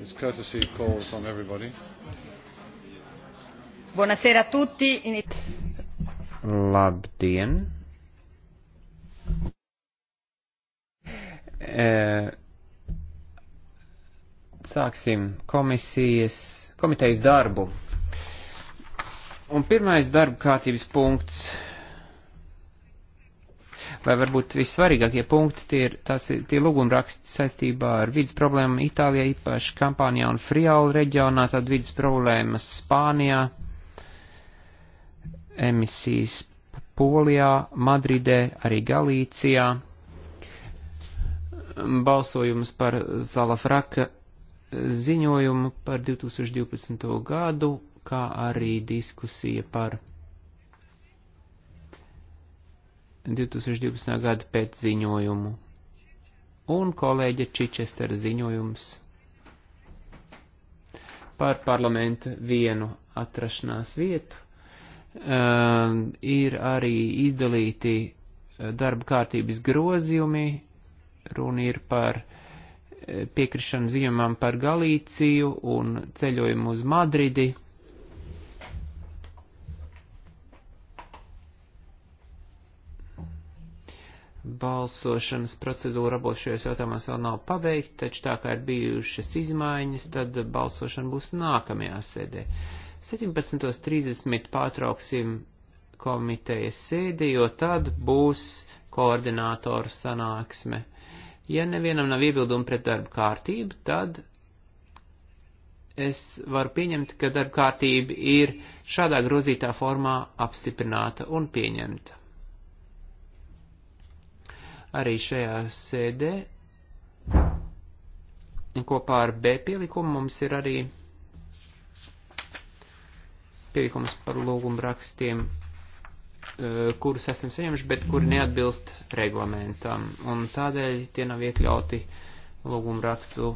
It's courtesy calls on everybody. Buonasera a tutti. Labdien. Uh, Sāksim komisijas, komitejas darbu. Un pirmais darba kārtības punkts, vai varbūt vissvarīgākie punkti, tie ir, tas ir tie lūgumraksti saistībā ar vidas problēmu Itālijā, īpaši Kampānijā un Friaula reģionā, tad vidas problēmas Spānijā, emisijas Polijā, Madridē, arī Galīcijā, balsojums par Zalafraka ziņojumu par 2012. gadu, kā arī diskusija par 2012. gada pēcziņojumu un kolēģa Čičestera ziņojums par parlamenta vienu atrašanās vietu. Uh, ir arī izdalīti darba kārtības grozījumi, runa ir par uh, E, piekrišanu ziņojumam par Galīciju un ceļojumu uz Madridi. Balsošanas procedūra abos šajos jautājumos vēl nav pabeigta, taču tā kā ir bijušas izmaiņas, tad balsošana būs nākamajā sēdē. 17.30 pārtrauksim komitejas sēdi, jo tad būs koordinātoru sanāksme. Ja nevienam nav iebildumu pret darba kārtību, tad es varu pieņemt, ka darba kārtība ir šādā grozītā formā apstiprināta un pieņemta. Arī šajā sēdē kopā ar B pielikumu mums ir arī pielikums par lūgumu rakstiem Eh, kurus esam saņēmuši, bet kuri neatbilst reglamentam, un tādēļ tie nav iekļauti lūgumu rakstu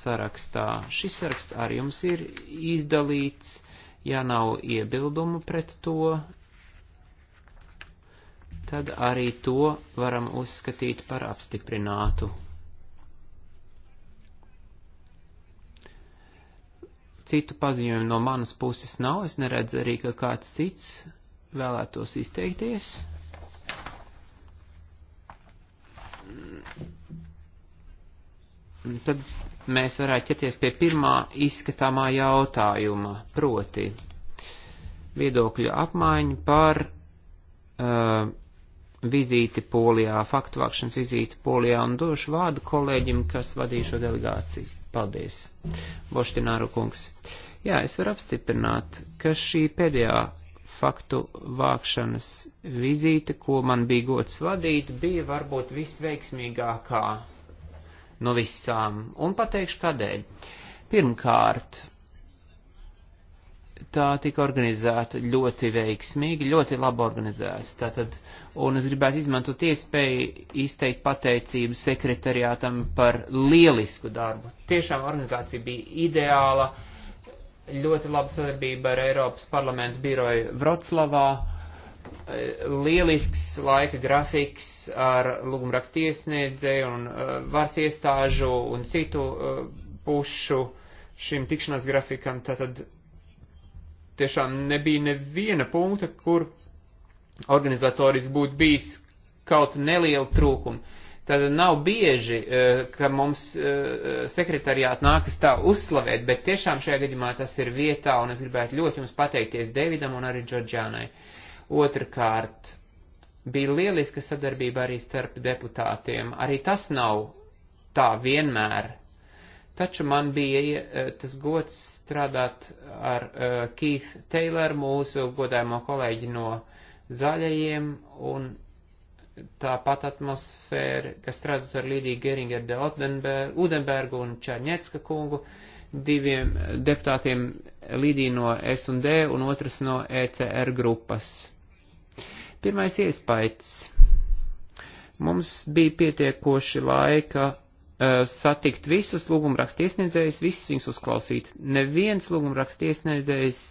sarakstā. Šis saraksts arī jums ir izdalīts, ja nav iebildumu pret to, tad arī to varam uzskatīt par apstiprinātu. Citu paziņojumu no manas puses nav, es neredzu arī, ka kāds cits vēlētos izteikties. Tad mēs varētu ķerties pie pirmā izskatāmā jautājuma, proti viedokļu apmaiņu par uh, vizīti Polijā, faktu vākšanas vizīti Polijā un došu vārdu kolēģim, kas vadīja šo delegāciju. Paldies, Boštināru kungs. Jā, es varu apstiprināt, ka šī pēdējā faktu vākšanas vizīte, ko man bija gods vadīt, bija varbūt visveiksmīgākā no visām, un pateikšu kādēļ. Pirmkārt, tā tika organizēta ļoti veiksmīgi, ļoti labi organizēta. Tātad, un es gribētu izmantot iespēju izteikt pateicību sekretariātam par lielisku darbu. Tiešām organizācija bija ideāla. Uh, ļoti laba sadarbība ar Eiropas parlamentu biroju Vroclavā, e, lielisks laika grafiks ar lūgumrakstu iesniedzēju un e, varas iestāžu un citu e, pušu šim tikšanās grafikam. Tātad tiešām nebija neviena punkta, kur organizatoris būtu bijis kaut neliela trūkuma. Tad nav bieži, eh, ka mums eh, sekretariāt nākas tā uzslavēt, bet tiešām šajā gadījumā tas ir vietā, un es gribētu ļoti jums pateikties Davidam un arī Džordžānai. Otrakārt, bija lieliska sadarbība arī starp deputātiem. Arī tas nav tā vienmēr. Taču man bija eh, tas gods strādāt ar Keith Taylor, mūsu godājumo kolēģi no zaļajiem, un tāpat atmosfēra, kas strādāt ar Līdiju Geringeru de Udenbergu, Udenbergu un Černiecka kungu, diviem deputātiem Līdiju no S&D un otrs no ECR grupas. Pirmais iespējas. Mums bija pietiekoši laika e, satikt visus lūgumrakstiesniedzējus, visus viņus uzklausīt. Neviens lūgumrakstiesniedzējs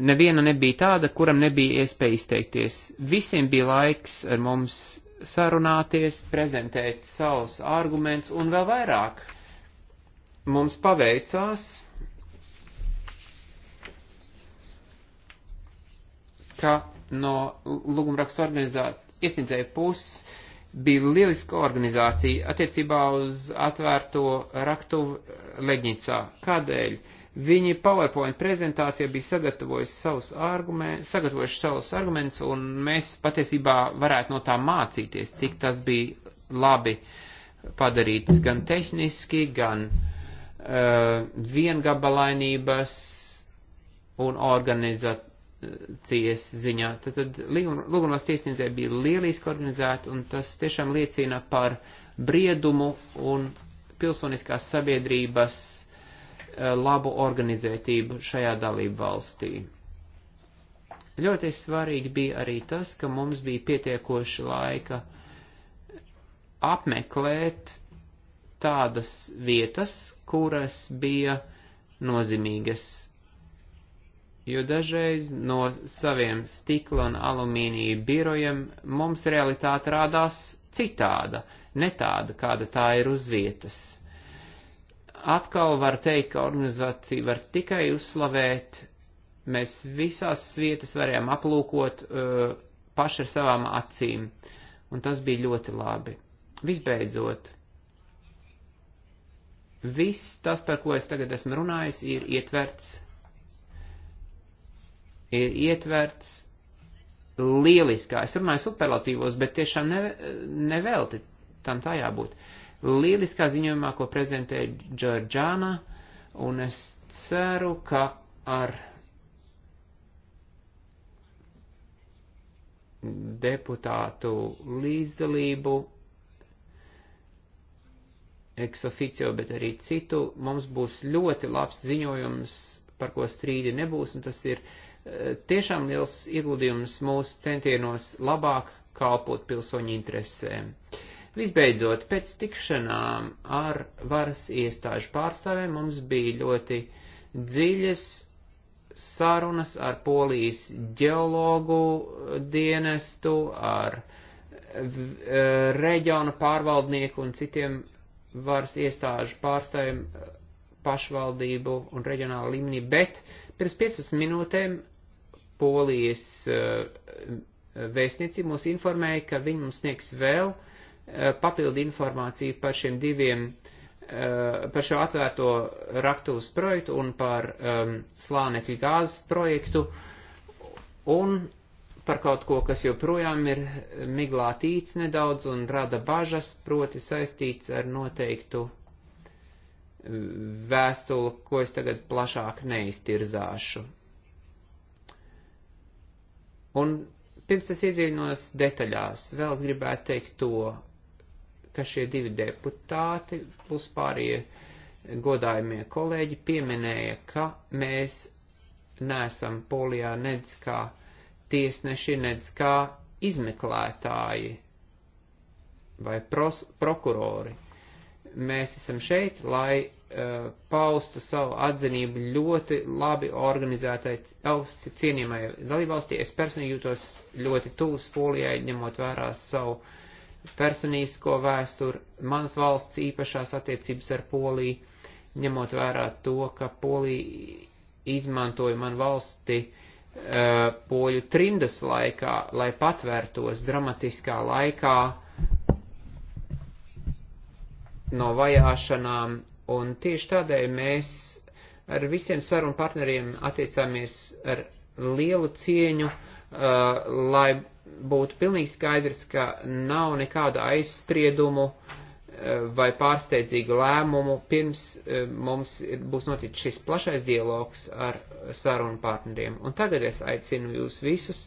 neviena nebija tāda, kuram nebija iespēja izteikties. Visiem bija laiks ar mums sarunāties, prezentēt savus argumentus un vēl vairāk. Mums paveicās, ka no lūgumrakstu organizācijas iesniedzēja puses bija lieliska organizācija attiecībā uz atvērto raktuvu Leģnicā. Kādēļ? Uh, Viņi PowerPoint prezentācijā bija sagatavojuši savus, argument, sagatavojuši savus argumentus, un mēs patiesībā varētu no tā mācīties, cik tas bija labi padarīts gan tehniski, gan uh, viengabalainības un organizācijas ziņā. Tad, tad lūgumās tiesniedzē bija lieliski organizēta, un tas tiešām liecina par briedumu un pilsoniskās sabiedrības Eh, labu organizētību šajā dalību valstī. Ļoti svarīgi bija arī tas, ka mums bija pietiekoši laika apmeklēt tādas vietas, kuras bija nozīmīgas, jo dažreiz no saviem stikla un alumīnija birojiem mums realitāte rādās citāda, ne tāda, kāda tā ir uz vietas atkal var teikt, ka organizācija var tikai uzslavēt. Mēs visās vietas varējām aplūkot uh, paši ar savām acīm, un tas bija ļoti labi. Visbeidzot, viss tas, par ko es tagad esmu runājis, ir ietverts, ir ietverts lieliskā. Es runāju superlatīvos, bet tiešām ne, nevelti tam tā jābūt. Uh, lieliskā ziņojumā, ko prezentēja Džordžāna, un es ceru, ka ar deputātu līdzdalību, eksoficio, bet arī citu, mums būs ļoti labs ziņojums, par ko strīdi nebūs, un tas ir eh, tiešām liels ieguldījums mūsu centienos labāk kalpot pilsoņu interesēm. Uh, Visbeidzot, pēc tikšanām ar varas iestāžu pārstāvēm mums bija ļoti dziļas sarunas ar polijas ģeologu dienestu, ar e, reģionu pārvaldnieku un citiem varas iestāžu pārstāvjiem e, pašvaldību un reģionālu līmenī, bet pirms 15 minūtēm polijas e, vēstniecība mūs informēja, ka viņi mums sniegs vēl uh, Eh, papildu informāciju par šiem diviem, eh, par šo atvērto raktuvas projektu un par um, slānekļa gāzes projektu un par kaut ko, kas joprojām ir miglātīts nedaudz un rada bažas, proti saistīts ar noteiktu eh, vēstuli, ko es tagad plašāk neiztirzāšu. Un pirms es iedziļinos detaļās, vēl es gribētu teikt to, ka šie divi deputāti plus pārējie godājumie kolēģi pieminēja, ka mēs neesam polijā nedz kā tiesneši, nedz kā izmeklētāji vai pros, prokurori. Mēs esam šeit, lai uh, paustu savu atzinību ļoti labi organizētai augsti cienījumai dalībvalstī. Es personīgi jūtos ļoti tūs polijai, ņemot vērā savu uh, personīsko vēsturi, manas valsts īpašās attiecības ar Poliju, ņemot vērā to, ka Polija izmantoja man valsti uh, poļu trindas laikā, lai patvērtos dramatiskā laikā no vajāšanām, un tieši tādēļ mēs ar visiem sarunu partneriem attiecāmies ar lielu cieņu, uh, lai būtu pilnīgi skaidrs, ka nav nekādu aizspriedumu e, vai pārsteidzīgu lēmumu pirms e, mums būs noticis šis plašais dialogs ar sarunu partneriem. Un tagad es aicinu jūs visus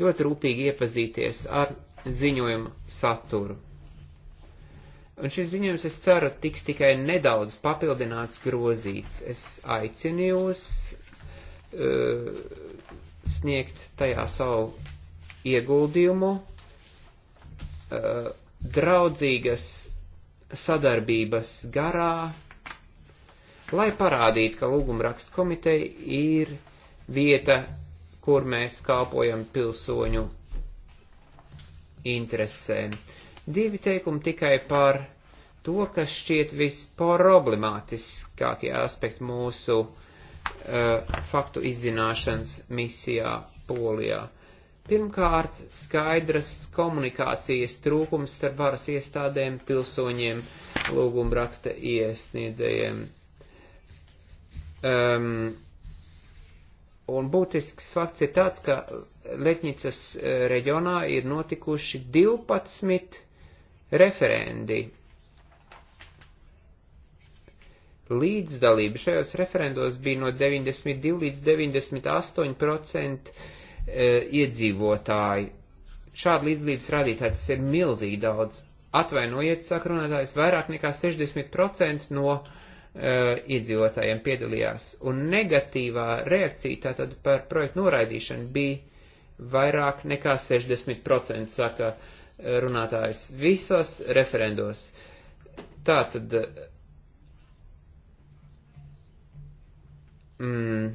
ļoti rūpīgi iepazīties ar ziņojumu saturu. Un šis ziņojums, es ceru, tiks tikai nedaudz papildināts, grozīts. Es aicinu jūs uh, sniegt tajā savu ieguldījumu uh, draudzīgas sadarbības garā, lai parādītu, ka lūgumrakstu komiteja ir vieta, kur mēs kalpojam pilsoņu interesēm. Divi teikumi tikai par to, kas šķiet visproblemātiskākie aspekti mūsu uh, faktu izzināšanas misijā Polijā. Uh, Pirmkārt, skaidras komunikācijas trūkums starp varas iestādēm, pilsoņiem, lūgumraksta iesniedzējiem. Um, un būtisks fakts ir tāds, ka Letņicas uh, reģionā ir notikuši 12 referendi. Līdzdalība šajos referendos bija no 92 līdz 98 procentu E, iedzīvotāji. Šāda līdzlības rādītāja tas ir milzīgi daudz. Atvainojiet, saka runātājs, vairāk nekā 60% no uh, iedzīvotājiem piedalījās. Un negatīvā reakcija tātad par projektu noraidīšanu bija vairāk nekā 60%, saka e, runātājs, visos referendos. Tātad. Mm,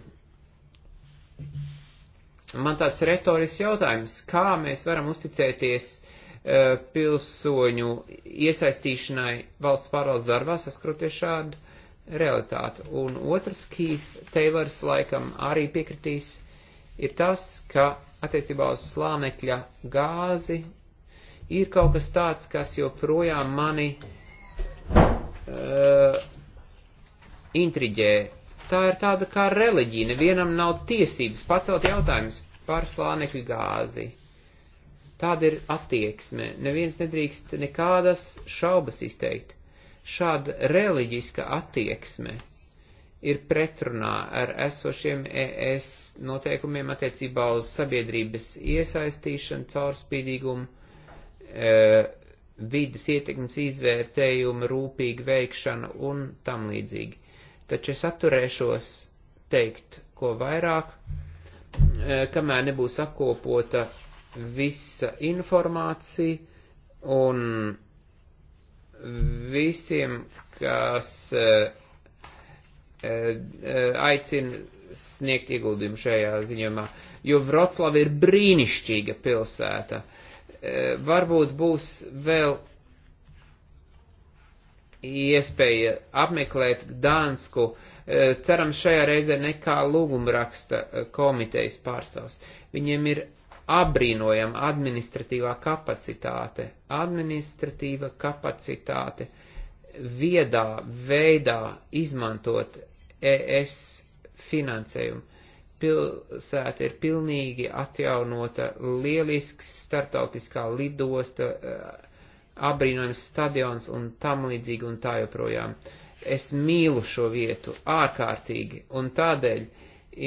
man tāds retorisks jautājums, kā mēs varam uzticēties uh, pilsoņu iesaistīšanai valsts pārvaldes darbā, saskroties šādu realitāti. Un otrs, Keith Taylors laikam arī piekritīs, ir tas, ka attiecībā uz slānekļa gāzi ir kaut kas tāds, kas joprojām mani uh, intriģē tā ir tāda kā reliģija. Nevienam nav tiesības pacelt jautājumus par slānekļu gāzi. Tāda ir attieksme. Neviens nedrīkst nekādas šaubas izteikt. Šāda reliģiska attieksme ir pretrunā ar esošiem ES noteikumiem attiecībā uz sabiedrības iesaistīšanu, caurspīdīgumu, e, vidas ietekmes izvērtējumu, rūpīgu veikšanu un tam līdzīgi taču es atturēšos teikt ko vairāk, e, kamēr nebūs apkopota visa informācija un visiem, kas e, e, aicina sniegt ieguldījumu šajā ziņojumā, jo Vroclava ir brīnišķīga pilsēta. Varbūt būs vēl iespēja apmeklēt Dānsku, e, cerams šajā reizē nekā lūgumraksta e, komitejas pārstāvs. Viņiem ir abrīnojama administratīvā kapacitāte, administratīva kapacitāte viedā veidā izmantot ES finansējumu. Pilsēta ir pilnīgi atjaunota, lielisks startautiskā lidosta, e, apbrīnojams stadions un tam līdzīgi un tā joprojām. Es mīlu šo vietu ārkārtīgi un tādēļ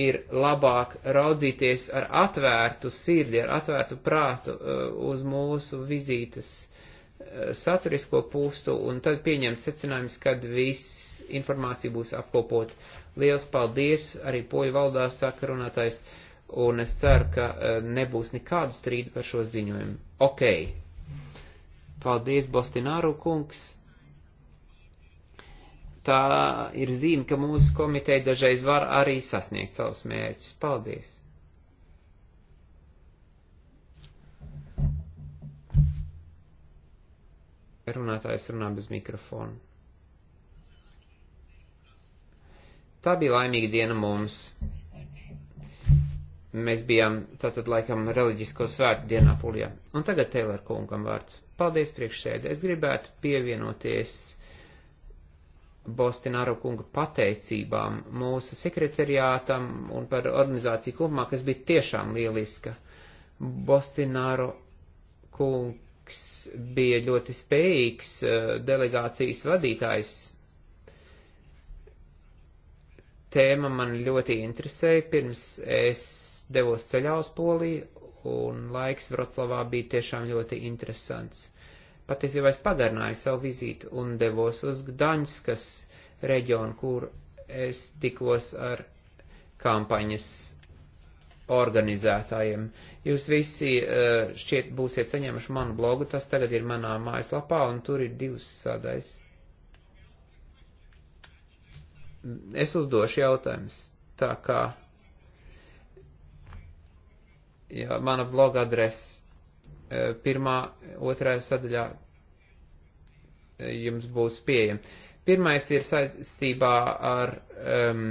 ir labāk raudzīties ar atvērtu sirdi, ar atvērtu prātu uh, uz mūsu vizītes uh, saturisko pūstu un tad pieņemt secinājumus, kad viss informācija būs apkopot. Liels paldies, arī poju valdā saka runātais, un es ceru, ka uh, nebūs nekādu strīdu par šo ziņojumu. Ok, Paldies, Bostināru kungs. Tā ir zīme, ka mūsu komiteja dažreiz var arī sasniegt savus mērķus. Paldies! Runātājs runā bez mikrofona. Tā bija laimīga diena mums. Mēs bijām tātad laikam reliģisko svētu dienā Polijā. Un tagad Teilor kungam vārds. Paldies priekšsēdē. Es gribētu pievienoties Bostināru kunga pateicībām mūsu sekretariātam un par organizāciju kopumā, kas bija tiešām lieliska. Bostināru kungs bija ļoti spējīgs eh, delegācijas vadītājs tēma man ļoti interesēja, pirms es devos ceļā uz Poliju, un laiks Vroclavā bija tiešām ļoti interesants. Patiesībā es pagarināju savu vizīti un devos uz Gdaņskas reģionu, kur es tikos ar kampaņas organizētājiem. Jūs visi eh, šķiet būsiet saņēmuši manu blogu, tas tagad ir manā mājaslapā, un tur ir divas sadaļas. Es uzdošu jautājumus, tā kā jā, mana bloga adrese e, pirmā, otrā sadaļā e, jums būs pieejama. Pirmais ir saistībā ar um,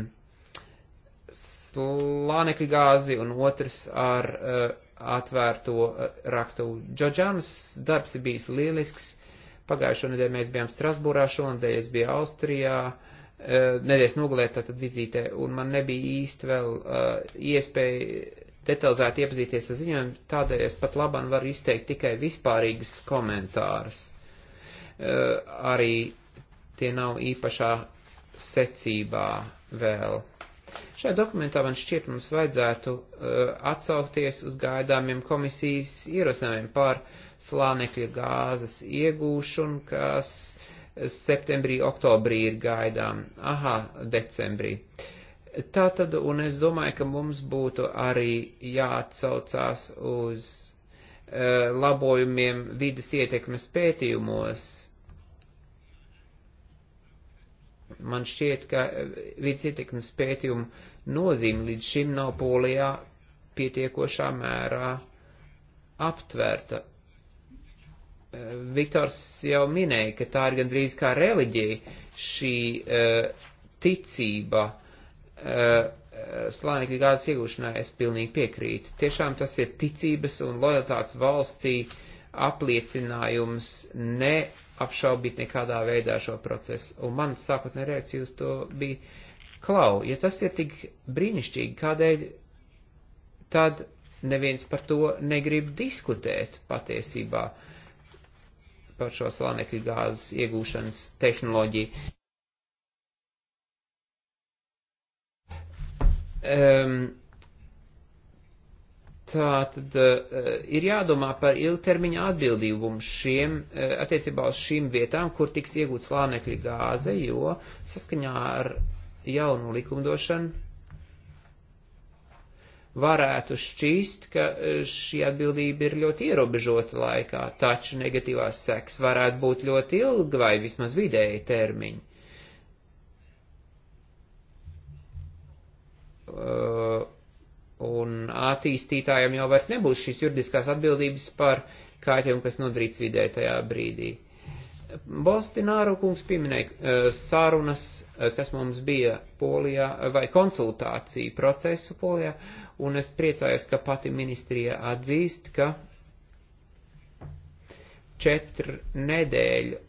slānekļa gāzi un otrs ar uh, atvērto uh, raktu. Džodžānas darbs ir bijis lielisks. Pagājušo nedēļu mēs bijām Strasbūrā, šonadēļ es biju Austrijā, uh, nedēļas nogalē tātad vizītē, un man nebija īsti vēl uh, iespēja detalizēti iepazīties ar ziņojumu, tādēļ es pat labam varu izteikt tikai vispārīgus komentārus. Uh, arī tie nav īpašā secībā vēl. Šajā dokumentā man šķiet mums vajadzētu uh, atsaukties uz gaidāmiem komisijas ierosinājumiem par slānekļa gāzes iegūšanu, kas septembrī, oktobrī ir gaidām, aha, decembrī. Uh, Tā tad, un es domāju, ka mums būtu arī jāatsaucās uz uh, labojumiem vidas ietekmes pētījumos. Man šķiet, ka vidas ietekmes pētījumu nozīme līdz šim nav polijā pietiekošā mērā aptvērta. Uh, e, Viktors jau minēja, ka tā ir gandrīz kā reliģija, šī uh, ticība, uh, Eh, slānekļa gāzes iegūšanai es pilnīgi piekrītu. Tiešām tas ir ticības un lojaltāts valstī apliecinājums neapšaubīt nekādā veidā šo procesu. Un man sākotnē reakcija uz to bija, klau, ja tas ir tik brīnišķīgi, kādēļ tad neviens par to negrib diskutēt patiesībā par šo slānekļa gāzes iegūšanas tehnoloģiju. Um, tā tad uh, ir jādomā par ilgtermiņa atbildīgumu šiem, uh, attiecībā uz šīm vietām, kur tiks iegūts slānekļa gāze, jo saskaņā ar jaunu likumdošanu varētu šķīst, ka eh, šī atbildība ir ļoti ierobežota laikā, taču negatīvās seks varētu būt ļoti ilga vai vismaz vidēji termiņi. Uh, un attīstītājiem jau vairs nebūs šīs juridiskās atbildības par kaitējumu, kas nodarīts vidē tajā brīdī. Bolstināru kungs pieminēja uh, sārunas, uh, kas mums bija Polijā, vai konsultāciju procesu Polijā, un es priecājos, ka pati ministrija atzīst, ka četru nedēļu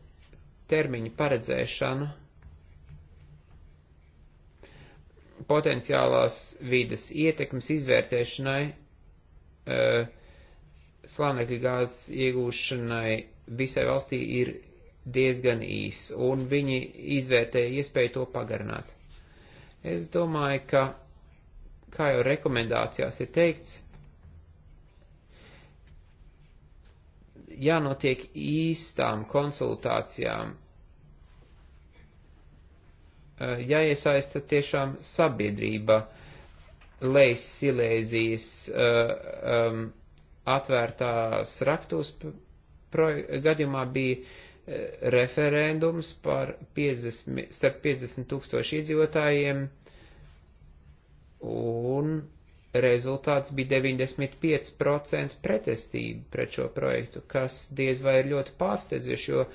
termiņu paredzēšana potenciālās vides ietekmes izvērtēšanai, e, slānekļa gāzes iegūšanai visai valstī ir diezgan īs, un viņi izvērtēja iespēju to pagarināt. Es domāju, ka, kā jau rekomendācijās ir teikts, jānotiek īstām konsultācijām Eh, jāiesaista tiešām sabiedrība, lai Silēzijas um, atvērtās raktos gadījumā bija eh, referendums par 50, starp 50 tūkstoši iedzīvotājiem, un rezultāts bija 95% pretestība pret šo projektu, kas diez vai ir ļoti pārsteidzoši, jo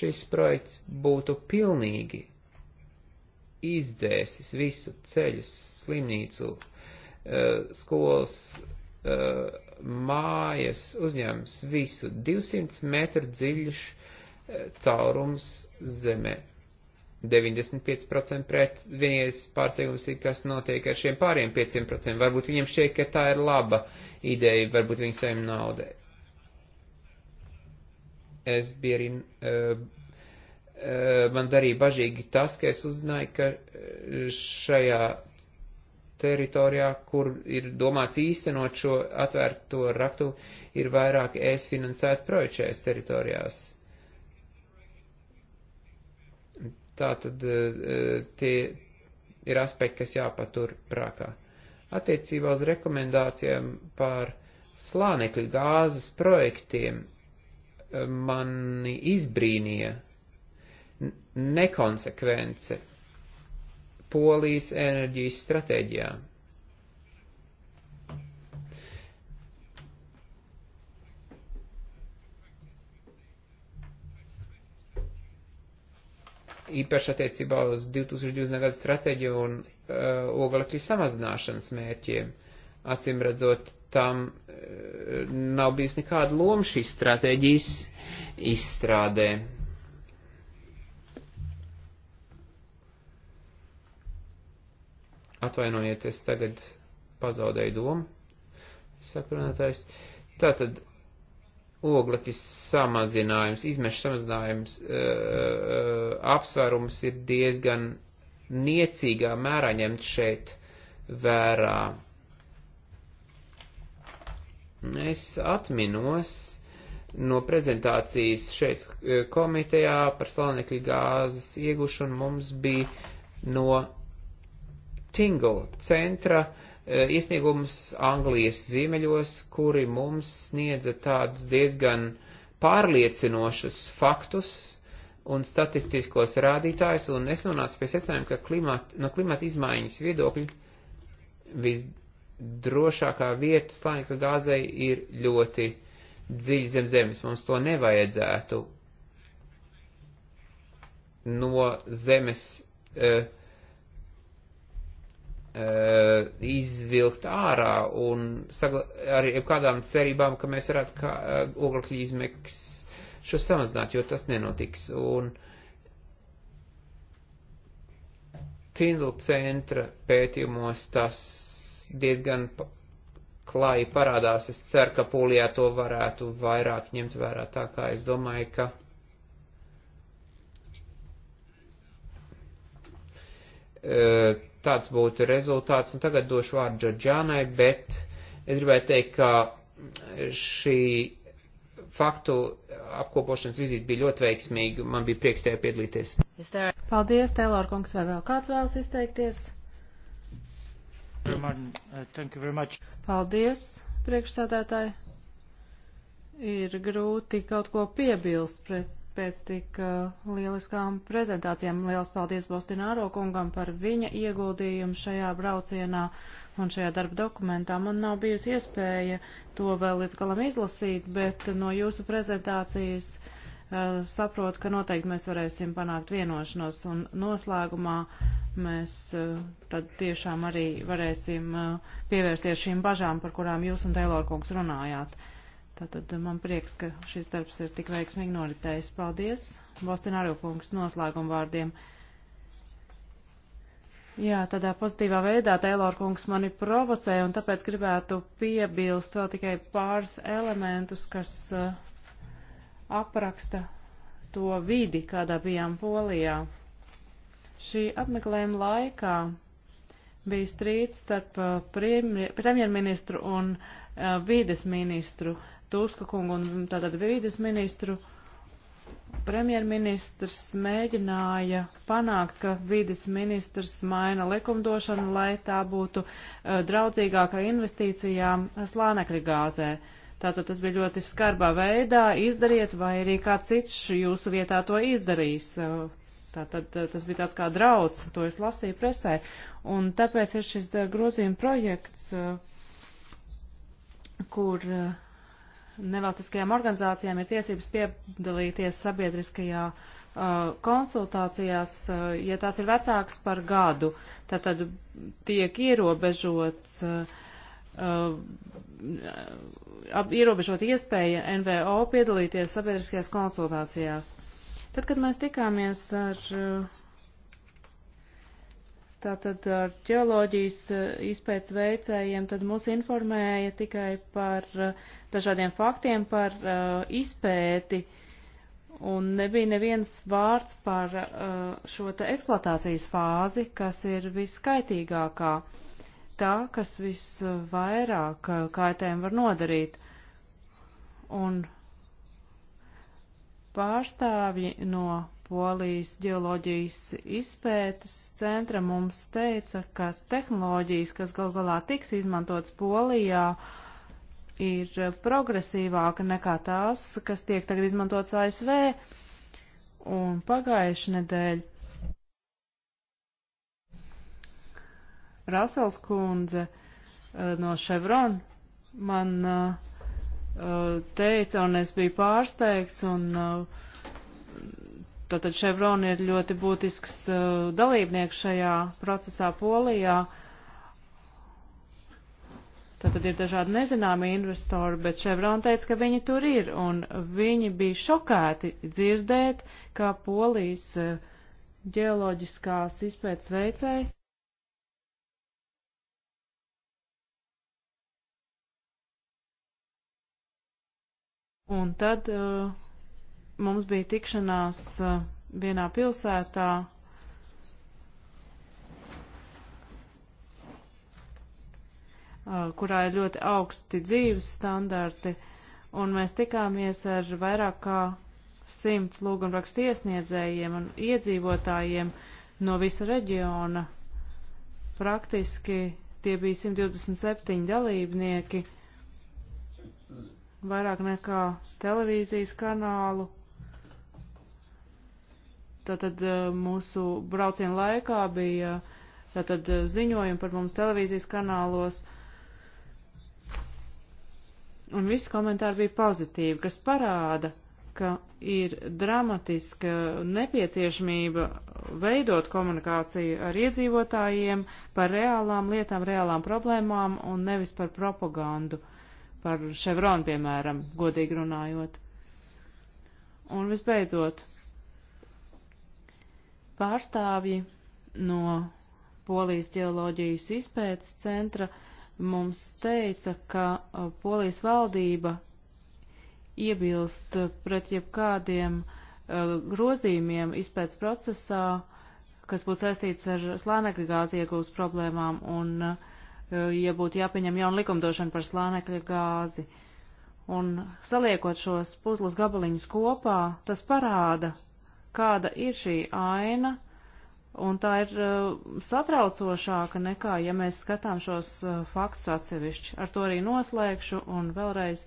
šis projekts būtu pilnīgi izdzēsis visu ceļu, slimnīcu, eh, skolas, eh, mājas, uzņēmums, visu 200 metru dziļš eh, caurums zemē. 95% pret, vienīgais pārsteigums ir, kas notiek ar šiem pāriem 5%. Varbūt viņiem šķiet, ka tā ir laba ideja, varbūt viņi saim naudai. Es biju arī uh, Eh, man darīja bažīgi tas, ka es uzzināju, ka eh, šajā teritorijā, kur ir domāts īstenot šo atvērto raktu, ir vairāk es finansētu projektu šajās teritorijās. Tā tad eh, tie ir aspekti, kas jāpatur prākā. Attiecībā uz rekomendācijām par slānekļa gāzes projektiem mani izbrīnīja nekonsekvence Polijas enerģijas stratēģijā. īpaši attiecībā uz 2020. gadu stratēģiju un uh, oglekļu samazināšanas mērķiem. Acīm redzot, tam uh, nav bijis nekāda loma šīs stratēģijas izstrādē. Atvainojiet, es tagad pazaudēju domu, sakrunātājs. Tātad oglekļa samazinājums, izmešu samazinājums, uh, uh, apsvērums ir diezgan niecīgā mērā ņemt šeit vērā. Es atminos no prezentācijas šeit komitejā par slānekļa gāzes iegušanu mums bija no Tingle centra e, iesniegums Anglijas ziemeļos, kuri mums sniedza tādus diezgan pārliecinošus faktus un statistiskos rādītājus, un es nonācu pie secinājuma, ka klimat, no klimata izmaiņas viedokļa visdrošākā vieta slānekļa gāzei ir ļoti dziļi zem zemes. Mums to nevajadzētu no zemes. Uh, Uh, izvilkt ārā un ar jebkādām cerībām, ka mēs varētu kā, uh, oglekļa izmeks šo samazināt, jo tas nenotiks. Un Tindl centra pētījumos tas diezgan klāji parādās. Es ceru, ka Polijā to varētu vairāk ņemt vērā. Tā kā es domāju, ka uh, tāds būtu rezultāts. Un tagad došu vārdu Džordžānai, bet es gribēju teikt, ka šī faktu apkopošanas vizīte bija ļoti veiksmīga. Man bija prieks tajā piedalīties. Paldies, Tēlor kungs, vai vēl kāds vēlas izteikties? Paldies, priekšsādātāji. Ir grūti kaut ko piebilst pret pēc tik uh, lieliskām prezentācijām. Lielas paldies Bostināro kungam par viņa ieguldījumu šajā braucienā un šajā darba dokumentā. Man nav bijusi iespēja to vēl līdz galam izlasīt, bet no jūsu prezentācijas uh, saprotu, ka noteikti mēs varēsim panākt vienošanos un noslēgumā mēs uh, tad tiešām arī varēsim uh, pievērsties šīm bažām, par kurām jūs un Teilor kungs runājāt. Uh, Tātad eh, man prieks, ka šis darbs ir tik veiksmīgi noritējis. Paldies, Bostināru kungs, noslēguma vārdiem. Jā, tādā pozitīvā veidā Taylor kungs mani provocē, un tāpēc gribētu piebilst vēl tikai pāris elementus, kas uh, apraksta to vidi, kādā bijām Polijā. Šī apmeklējuma laikā bija strīds starp eh, premjerministru un uh, vides ministru. Uh, Tuska kungu un tātad vīdes ministru, premjerministrs mēģināja panākt, ka vīdes ministrs maina likumdošanu, lai tā būtu uh, draudzīgāka investīcijām slānekļa gāzē. Tātad tas bija ļoti skarbā veidā, izdariet, vai arī kāds cits jūsu vietā to izdarīs. Eh, tātad eh, tas bija tāds kā drauds, to es lasīju presē. Un tāpēc ir šis grozījuma projekts, kur uh, nevalstiskajām organizācijām ir tiesības piedalīties sabiedriskajā uh, konsultācijās, uh, ja tās ir vecāks par gadu, tad, tad tiek ierobežots, uh, uh ierobežot iespēja NVO piedalīties sabiedriskajās konsultācijās. Tad, kad mēs tikāmies ar uh, Tātad ar ģeoloģijas eh, izpētes veicējiem tad mūs informēja tikai par eh, dažādiem faktiem par uh, izpēti un nebija neviens vārds par uh, šo te eksploatācijas fāzi, kas ir viskaitīgākā, tā, kas visvairāk kaitēm var nodarīt. Un pārstāvji no Polijas ģeoloģijas izpētes centra mums teica, ka tehnoloģijas, kas gal galā tiks izmantotas Polijā, ir progresīvāka nekā tās, kas tiek tagad izmantotas ASV. Un pagājuši nedēļ Rasels kundze eh, no Chevron man eh, eh, teica, un es biju pārsteigts, un Tātad Chevron ir ļoti būtisks uh, dalībnieks šajā procesā Polijā. Tātad ir dažādi nezināmi investori, bet Chevron teica, ka viņi tur ir, un viņi bija šokēti dzirdēt, kā Polijas uh, ģeoloģiskās izpētes veicēji. Un tad uh, Mums bija tikšanās eh, vienā pilsētā. Eh, kurā ir ļoti augsti dzīves standarti, un mēs tikāmies ar vairāk kā simts lūgumrakstu iesniedzējiem un iedzīvotājiem no visa reģiona. Praktiski tie bija 127 dalībnieki, vairāk nekā televīzijas kanālu Tātad eh, mūsu brauciena laikā bija eh, tātad eh, ziņojumi par mums televīzijas kanālos. Un visi komentāri bija pozitīvi, kas parāda, ka ir dramatiska nepieciešamība veidot komunikāciju ar iedzīvotājiem par reālām lietām, reālām problēmām un nevis par propagandu, par Chevron, piemēram, godīgi runājot. Un visbeidzot, Pārstāvji no Polijas ģeoloģijas izpētes centra mums teica, ka uh, Polijas valdība iebilst uh, pret jebkādiem uh, grozījumiem izpētes procesā, kas būtu saistīts ar slānekļa gāzi iegūst problēmām un, uh, ja būtu jāpieņem jauna likumdošana par slānekļa gāzi. Un saliekot šos puzles gabaliņus kopā, tas parāda, kāda ir šī aina, un tā ir uh, satraucošāka nekā, ja mēs skatām šos uh, faktus atsevišķi. Ar to arī noslēgšu, un vēlreiz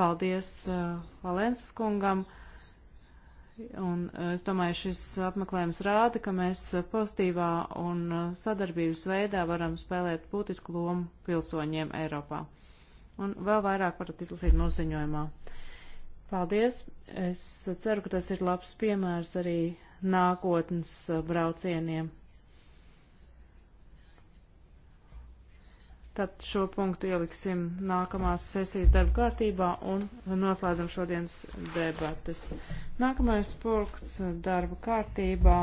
paldies uh, Valences kungam. Un uh, es domāju, šis apmeklējums rāda, ka mēs uh, pozitīvā un uh, sadarbības veidā varam spēlēt būtisku lomu pilsoņiem Eiropā. Un vēl vairāk varat izlasīt mūsu ziņojumā. Paldies! Es ceru, ka tas ir labs piemērs arī nākotnes uh, braucieniem. Tad šo punktu ieliksim nākamās sesijas darba kārtībā un noslēdzam šodienas debatas. Nākamais punkts uh, darba kārtībā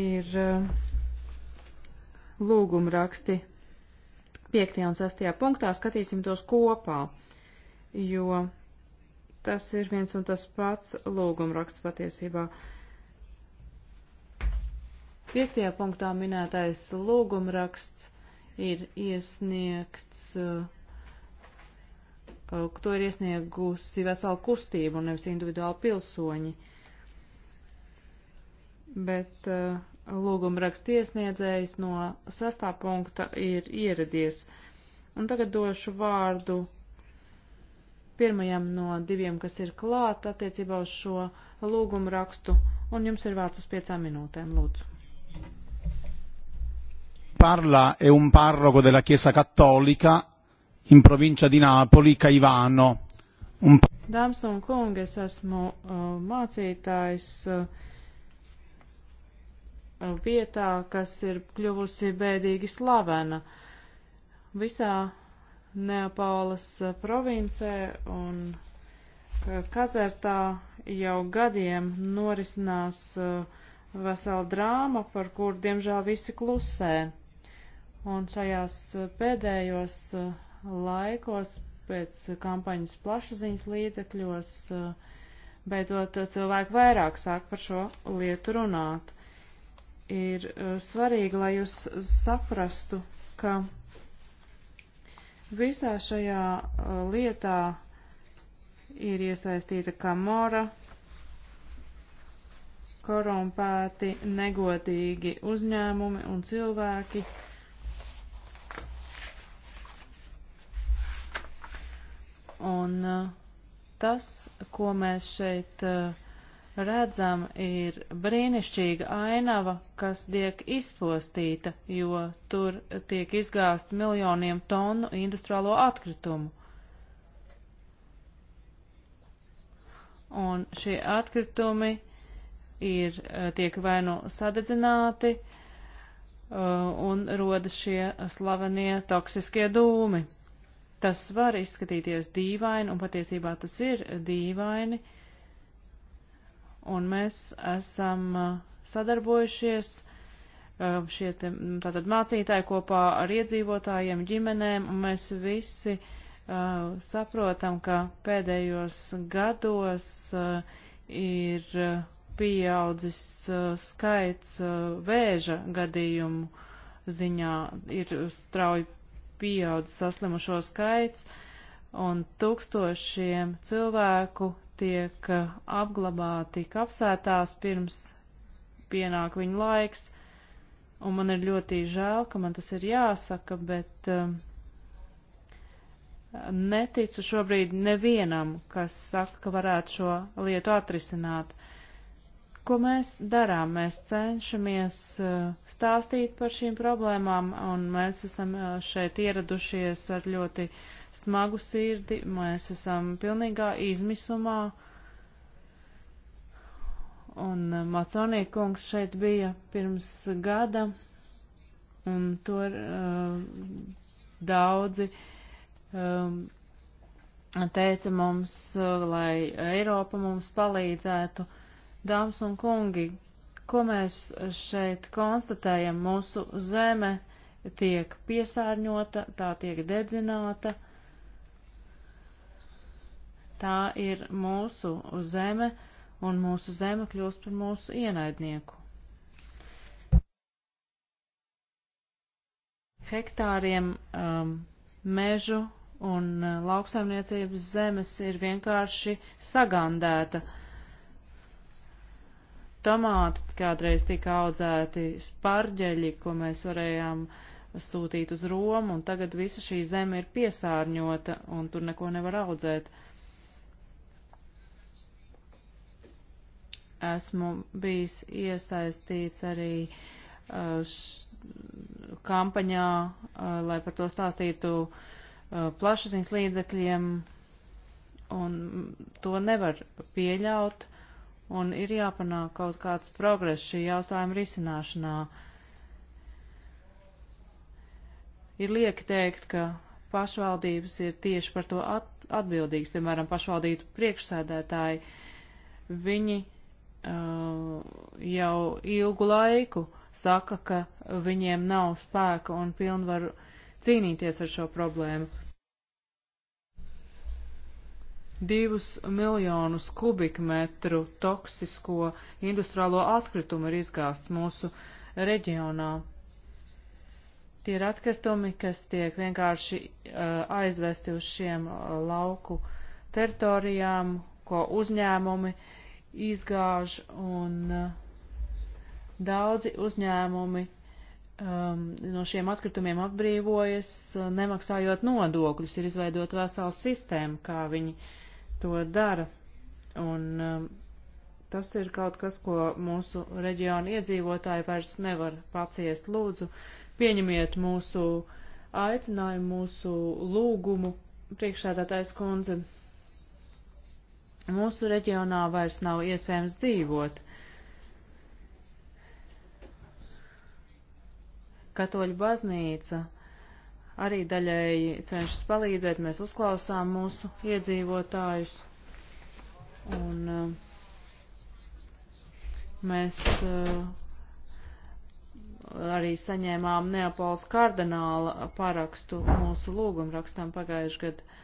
ir uh, lūguma raksti 5. un 6. punktā. Skatīsim tos kopā jo tas ir viens un tas pats lūgumraksts patiesībā. Piektajā punktā minētais lūgumraksts ir iesniegts, uh, to ir iesniegusi vesela kustība un nevis individuāli pilsoņi. Bet uh, lūgumraksts iesniedzējs no sastā punkta ir ieradies. Un tagad došu vārdu pirmajam no diviem, kas ir klāt attiecībā uz šo lūgumu rakstu, un jums ir vārds uz piecām minūtēm, lūdzu. Parla è un parroco della Chiesa Cattolica in provincia di Napoli, Caivano. Un... Dāmas un kungi, es esmu uh, mācītājs uh, vietā, kas ir kļuvusi bēdīgi slavena. Visā Neapaulas eh, provincē un eh, Kazertā jau gadiem norisinās eh, vesela drāma, par kur diemžēl visi klusē. Un šajās pēdējos laikos pēc kampaņas plašsaziņas līdzekļos beidzot cilvēki vairāk sāk par šo lietu runāt. Ir svarīgi, lai jūs saprastu, ka Visā šajā uh, lietā ir iesaistīta kamora, korumpēti, negodīgi uzņēmumi un cilvēki. Un uh, tas, ko mēs šeit uh, redzam, ir brīnišķīga ainava, kas tiek izpostīta, jo tur tiek izgāsts miljoniem tonu industriālo atkritumu. Un šie atkritumi ir, eh, tiek vai nu sadedzināti, eh, un rodas šie slavenie toksiskie dūmi. Tas var izskatīties dīvaini, un patiesībā tas ir dīvaini, uh, un mēs esam uh, sadarbojušies uh, šie te, tātad mācītāji kopā ar iedzīvotājiem, ģimenēm, un mēs visi uh, saprotam, ka pēdējos gados uh, ir uh, pieaudzis uh, skaits vēža gadījumu ziņā, ir strauji pieaudzis saslimušo skaits, un tūkstošiem cilvēku tiek eh, apglabāti kapsētās pirms pienāk viņa laiks, un man ir ļoti žēl, ka man tas ir jāsaka, bet um, neticu šobrīd nevienam, kas saka, ka varētu šo lietu atrisināt. Ko mēs darām? Mēs cenšamies eh, stāstīt par šīm problēmām, un mēs esam šeit ieradušies ar ļoti uh, smagu sirdi, mēs esam pilnīgā izmisumā. Un eh, Maconija kungs šeit bija pirms gada, un to uh, eh, daudzi um, teica mums, uh, lai Eiropa mums palīdzētu. Dāmas un kungi, ko mēs šeit konstatējam, mūsu zeme tiek piesārņota, tā tiek dedzināta, Tā ir mūsu zeme, un mūsu zeme kļūst par mūsu ienaidnieku. Hektāriem um, mežu un uh, lauksaimniecības zemes ir vienkārši sagandēta. Tomāti kādreiz tika audzēti, sparģeļi, ko mēs varējām uh, sūtīt uz Romu, un tagad visa šī zeme ir piesārņota, un tur neko nevar audzēt. Uh, esmu bijis iesaistīts arī uh, š, kampaņā, uh, lai par to stāstītu uh, plašsaziņas līdzekļiem, un to nevar pieļaut, un ir jāpanāk kaut kāds progress šī jautājuma risināšanā. Ir lieki teikt, ka pašvaldības ir tieši par to at atbildīgas, piemēram, pašvaldību priekšsēdētāji. Viņi Uh, jau ilgu laiku saka, ka viņiem nav spēka un pilnvaru cīnīties ar šo problēmu. Divus miljonus kubikmetru toksisko industriālo atkritumu ir izgāsts mūsu reģionā. Tie ir atkritumi, kas tiek vienkārši uh, aizvesti uz šiem uh, lauku teritorijām, ko uzņēmumi uh, izgāž un eh, daudzi uzņēmumi um, no šiem atkritumiem atbrīvojas, eh, nemaksājot nodokļus. Ir izveidota vesela sistēma, kā viņi to dara. Un um, tas ir kaut kas, ko mūsu reģiona iedzīvotāji vairs nevar paciest. Lūdzu, pieņemiet mūsu aicinājumu, mūsu lūgumu priekšādātais kundze mūsu reģionā vairs nav iespējams dzīvot. Katoļu baznīca arī daļēji cenšas palīdzēt, mēs uzklausām mūsu iedzīvotājus. Un uh, mēs uh, arī saņēmām Neapols kardināla parakstu mūsu lūgumrakstam pagājušajā gadā.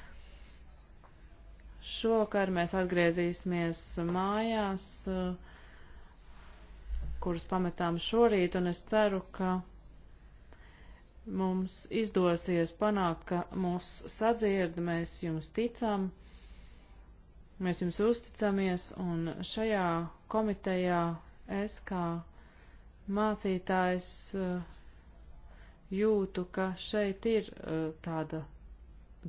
Šovakar mēs atgriezīsimies mājās, kuras pametām šorīt, un es ceru, ka mums izdosies panākt, ka mūs sadzird, mēs jums ticam, mēs jums uzticamies, un šajā komitejā es kā mācītājs eh, jūtu, ka šeit ir eh, tāda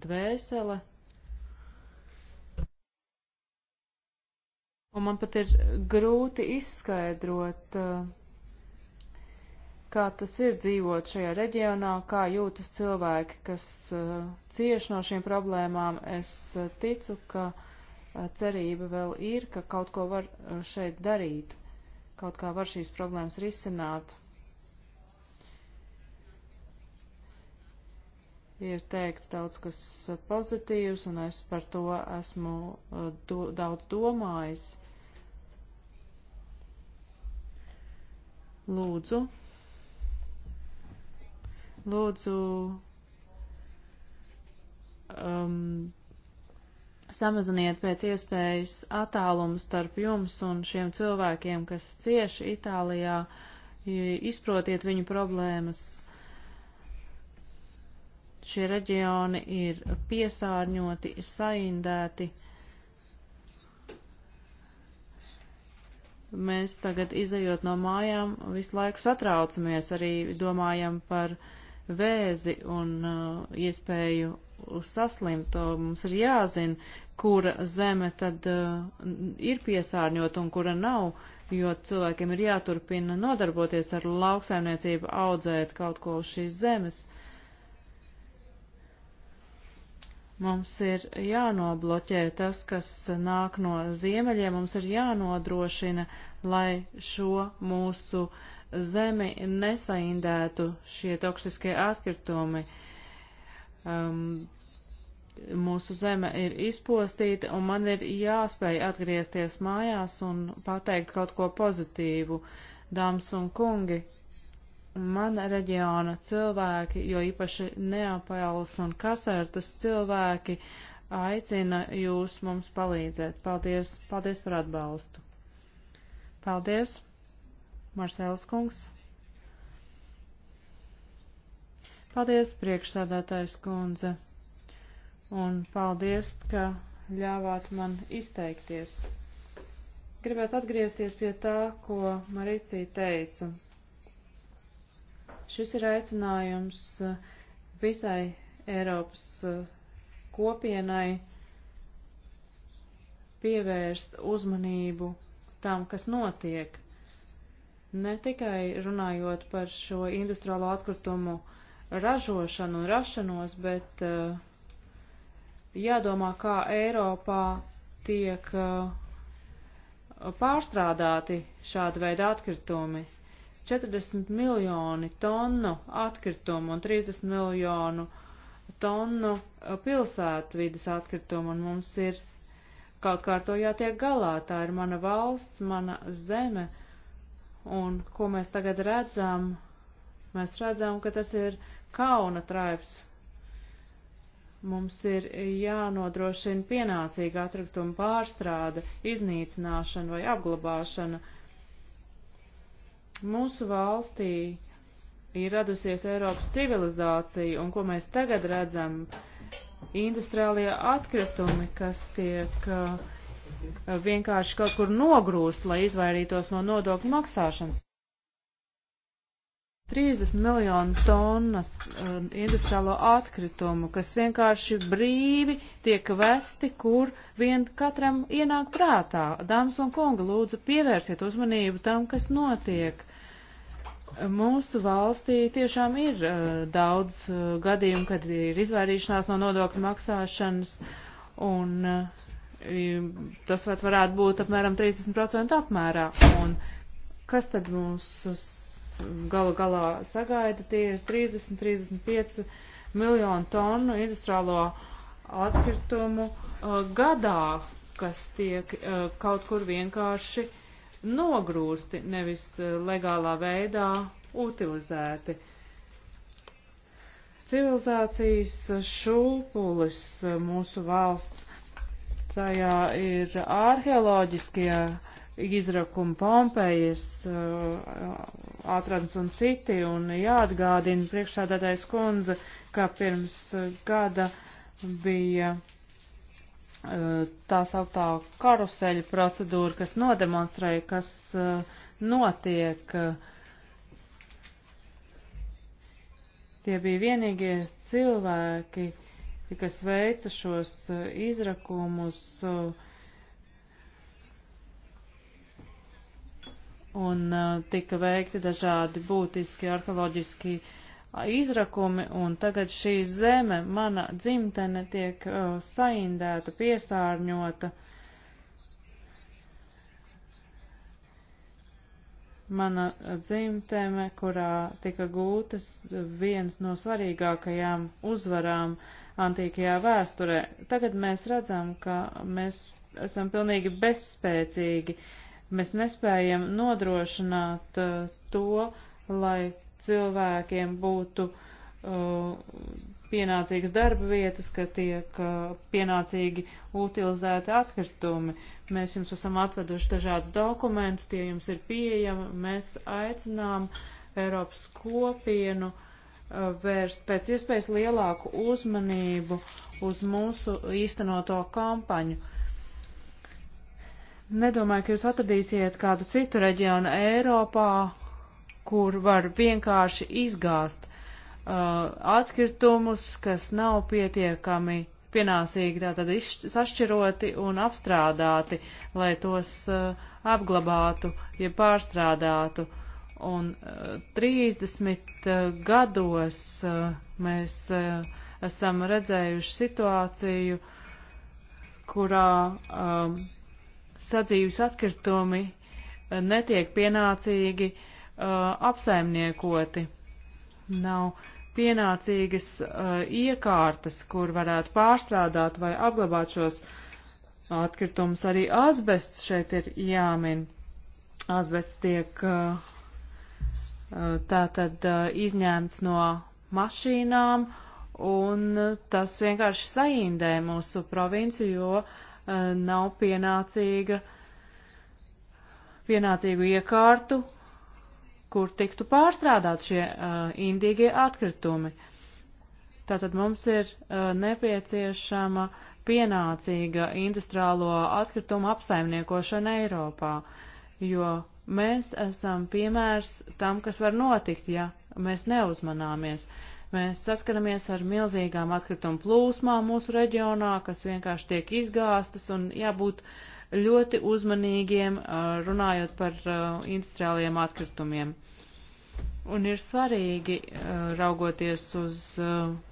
dvēsele Un man pat ir grūti izskaidrot, eh, kā tas ir dzīvot šajā reģionā, kā jūtas cilvēki, kas eh, cieš no šīm problēmām. Es eh, ticu, ka cerība vēl ir, ka kaut ko var šeit darīt, kaut kā var šīs problēmas risināt. ir teikts daudz kas pozitīvs, un es par to esmu do, daudz domājis. Lūdzu. Lūdzu. Um, samaziniet pēc iespējas attālumu starp jums un šiem cilvēkiem, kas cieši Itālijā, izprotiet viņu problēmas. Šie reģioni ir piesārņoti, saindēti mēs tagad izējot no mājām visu laiku satraucamies, arī domājam par vēzi un uh, iespēju saslimt. To mums ir jāzina, kura zeme tad uh, ir piesārņot un kura nav, jo cilvēkiem ir jāturpina nodarboties ar lauksaimniecību, audzēt kaut ko uz šīs zemes. Uh, Mums ir jānobloķē tas, kas nāk no ziemeļiem, mums ir jānodrošina, lai šo mūsu zemi nesaindētu šie toksiskie atkritumi. Um, mūsu zeme ir izpostīta, un man ir jāspēj atgriezties mājās un pateikt kaut ko pozitīvu. Dāmas un kungi, mana reģiona cilvēki, jo īpaši Neapels un Kasertas cilvēki, aicina jūs mums palīdzēt. Paldies, paldies par atbalstu. Paldies, Marcēls kungs. Paldies, priekšsādātājs kundze. Un paldies, ka ļāvāt man izteikties. Gribētu atgriezties pie tā, ko Maricija teica Šis ir aicinājums eh, visai Eiropas eh, kopienai pievērst uzmanību tam, kas notiek. Ne tikai runājot par šo industriālo atkritumu ražošanu un rašanos, bet uh, jādomā, kā Eiropā tiek uh, pārstrādāti šāda veida atkritumi. 40 miljoni tonu atkritumu un 30 miljonu tonu eh, pilsētvidas atkritumu, un mums ir kaut kā ar to jātiek galā. Tā ir mana valsts, mana zeme, un ko mēs tagad redzam, mēs redzam, ka tas ir kauna traips. Mums ir jānodrošina pienācīga atkrituma pārstrāde, iznīcināšana vai apglabāšana Mūsu valstī ir radusies Eiropas civilizācija, un ko mēs tagad redzam, industriālie atkritumi, kas tiek uh, vienkārši kaut kur nogrūst, lai izvairītos no nodokļu maksāšanas. 30 miljonu tonnas uh, industriālo atkritumu, kas vienkārši brīvi tiek vesti, kur vien katram ienāk prātā. Dāmas un kungi, lūdzu, pievērsiet uzmanību tam, kas notiek. Mūsu valstī tiešām ir uh, daudz uh, gadījumu, kad ir izvairīšanās no nodokļu maksāšanas, un uh, tas var, varētu būt apmēram 30% apmērā. Un kas tad mums galu galā sagaida? Tie ir 30-35 miljonu tonu industriālo atkritumu uh, gadā, kas tiek uh, kaut kur vienkārši uh, nogrūsti, nevis eh, legālā veidā utilizēti. Civilizācijas šūpulis eh, mūsu valsts, tajā ir arheoloģiskie izrakumi Pompejas, eh, atradnes un citi, un jāatgādina priekšsādātais kundze, kā pirms gada bija Eh, tā sauktā karuseļa procedūra, kas nodemonstrēja, kas eh, notiek. Tie bija vienīgie cilvēki, kas veica šos eh, izrakumus. Un tika veikti dažādi būtiski arheoloģiski uh, izrakumi, un tagad šī zeme, mana dzimtene, tiek uh, saindēta, piesārņota. Mana dzimtene, kurā tika gūtas viens no svarīgākajām uzvarām antīkajā vēsturē. Tagad mēs redzam, ka mēs esam pilnīgi bezspēcīgi. Mēs nespējam nodrošināt uh, to, lai cilvēkiem būtu uh, pienācīgas darba vietas, ka tiek uh, pienācīgi utilizēti atkritumi. Mēs jums esam atveduši dažādus dokumentus, tie jums ir pieejami. Mēs aicinām Eiropas kopienu uh, vērst pēc iespējas lielāku uzmanību uz mūsu īstenoto kampaņu. Nedomāju, ka jūs atradīsiet kādu citu reģionu Eiropā, kur var vienkārši izgāzt uh, atkritumus, kas nav pietiekami pienācīgi tātad sašķiroti un apstrādāti, lai tos uh, apglabātu, ja pārstrādātu. Un uh, 30 uh, gados uh, mēs uh, esam redzējuši situāciju, kurā um, sadzīves atkritumi netiek pienācīgi uh, Uh, apsaimniekoti. Nav pienācīgas uh, iekārtas, kur varētu pārstrādāt vai apglabāt šos atkritumus. Arī asbests šeit ir jāmin. Asbests tiek uh, tātad uh, uh izņemts no mašīnām un tas vienkārši saindē mūsu provinci, jo uh, nav pienācīga, pienācīgu iekārtu, kur tiktu pārstrādāt šie uh, indīgie atkritumi. Tātad mums ir uh, nepieciešama pienācīga industriālo atkritumu apsaimniekošana Eiropā, jo mēs esam piemērs tam, kas var notikt, ja mēs neuzmanāmies. Mēs saskaramies ar milzīgām atkritumu plūsmām mūsu reģionā, kas vienkārši tiek izgāstas un jābūt uh, ļoti uzmanīgiem, runājot par industriālajiem atkritumiem. Un ir svarīgi, raugoties uz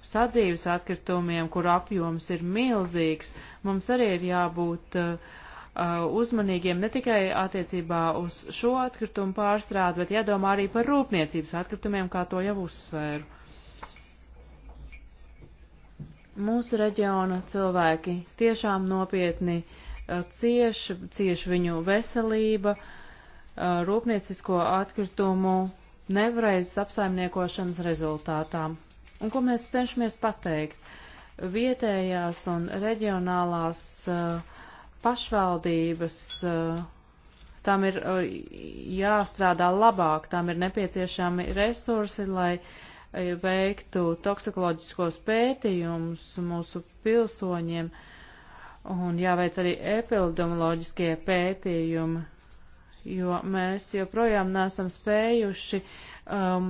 sadzīves atkritumiem, kur apjoms ir milzīgs, mums arī ir jābūt uzmanīgiem ne tikai attiecībā uz šo atkritumu pārstrādi, bet jādomā arī par rūpniecības atkritumiem, kā to jau uzsvēru mūsu reģiona cilvēki tiešām nopietni cieš, cieš viņu veselība, rūpniecisko atkritumu nevreizes apsaimniekošanas rezultātā. Un ko mēs cenšamies pateikt? Vietējās un reģionālās pašvaldības tām ir jāstrādā labāk, tām ir nepieciešami resursi, lai veiktu toksikoloģiskos pētījumus mūsu pilsoņiem. Uh, un jāveic arī epildumoloģiskie pētījumi, jo mēs joprojām nesam spējuši um,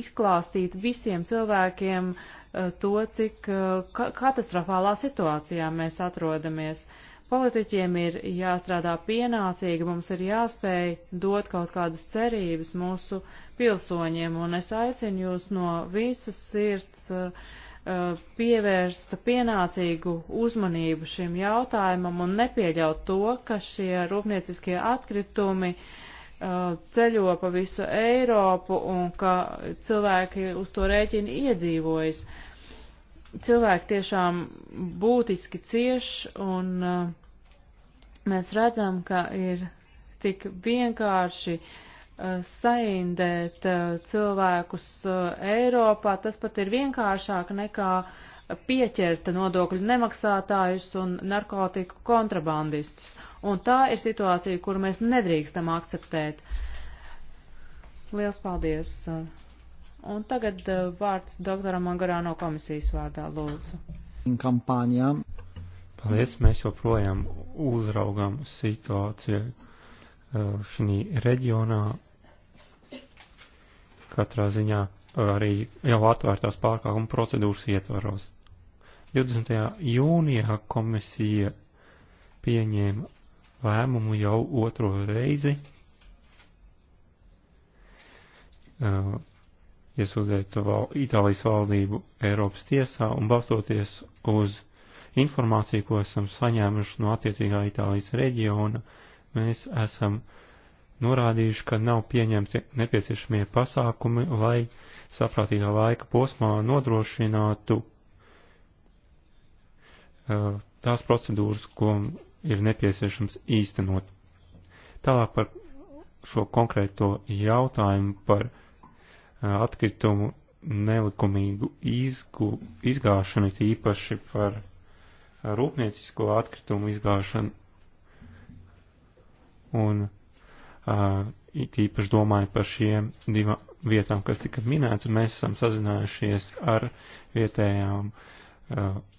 izklāstīt visiem cilvēkiem uh, to, cik uh, ka katastrofālā situācijā mēs atrodamies. Politiķiem ir jāstrādā pienācīgi, mums ir jāspēj dot kaut kādas cerības mūsu pilsoņiem, un es aicinu jūs no visas sirds uh, Uh, pievērst pienācīgu uzmanību šim jautājumam un nepieļaut to, ka šie rūpnieciskie atkritumi uh, ceļo pa visu Eiropu un ka cilvēki uz to rēķinu iedzīvojas. Cilvēki tiešām būtiski cieš un uh, mēs redzam, ka ir tik vienkārši uh, Eh, saindēt eh, cilvēkus eh, Eiropā, tas pat ir vienkāršāk nekā pieķert nodokļu nemaksātājus un narkotiku kontrabandistus. Un tā ir situācija, kuru mēs nedrīkstam akceptēt. Liels paldies! Un tagad vārds doktoram Angarāno komisijas vārdā lūdzu. Kampaņām. Paldies, mēs joprojām uzraugam situāciju šī reģionā katrā ziņā eh, arī jau atvērtās pārkāpuma procedūras ietvaros. 20. jūnijā komisija pieņēma lēmumu jau otro reizi uh, iesūdzēt val, Itālijas valdību Eiropas tiesā un balstoties uz informāciju, ko esam saņēmuši no attiecīgā Itālijas reģiona, mēs esam uh, norādījuši, ka nav pieņemti nepieciešamie pasākumi, lai saprātīgā laika posmā nodrošinātu uh, tās procedūras, ko ir nepieciešams īstenot. Tālāk par šo konkrēto jautājumu par uh, atkritumu nelikumīgu izgu, izgāšanu, īpaši par uh, rūpniecisko atkritumu izgāšanu. Un it īpaši domājot par šiem divām vietām, kas tika minēts, un mēs esam sazinājušies ar vietējām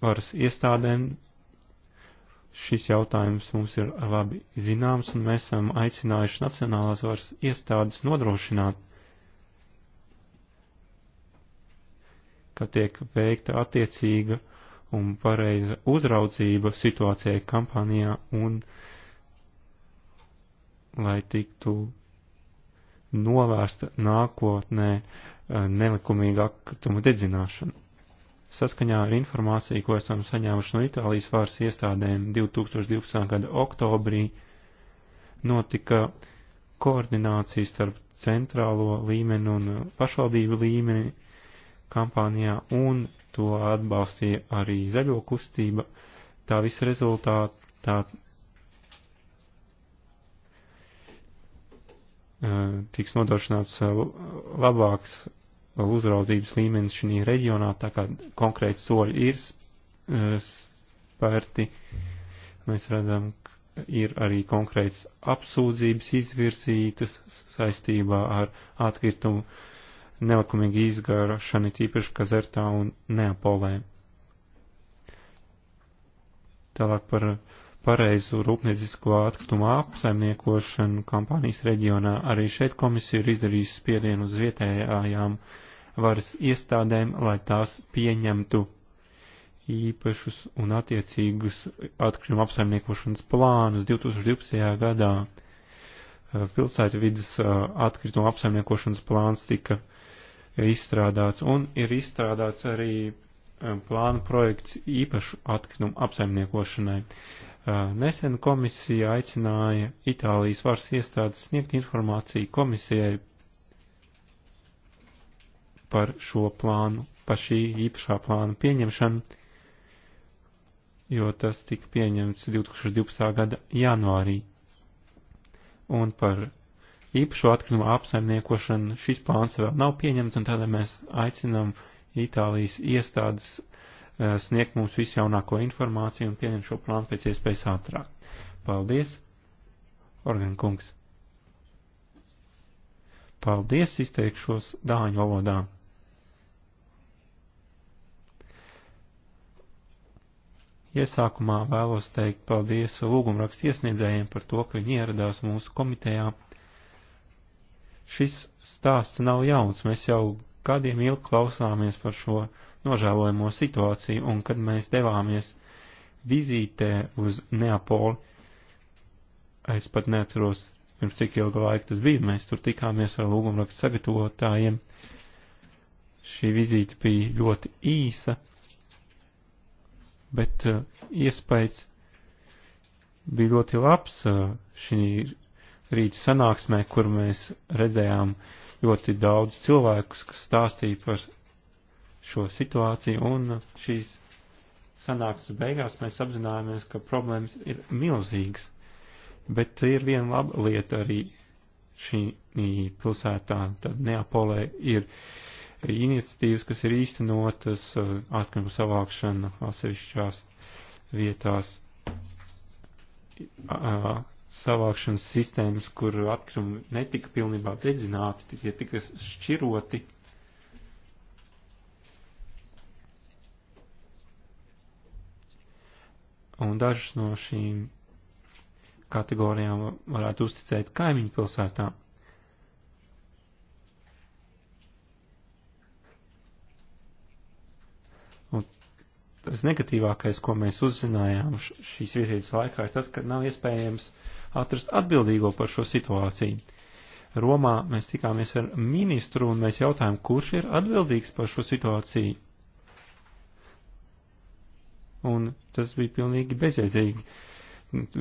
varas iestādēm. Šis jautājums mums ir labi zināms, un mēs esam aicinājuši Nacionālās varas iestādes nodrošināt, ka tiek veikta attiecīga un pareiza uzraudzība situācijai kampanijā un uh, lai tiktu novērsta nākotnē eh, nelikumīga atkrituma dedzināšana. Saskaņā ar informāciju, ko esam saņēmuši no Itālijas vāras iestādēm 2012. gada oktobrī, notika koordinācija starp centrālo līmeni un pašvaldību līmeni kampānijā, un to atbalstīja arī zaļo kustība. Tā visa rezultātā Eh, tiks nodrošināts eh, labāks eh, uzraudzības līmenis šī reģionā, tā kā konkrēti soļi ir spērti. Mēs redzam, ka ir arī konkrēts apsūdzības izvirsītas saistībā ar atkritumu nelikumīgu izgārašanu, tīpaši Kazertā un Neapolē. Tālāk par uh, pareizu rūpniecisko atkritumu ārpusaimniekošanu kampānijas reģionā. Arī šeit komisija ir izdarījusi spiedienu uz vietējām varas iestādēm, lai tās pieņemtu īpašus un attiecīgus atkritumu apsaimniekošanas plānus 2012. gadā. Eh, Pilsētu vidas eh, atkritumu apsaimniekošanas plāns tika izstrādāts un ir izstrādāts arī eh, plānu projekts īpašu atkritumu apsaimniekošanai. Nesen komisija aicināja Itālijas varas iestādes sniegt informāciju komisijai par šo plānu, par šī īpašā plāna pieņemšanu, jo tas tika pieņemts 2012. gada janvārī. Un par īpašo atkritumu apsaimniekošanu šis plāns vēl nav pieņemts, un tādēļ mēs aicinām Itālijas iestādes Eh, sniegt mums visjaunāko informāciju un pieņem šo plānu pēc iespējas ātrāk. Paldies, Organ kungs! Paldies, izteikšos dāņu valodā. Iesākumā vēlos teikt paldies lūgumrakstu iesniedzējiem par to, ka viņi ieradās mūsu komitejā. Šis stāsts nav jauns, mēs jau gadiem ilgi klausāmies par šo nožēlojamo situāciju, un kad mēs devāmies vizītē uz Neapoli, es pat neatceros, pirms cik ilga laika tas bija, mēs tur tikāmies ar lūgumrakstu sagatavotājiem. Šī vizīte bija ļoti īsa, bet uh, iespējas bija ļoti labs uh, šī rīta sanāksmē, kur mēs redzējām uh, ļoti daudz cilvēkus, kas stāstīja par šo situāciju, un šīs sanāksmes beigās mēs apzināmies, ka problēmas ir milzīgas. Bet ir viena laba lieta arī šī pilsētā, tad Neapolē ir iniciatīvas, kas ir īstenotas, atkritumu savākšana atsevišķās vietās, savākšanas sistēmas, kur atkritumi netika pilnībā dedzināti, tie tika šķiroti. Un dažas no šīm kategorijām varētu uzticēt kaimiņu pilsētām. Visnegatīvākais, ko mēs uzzinājām šīs viesības laikā, ir tas, ka nav iespējams atrast atbildīgo par šo situāciju. Romā mēs tikāmies ar ministru un mēs jautājām, kurš ir atbildīgs par šo situāciju. Un tas bija pilnīgi bezjēdzīgi.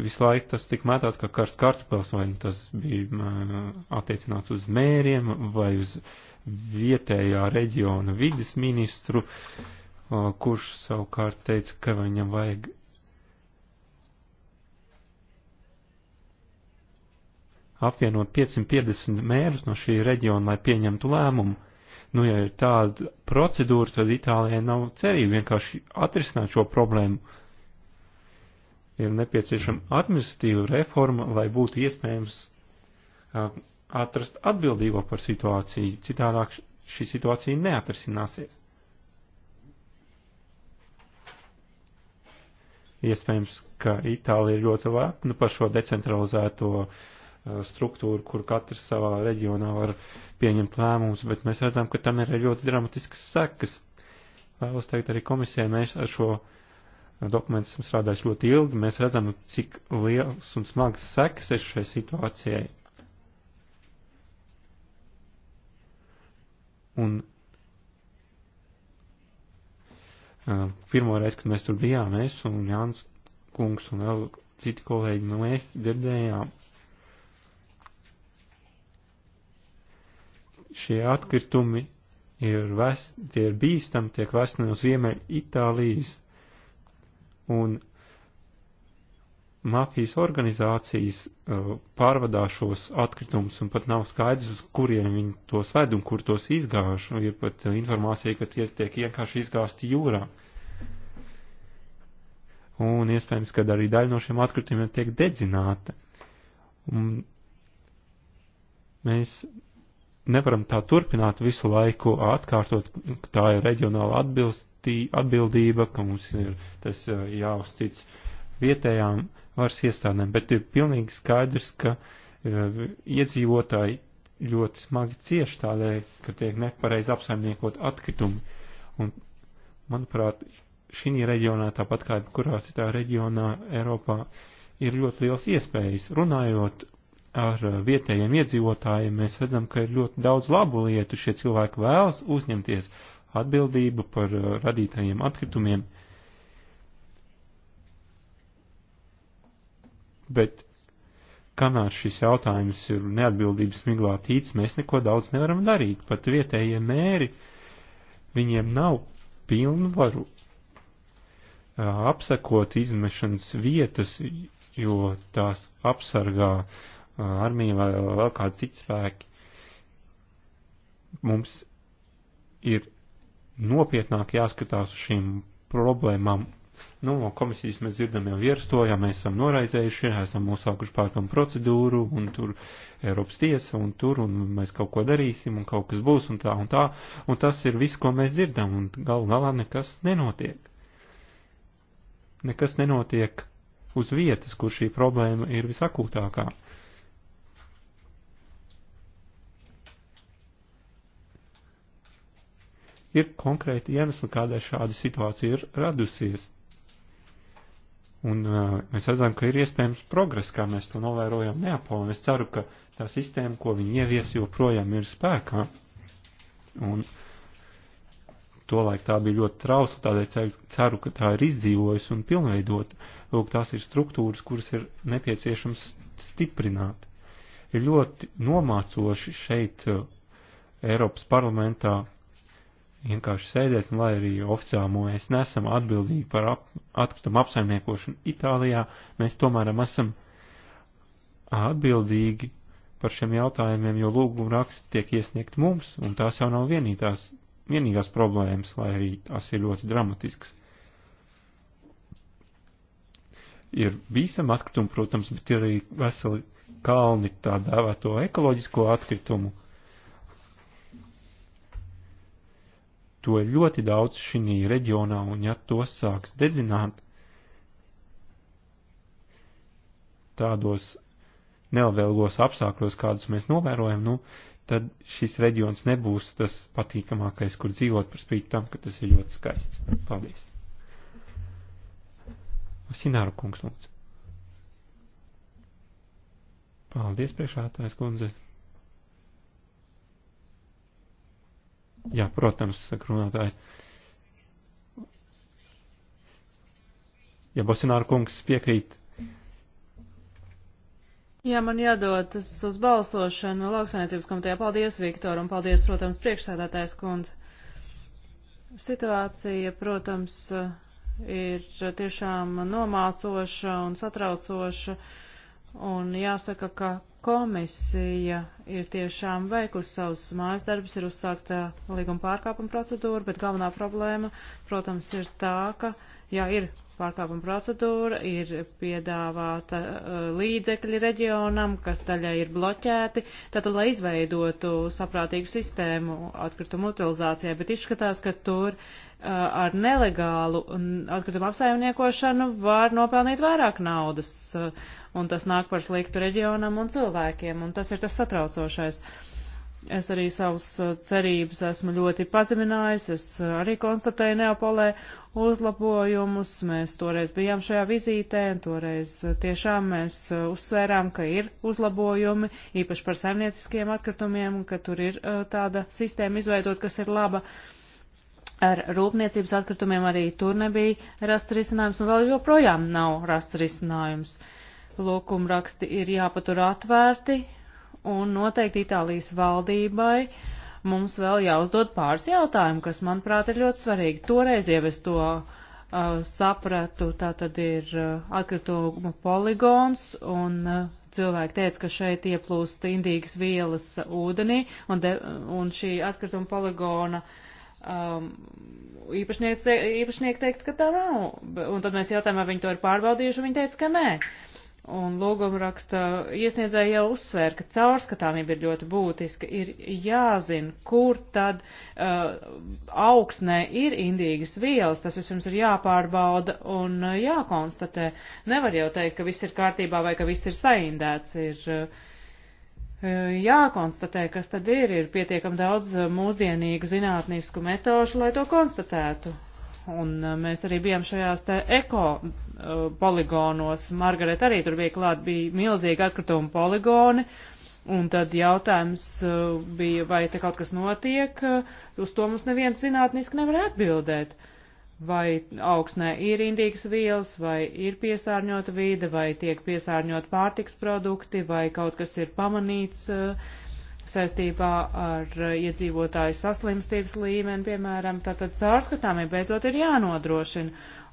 Visu laiku tas tika mētāts kā karsts kartupels, vai tas bija attiecināts uz mēriem vai uz vietējā reģiona vidas ministru. Uh, Uh, kurš savukārt teica, ka viņam vajag apvienot 550 mērus no šī reģiona, lai pieņemtu lēmumu. Nu, ja ir tāda procedūra, tad Itālijai nav cerība vienkārši atrisināt šo problēmu. Ir nepieciešama administratīva reforma, lai būtu iespējams uh, atrast atbildīgo par situāciju, citādāk šī situācija neatrisināsies. Iespējams, ka Itālija ir ļoti lepna par šo decentralizēto uh, struktūru, kur katrs savā reģionā var pieņemt lēmumus, bet mēs redzam, ka tam ir ļoti dramatiskas sekas. Vēlos teikt arī komisijai, mēs ar šo dokumentu esam strādājuši ļoti ilgi, mēs redzam, cik liels un smags sekas ir šai situācijai. Un pirmo reizi, kad mēs tur bijām, es un Jānis Kungs un vēl citi kolēģi, nu mēs dzirdējām šie atkritumi ir, ves, tie ir bīstami, tiek vesni uz ziemeļ Itālijas, un mafijas organizācijas uh, pārvadā šos atkritumus un pat nav skaidrs, uz kurien viņi tos ved un kur tos izgāž. Ir pat uh, informācija, ka tie tiek vienkārši izgāzti jūrā. Un iespējams, ka arī daļa no šiem atkritumiem tiek dedzināta. Un mēs nevaram tā turpināt visu laiku atkārtot, ka tā ir reģionāla atbildība, ka mums ir tas uh, jāuztic vietējām varas iestādēm, bet ir pilnīgi skaidrs, ka eh, iedzīvotāji ļoti smagi cieši tādēļ, ka tiek nepareizi apsaimniekot atkritumi. Un, manuprāt, šī reģionā, tāpat kā jebkurā citā reģionā Eiropā, ir ļoti liels iespējas. Runājot ar eh, vietējiem iedzīvotājiem, mēs redzam, ka ir ļoti daudz labu lietu. Šie cilvēki vēlas uzņemties atbildību par eh, radītajiem atkritumiem. Uh, bet kamēr šis jautājums ir neatbildības miglā tīts, mēs neko daudz nevaram darīt. Pat vietējie mēri, viņiem nav pilnvaru apsakot izmešanas vietas, jo tās apsargā armija vai vēl kādi citi spēki. Mums ir nopietnāk jāskatās uz šīm problēmām Nu, no komisijas mēs dzirdam jau vieras to, ja mēs esam noraizējušies, esam uzsākuši pārkam procedūru, un tur Eiropas tiesa, un tur, un mēs kaut ko darīsim, un kaut kas būs, un tā, un tā, un tas ir viss, ko mēs dzirdam, un galu galā nekas nenotiek. Nekas nenotiek uz vietas, kur šī problēma ir visakūtākā. Ir konkrēti iemesli, kādēļ šāda situācija ir radusies. Un uh, mēs redzam, ka ir iespējams progress, kā mēs to novērojam Neapolē. Es ceru, ka tā sistēma, ko viņi ievies, joprojām ir spēkā. Un tolaik tā bija ļoti trausla, tādēļ ceru, ka tā ir izdzīvojusi un pilnveidota. Lūk, tās ir struktūras, kuras ir nepieciešams stiprināt. Ir ļoti nomācoši šeit uh, Eiropas parlamentā vienkārši sēdēt, un lai arī oficiāli mēs nesam atbildīgi par ap, atkritumu apsaimniekošanu Itālijā, mēs tomēr esam atbildīgi par šiem jautājumiem, jo lūguma raksti tiek iesniegt mums, un tās jau nav vienītās, vienīgās problēmas, lai arī tās ir ļoti dramatiskas. Ir bīstam atkritumi, protams, bet ir arī veseli kalni tā dēvēto ekoloģisko atkritumu, To ir ļoti daudz šī reģionā, un ja to sāks dedzināt tādos nelabvēlīgos apstākļos, kādus mēs novērojam, nu, tad šis reģions nebūs tas patīkamākais, kur dzīvot par spīti tam, ka tas ir ļoti skaists. Paldies! Sināru kungs lūdzu. Paldies, priekšētājs kundze. Jā, protams, saka runātājs. Ja Bosināra kungs piekrīt. Jā, man jādodas uz balsošanu lauksainiecības komitejā. Paldies, Viktor, un paldies, protams, priekšsēdētājs kundze. Situācija, protams, ir tiešām nomācoša un satraucoša. Uh, Un jāsaka, ka komisija ir tiešām veikusi savus mājas darbus, ir uzsākta līguma pārkāpuma procedūra, bet galvenā problēma, protams, ir tā, ka Jā, ir pārkāpuma procedūra, ir piedāvāta uh, līdzekļi reģionam, kas daļai ir bloķēti, tātad, lai izveidotu saprātīgu sistēmu atkritumu utilizācijai, bet izskatās, ka tur uh, ar nelegālu atkritumu apsaimniekošanu var nopelnīt vairāk naudas, uh, un tas nāk par sliktu reģionam un cilvēkiem, un tas ir tas satraucošais. Uh, Es arī savus uh, cerības esmu ļoti pazeminājis, es uh, arī konstatēju Neapolē uzlabojumus, mēs toreiz bijām šajā vizītē, un toreiz uh, tiešām mēs uzsvērām, ka ir uzlabojumi, īpaši par saimnieciskiem atkritumiem, ka tur ir tāda sistēma izveidot, kas ir laba. Ar rūpniecības atkritumiem arī tur nebija rasts risinājums, un vēl joprojām nav rasts risinājums. Lūkumraksti ir jāpatur atvērti, un noteikti Itālijas valdībai mums vēl jāuzdod pāris jautājumu, kas, manuprāt, ir ļoti svarīgi. Toreiz jau es to uh, sapratu, tā tad ir uh, atkrituma poligons, un uh, cilvēki teica, ka šeit ieplūst indīgas vielas ūdenī, un, de, un šī atkrituma poligona uh, Um, īpašnieks, te, īpašnieks teikt, ka tā nav. Un tad mēs jautājām, vai viņi to ir pārbaudījuši, un viņi teica, ka nē. Un lūguma raksta iesniedzēja jau uzsvēra, ka caurskatāmība ir ļoti būtiska. Ir jāzina, kur tad uh, augsnē ir indīgas vielas. Tas vispirms ir jāpārbauda un uh, jākonstatē. Nevar jau teikt, ka viss ir kārtībā vai ka viss ir saindēts. Ir uh, jākonstatē, kas tad ir. Ir pietiekam daudz uh, mūsdienīgu zinātnisku metožu, lai to konstatētu un uh, mēs arī bijām šajās te eko uh, poligonos. Margaret arī tur bija klāt, bija milzīgi atkrituma poligoni, un tad jautājums uh, bija, vai te kaut kas notiek, uh, uz to mums neviens zinātniski nevar atbildēt. Vai augsnē ir indīgas vielas, vai ir piesārņota vīde, vai tiek piesārņot pārtiks produkti, vai kaut kas ir pamanīts. Uh, saistībā ar uh, iedzīvotāju saslimstības līmeni, piemēram, tātad caurskatāmība beidzot ir jānodrošina,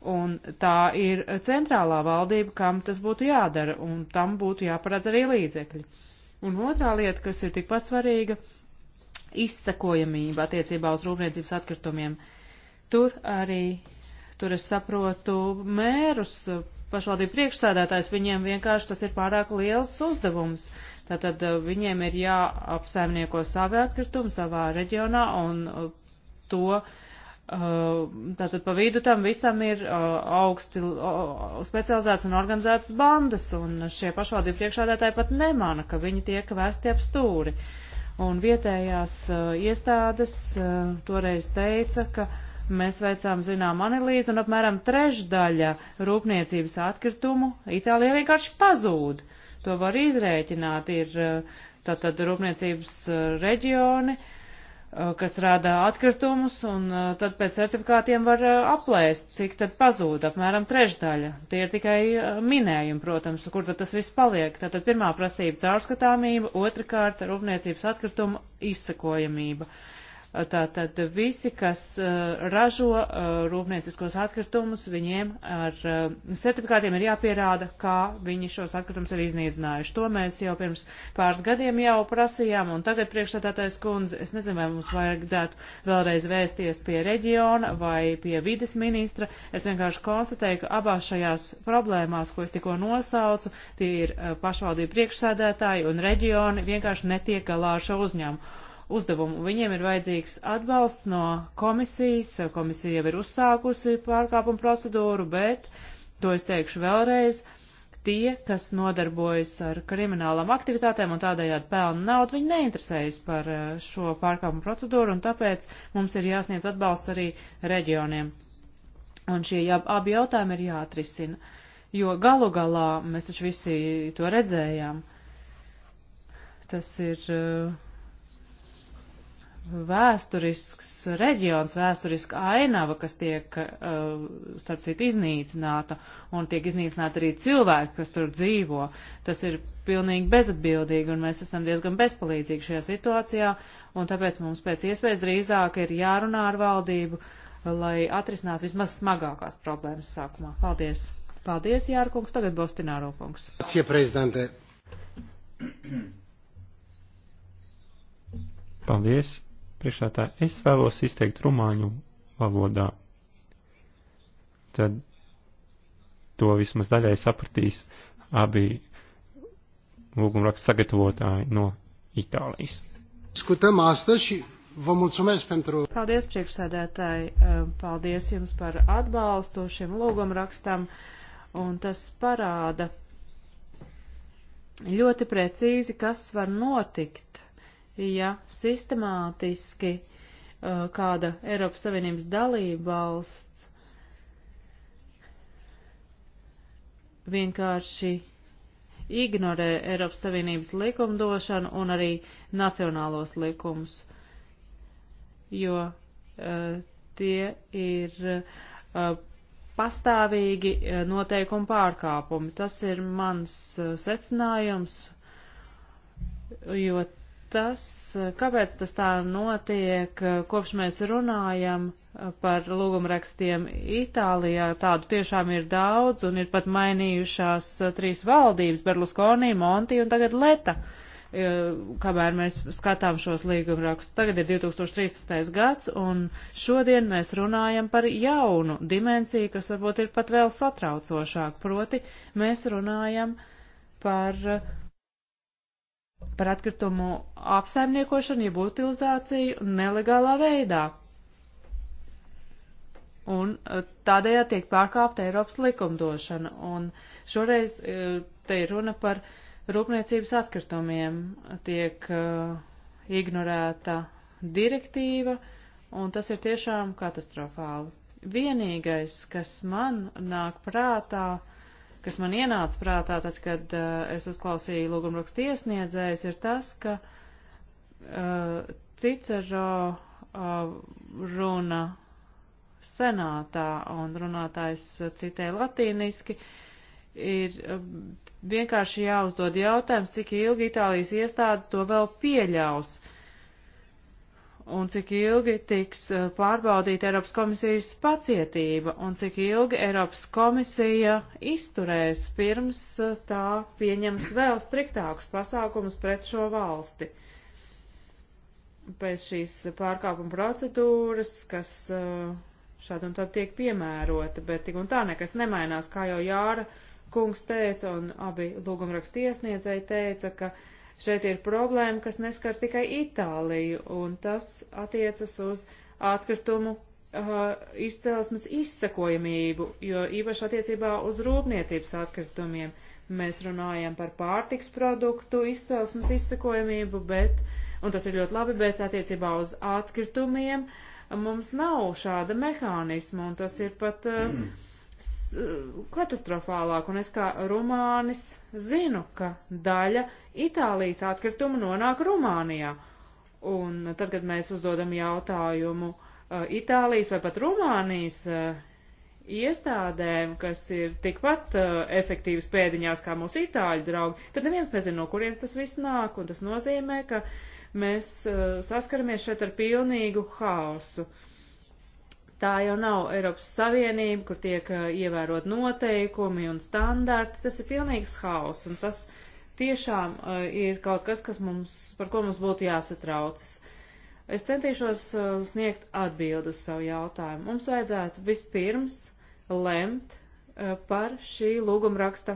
un tā ir centrālā valdība, kam tas būtu jādara, un tam būtu jāparedz arī līdzekļi. Un otrā lieta, kas ir tikpat svarīga, izsekojamība attiecībā uz rūpniecības atkritumiem. Tur arī, tur es saprotu mērus, pašvaldību priekšsēdētājs, viņiem vienkārši tas ir pārāk liels uzdevums. Tātad eh, viņiem ir jāapsaimnieko savi atkritumi savā reģionā un eh, to. Eh, tātad pa vidu tam visam ir augsti specializēts un organizētas bandas, un šie pašvaldību priekšādētāji pat nemana, ka viņi tiek vēsti ap stūri. Un vietējās iestādes toreiz teica, ka mēs veicām zinām analīzi, un apmēram trešdaļa rūpniecības atkritumu Itālijā vienkārši pazūd. Uh, to var izrēķināt. Ir eh, tātad rūpniecības eh, reģioni, eh, kas rāda atkritumus, un tad pēc certifikātiem var aplēst, cik tad pazūd apmēram trešdaļa. Tie ir tikai minējumi, protams, kur tad tas viss paliek. Tātad pirmā prasība caurskatāmība, otrkārt rūpniecības atkrituma izsakojamība. Uh, Tātad visi, kas eh, ražo eh, rūpnieciskos atkritumus, viņiem ar eh, certifikātiem ir jāpierāda, kā viņi šos atkritumus ir iznīcinājuši. To mēs jau pirms pāris gadiem jau prasījām, un tagad priekšstādātais kundze, es nezinu, vai mums vajadzētu vēlreiz vēsties pie reģiona vai pie vides ministra. Es vienkārši konstatēju, ka abās šajās problēmās, ko es tikko nosaucu, tie ir pašvaldību priekšsēdētāji un reģioni vienkārši netiek galā ar šo uzņēmumu uzdevumu. Viņiem ir vajadzīgs atbalsts no komisijas, komisija jau ir uzsākusi pārkāpumu procedūru, bet, to es teikšu vēlreiz, tie, kas nodarbojas ar kriminālām aktivitātēm un tādējādi pelna naudu, viņi neinteresējas par eh, šo pārkāpumu procedūru, un tāpēc mums ir jāsniedz atbalsts arī reģioniem. Un šie jā, abi jautājumi ir jāatrisina, jo galu galā mēs taču visi to redzējām. Tas ir uh, vēsturisks reģions, vēsturiska ainava, kas tiek, uh, starp citu, iznīcināta, un tiek iznīcināta arī cilvēki, kas tur dzīvo. Tas ir pilnīgi bezatbildīgi, un mēs esam diezgan bezpalīdzīgi šajā situācijā, un tāpēc mums pēc iespējas drīzāk ir jārunā ar valdību, lai atrisinātu vismaz smagākās problēmas sākumā. Paldies! Paldies, Jārkungs, tagad Bostināro kungs. Paldies, prezidente! Paldies! priekšētā, es vēlos izteikt rumāņu valodā. Tad to vismaz daļai sapratīs abi lūgumrakstu sagatavotāji no Itālijas. Diskutăm astăzi și vă mulțumesc pentru... Paldies, priekšsēdētāji, paldies jums par atbalstu šim lūgumrakstam, un tas parāda ļoti precīzi, kas var notikt ja sistemātiski uh, kāda Eiropas Savienības dalība valsts vienkārši ignorē Eiropas Savienības likumdošanu un arī nacionālos likumus, jo uh, tie ir uh, pastāvīgi uh, noteikumu pārkāpumi. Tas ir mans uh, secinājums, jo tas, kāpēc tas tā notiek, kopš mēs runājam par lūgumrakstiem Itālijā, tādu tiešām ir daudz un ir pat mainījušās trīs valdības - Berlusconi, Monti un tagad Leta, e, kamēr mēs skatām šos līgumrakstus. Tagad ir 2013. gads un šodien mēs runājam par jaunu dimensiju, kas varbūt ir pat vēl satraucošāk, proti mēs runājam par par atkritumu apsaimniekošanu, jeb utilizāciju nelegālā veidā. Un eh, tādējādi tiek pārkāpta Eiropas likumdošana. Un šoreiz eh, te ir runa par rūpniecības atkritumiem. Tiek uh, ignorēta direktīva, un tas ir tiešām katastrofāli. Vienīgais, kas man nāk prātā, uh, kas man ienāca prātā, tad, kad uh, es uzklausīju lūgumrakstu iesniedzējus, ir tas, ka uh, Cicero uh, runa senātā un runātājs citē latīniski, ir uh, vienkārši jāuzdod jautājums, cik ilgi Itālijas iestādes to vēl pieļaus. Uh, un cik ilgi tiks eh, pārbaudīta Eiropas komisijas pacietība un cik ilgi Eiropas komisija izturēs pirms eh, tā pieņems vēl striktākus pasākumus pret šo valsti. Pēc šīs pārkāpuma procedūras, kas eh, šādi un tad tiek piemērota, bet tik un tā nekas nemainās, kā jau Jāra kungs teica un abi lūgumrakstu iesniedzēji teica, ka uh, Šeit ir problēma, kas neskar tikai Itāliju, un tas attiecas uz atkritumu uh, izcelsmes izsakojamību, jo īpaši attiecībā uz rūpniecības atkritumiem mēs runājam par pārtiks produktu izcelsmes izsakojamību, bet, un tas ir ļoti labi, bet attiecībā uz atkritumiem mums nav šāda mehānisma, un tas ir pat. Uh, mm Eh, katastrofālāk, un es kā rumānis zinu, ka daļa Itālijas atkritumu nonāk Rumānijā. Un tad, kad mēs uzdodam jautājumu eh, Itālijas vai pat Rumānijas eh, iestādēm, kas ir tikpat efektīvas pēdiņās kā mūsu itāļu draugi, tad neviens nezina, no kurienes tas viss nāk, un tas nozīmē, ka mēs saskaramies šeit ar pilnīgu haosu. Uh, Tā jau nav Eiropas Savienība, kur tiek eh, ievērot noteikumi un standarti. Tas ir pilnīgs haus, un tas tiešām eh, ir kaut kas, kas mums, par ko mums būtu jāsatraucas. Es centīšos eh, sniegt atbildu uz savu jautājumu. Mums vajadzētu vispirms lemt par šī lūgumraksta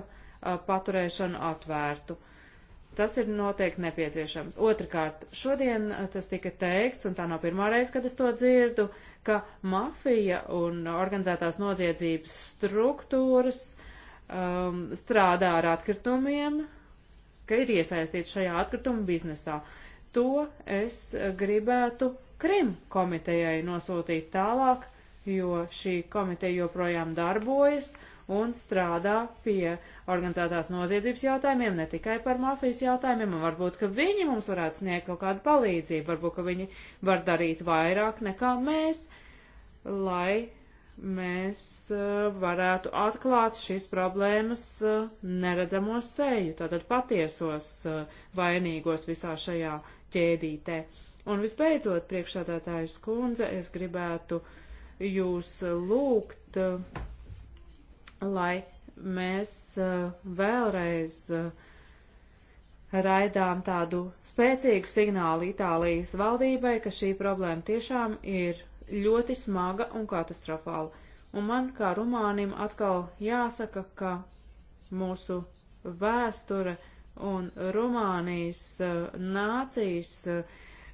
paturēšanu atvērtu. Uh, Tas ir noteikti nepieciešams. Otrakārt, šodien eh, tas tika teikts, un tā nav pirmā reize, kad es to dzirdu, ka mafija un organizētās noziedzības struktūras um, strādā ar atkritumiem, ka ir iesaistīti šajā atkrituma biznesā. To es gribētu Krim komitejai nosūtīt tālāk, jo šī komiteja joprojām darbojas. Uh, un strādā pie organizētās noziedzības jautājumiem, ne tikai par mafijas jautājumiem, un varbūt, ka viņi mums varētu sniegt kaut kādu palīdzību, varbūt, ka viņi var darīt vairāk nekā mēs, lai mēs eh, varētu atklāt šīs problēmas eh, neredzamos seju, tātad patiesos eh, vainīgos visā šajā ķēdītē. Un visbeidzot, priekšādātājas kundze, es gribētu jūs lūgt lai mēs eh, vēlreiz eh, raidām tādu spēcīgu signālu Itālijas valdībai, ka šī problēma tiešām ir ļoti smaga un katastrofāla. Un man kā Rumānim atkal jāsaka, ka mūsu vēsture un Rumānijas eh, nācijas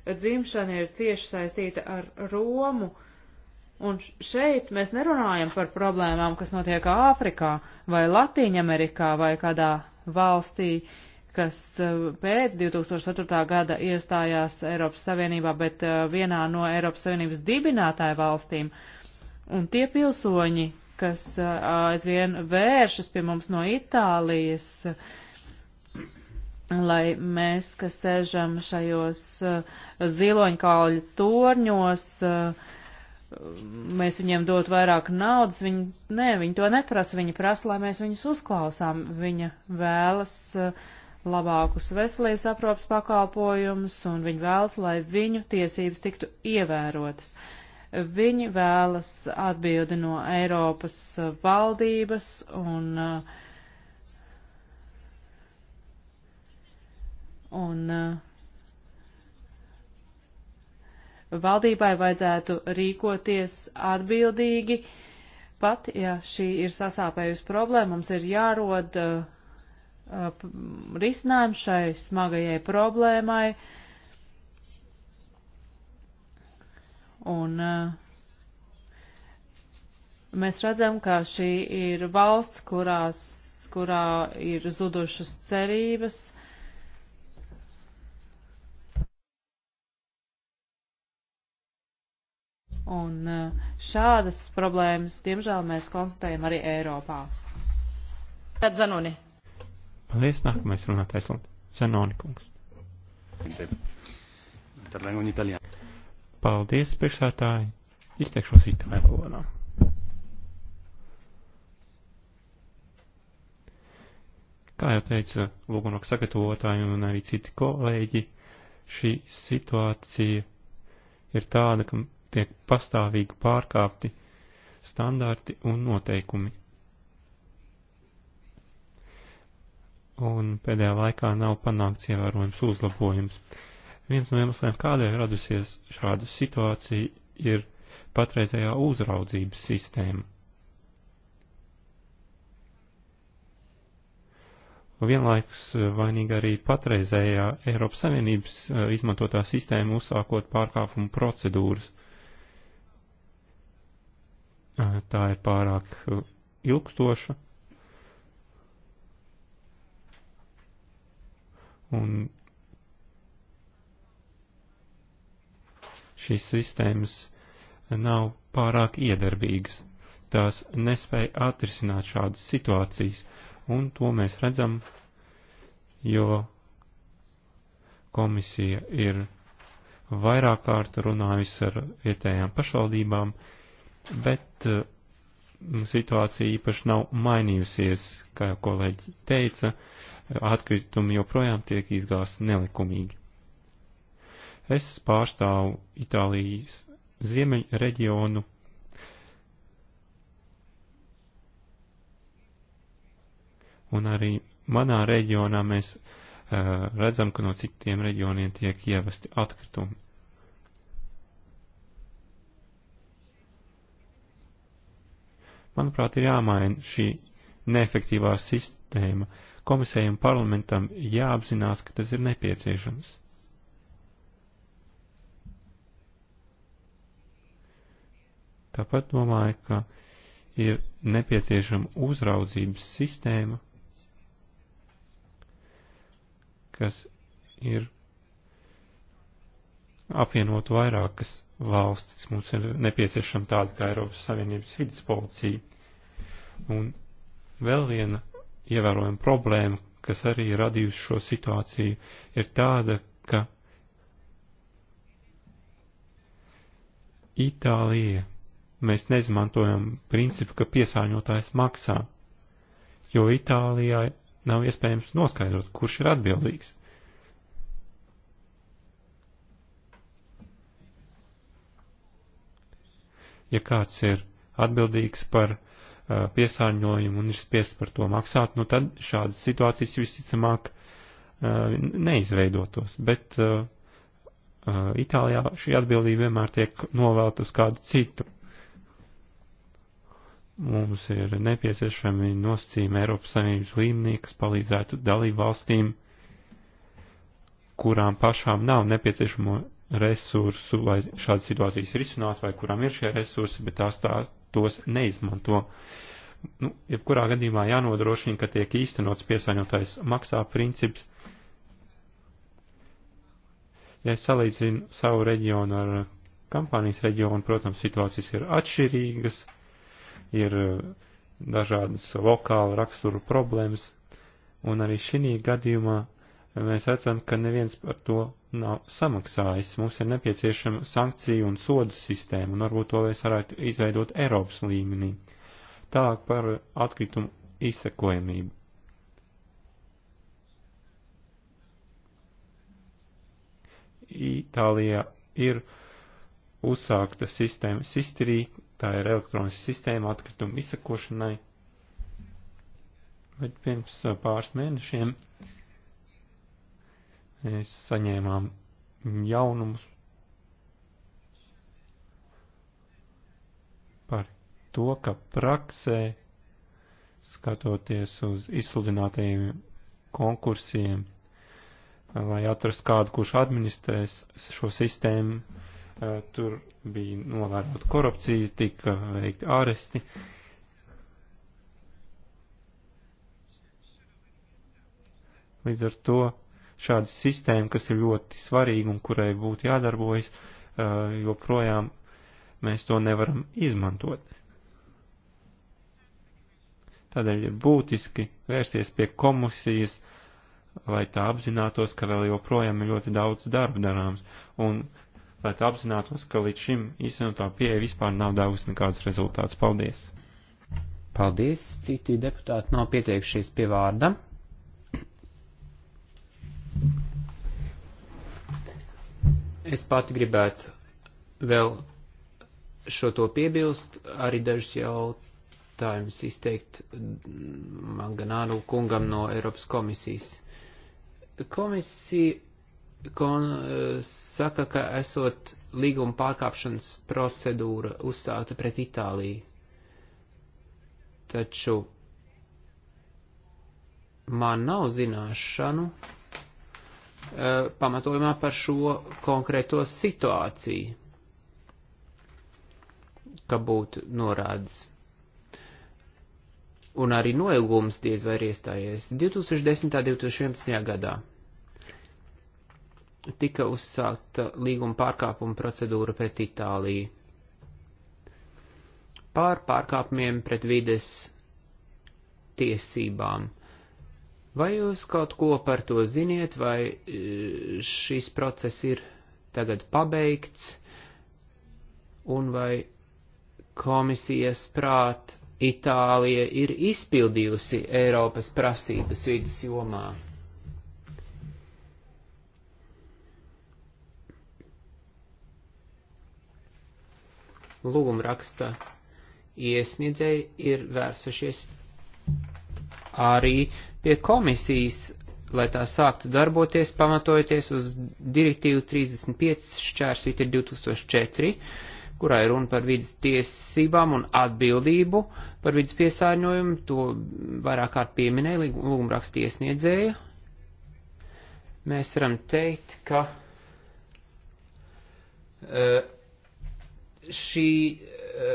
dzimšana ir cieši saistīta ar Romu, uh, Un šeit mēs nerunājam par problēmām, kas notiek Āfrikā vai Latīņamerikā vai kādā valstī, kas eh, pēc 2004. gada iestājās Eiropas Savienībā, bet eh, vienā no Eiropas Savienības dibinātāju valstīm. Un tie pilsoņi, kas eh, aizvien vēršas pie mums no Itālijas, lai mēs, kas sēžam šajos ziloņkāļu torņos, uh, mēs viņiem dot vairāk naudas, viņi, nē, viņi to neprasa, viņi prasa, lai mēs viņus uzklausām, viņa vēlas uh, labākus veselības aprūpas pakalpojumus, un viņi vēlas, lai viņu tiesības tiktu ievērotas. Viņi vēlas atbildi no Eiropas uh, valdības un uh, un uh, valdībai vajadzētu rīkoties atbildīgi. Pat, ja šī ir sasāpējusi problēma, mums ir jārod uh, uh risinājums šai smagajai problēmai. Un uh, mēs redzam, ka šī ir valsts, kurās, kurā ir zudušas cerības, Un eh, šādas problēmas, diemžēl, mēs konstatējam arī Eiropā. Tad Zanoni. Paldies, nākamais runātais Zanoni kungs. Paldies, priekšsētāji. Izteikšos itāļu valodā. Kā jau teica lūgunok sagatavotāji un arī citi kolēģi, šī situācija ir tāda, ka tiek pastāvīgi pārkāpti standarti un noteikumi. Un pēdējā laikā nav panākts ievērojams uzlabojums. Viens no iemesliem, kādēļ radusies šāda situācija, ir patreizējā uzraudzības sistēma. Vienlaikus eh, vainīgi arī patreizējā Eiropas Savienības eh, izmantotā sistēma uzsākot pārkāpumu procedūras. Uh, tā ir pārāk uh, ilgstoša. Un šīs sistēmas nav pārāk iedarbīgas. Tās nespēja atrisināt šādas situācijas, un to mēs redzam, jo komisija ir vairāk kārt runājusi ar vietējām pašvaldībām, uh, bet eh, situācija īpaši nav mainījusies, kā jau kolēģi teica, eh, atkritumi joprojām tiek izgāsti nelikumīgi. Es pārstāvu Itālijas ziemeļu reģionu. Un arī manā reģionā mēs uh, redzam, ka no citiem reģioniem tiek ievesti atkritumi. Manuprāt, ir jāmaina šī neefektīvā sistēma. Komisējiem parlamentam jāapzinās, ka tas ir nepieciešams. Tāpat domāju, ka ir nepieciešama uzraudzības sistēma, kas ir apvienot vairākas valstis. Mums ir nepieciešama tāda kā Eiropas Savienības vidas policija. Un vēl viena ievērojama problēma, kas arī radījusi šo situāciju, ir tāda, ka Itālija mēs neizmantojam principu, ka piesāņotājs maksā, jo Itālijai nav iespējams noskaidrot, kurš ir atbildīgs. ja kāds ir atbildīgs par uh, piesārņojumu un ir spiests par to maksāt, nu tad šādas situācijas visticamāk uh, neizveidotos. Bet uh, uh, Itālijā šī atbildība vienmēr tiek novēlta uz kādu citu. Mums ir nepieciešami nosacījumi Eiropas Savienības līmenī, kas palīdzētu dalību valstīm, kurām pašām nav nepieciešamo resursu, lai šādas situācijas risinātu, vai kurām ir šie resursi, bet tās tā, tos neizmanto. Nu, jebkurā gadījumā jānodrošina, ka tiek īstenots piesaņotais maksā princips. Ja es salīdzinu savu reģionu ar kampānijas reģionu, protams, situācijas ir atšķirīgas, ir dažādas lokāla rakstura problēmas, un arī šī gadījumā mēs redzam, ka neviens par to nav samaksājis. Mums ir nepieciešama sankciju un sodu sistēma, un varbūt to mēs varētu izveidot Eiropas līmenī. Tālāk par atkritumu izsekojamību. Itālijā ir uzsākta sistēma Sisterī, tā ir elektroniska sistēma atkritumu izsekošanai. Bet pirms uh, pāris mēnešiem uh, Mēs saņēmām jaunumus par to, ka praksē, skatoties uz izsludinātajiem konkursiem, lai atrastu kādu, kurš administrēs šo sistēmu, eh, tur bija novērota korupcija, tika veikti āresti. Līdz ar to šāda sistēma, kas ir ļoti svarīga un kurai būtu jādarbojas, eh, joprojām mēs to nevaram izmantot. Tādēļ ir būtiski vērsties pie komisijas, lai tā apzinātos, ka vēl joprojām ir ļoti daudz darba darāms, un lai tā apzinātos, ka līdz šim īstenotā pieeja vispār nav devusi nekādus rezultātus. Paldies! Paldies! Citi deputāti nav pieteikušies pie vārda. Es pati gribētu vēl šo to piebilst, arī dažus jautājumus izteikt Manganāru kungam no Eiropas komisijas. Komisija kon, eh, saka, ka esot līguma pārkāpšanas procedūra uzsākta pret Itāliju, taču man nav zināšanu, Eh, pamatojumā par šo konkrēto situāciju, ka būtu norādes. Un arī noilgums diez vai ir iestājies 2010. 2011. gadā. Tika uzsākta līguma pārkāpuma procedūra pret Itāliju. Pār pārkāpumiem pret vides tiesībām Vai jūs kaut ko par to ziniet, vai e, šis process ir tagad pabeigts, un vai komisijas prāt Itālija ir izpildījusi Eiropas prasības vidas jomā? Lūguma raksta iesniedzēji ir vērsušies arī uh, pie komisijas, lai tā sāktu darboties, pamatojoties uz direktīvu 35 šķērsvīt ir 2004, kurā ir runa par vidas tiesībām un atbildību par vidas piesārņojumu, to vairāk kārt pieminēja lūgumraksta iesniedzēja. Mēs varam teikt, ka e, šī e,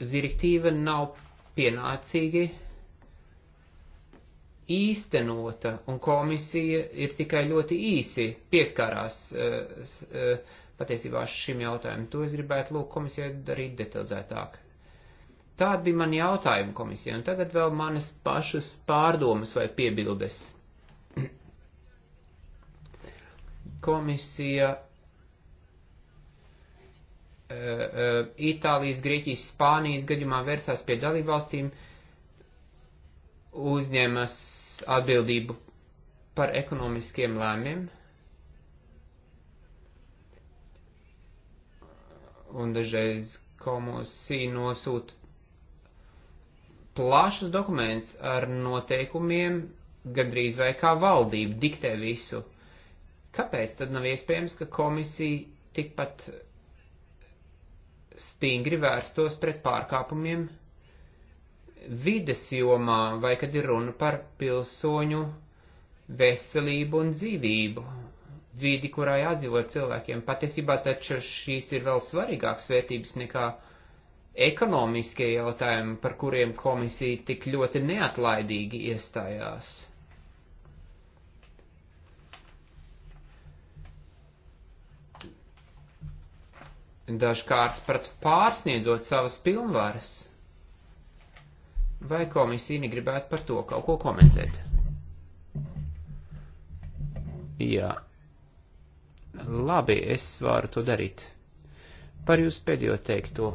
direktīva nav pienācīgi īstenota, un komisija ir tikai ļoti īsi pieskārās eh, eh, patiesībā šim jautājumam. To es gribētu lūgt komisijai darīt detalizētāk. Tāda bija mani jautājuma komisija, un tagad vēl manas pašas pārdomas vai piebildes. Komisija eh, Itālijas, Grieķijas, Spānijas gadījumā vērsās pie dalībvalstīm, uh, uzņemas atbildību par ekonomiskiem lēmiem. Un dažreiz komisija nosūta plašus dokumentus ar noteikumiem, gandrīz vai kā valdība diktē visu. Kāpēc tad nav iespējams, ka komisija tikpat stingri vērstos pret pārkāpumiem? vides jomā vai kad ir runa par pilsoņu veselību un dzīvību, vidi, kurā jādzīvo cilvēkiem. Patiesībā taču šīs ir vēl svarīgākas vērtības nekā ekonomiskie jautājumi, par kuriem komisija tik ļoti neatlaidīgi iestājās. Dažkārt pat pārsniedzot savas pilnvaras. Vai komisija negribētu par to kaut ko komentēt? Jā. Labi, es varu to darīt. Par jūs pēdējo teikto.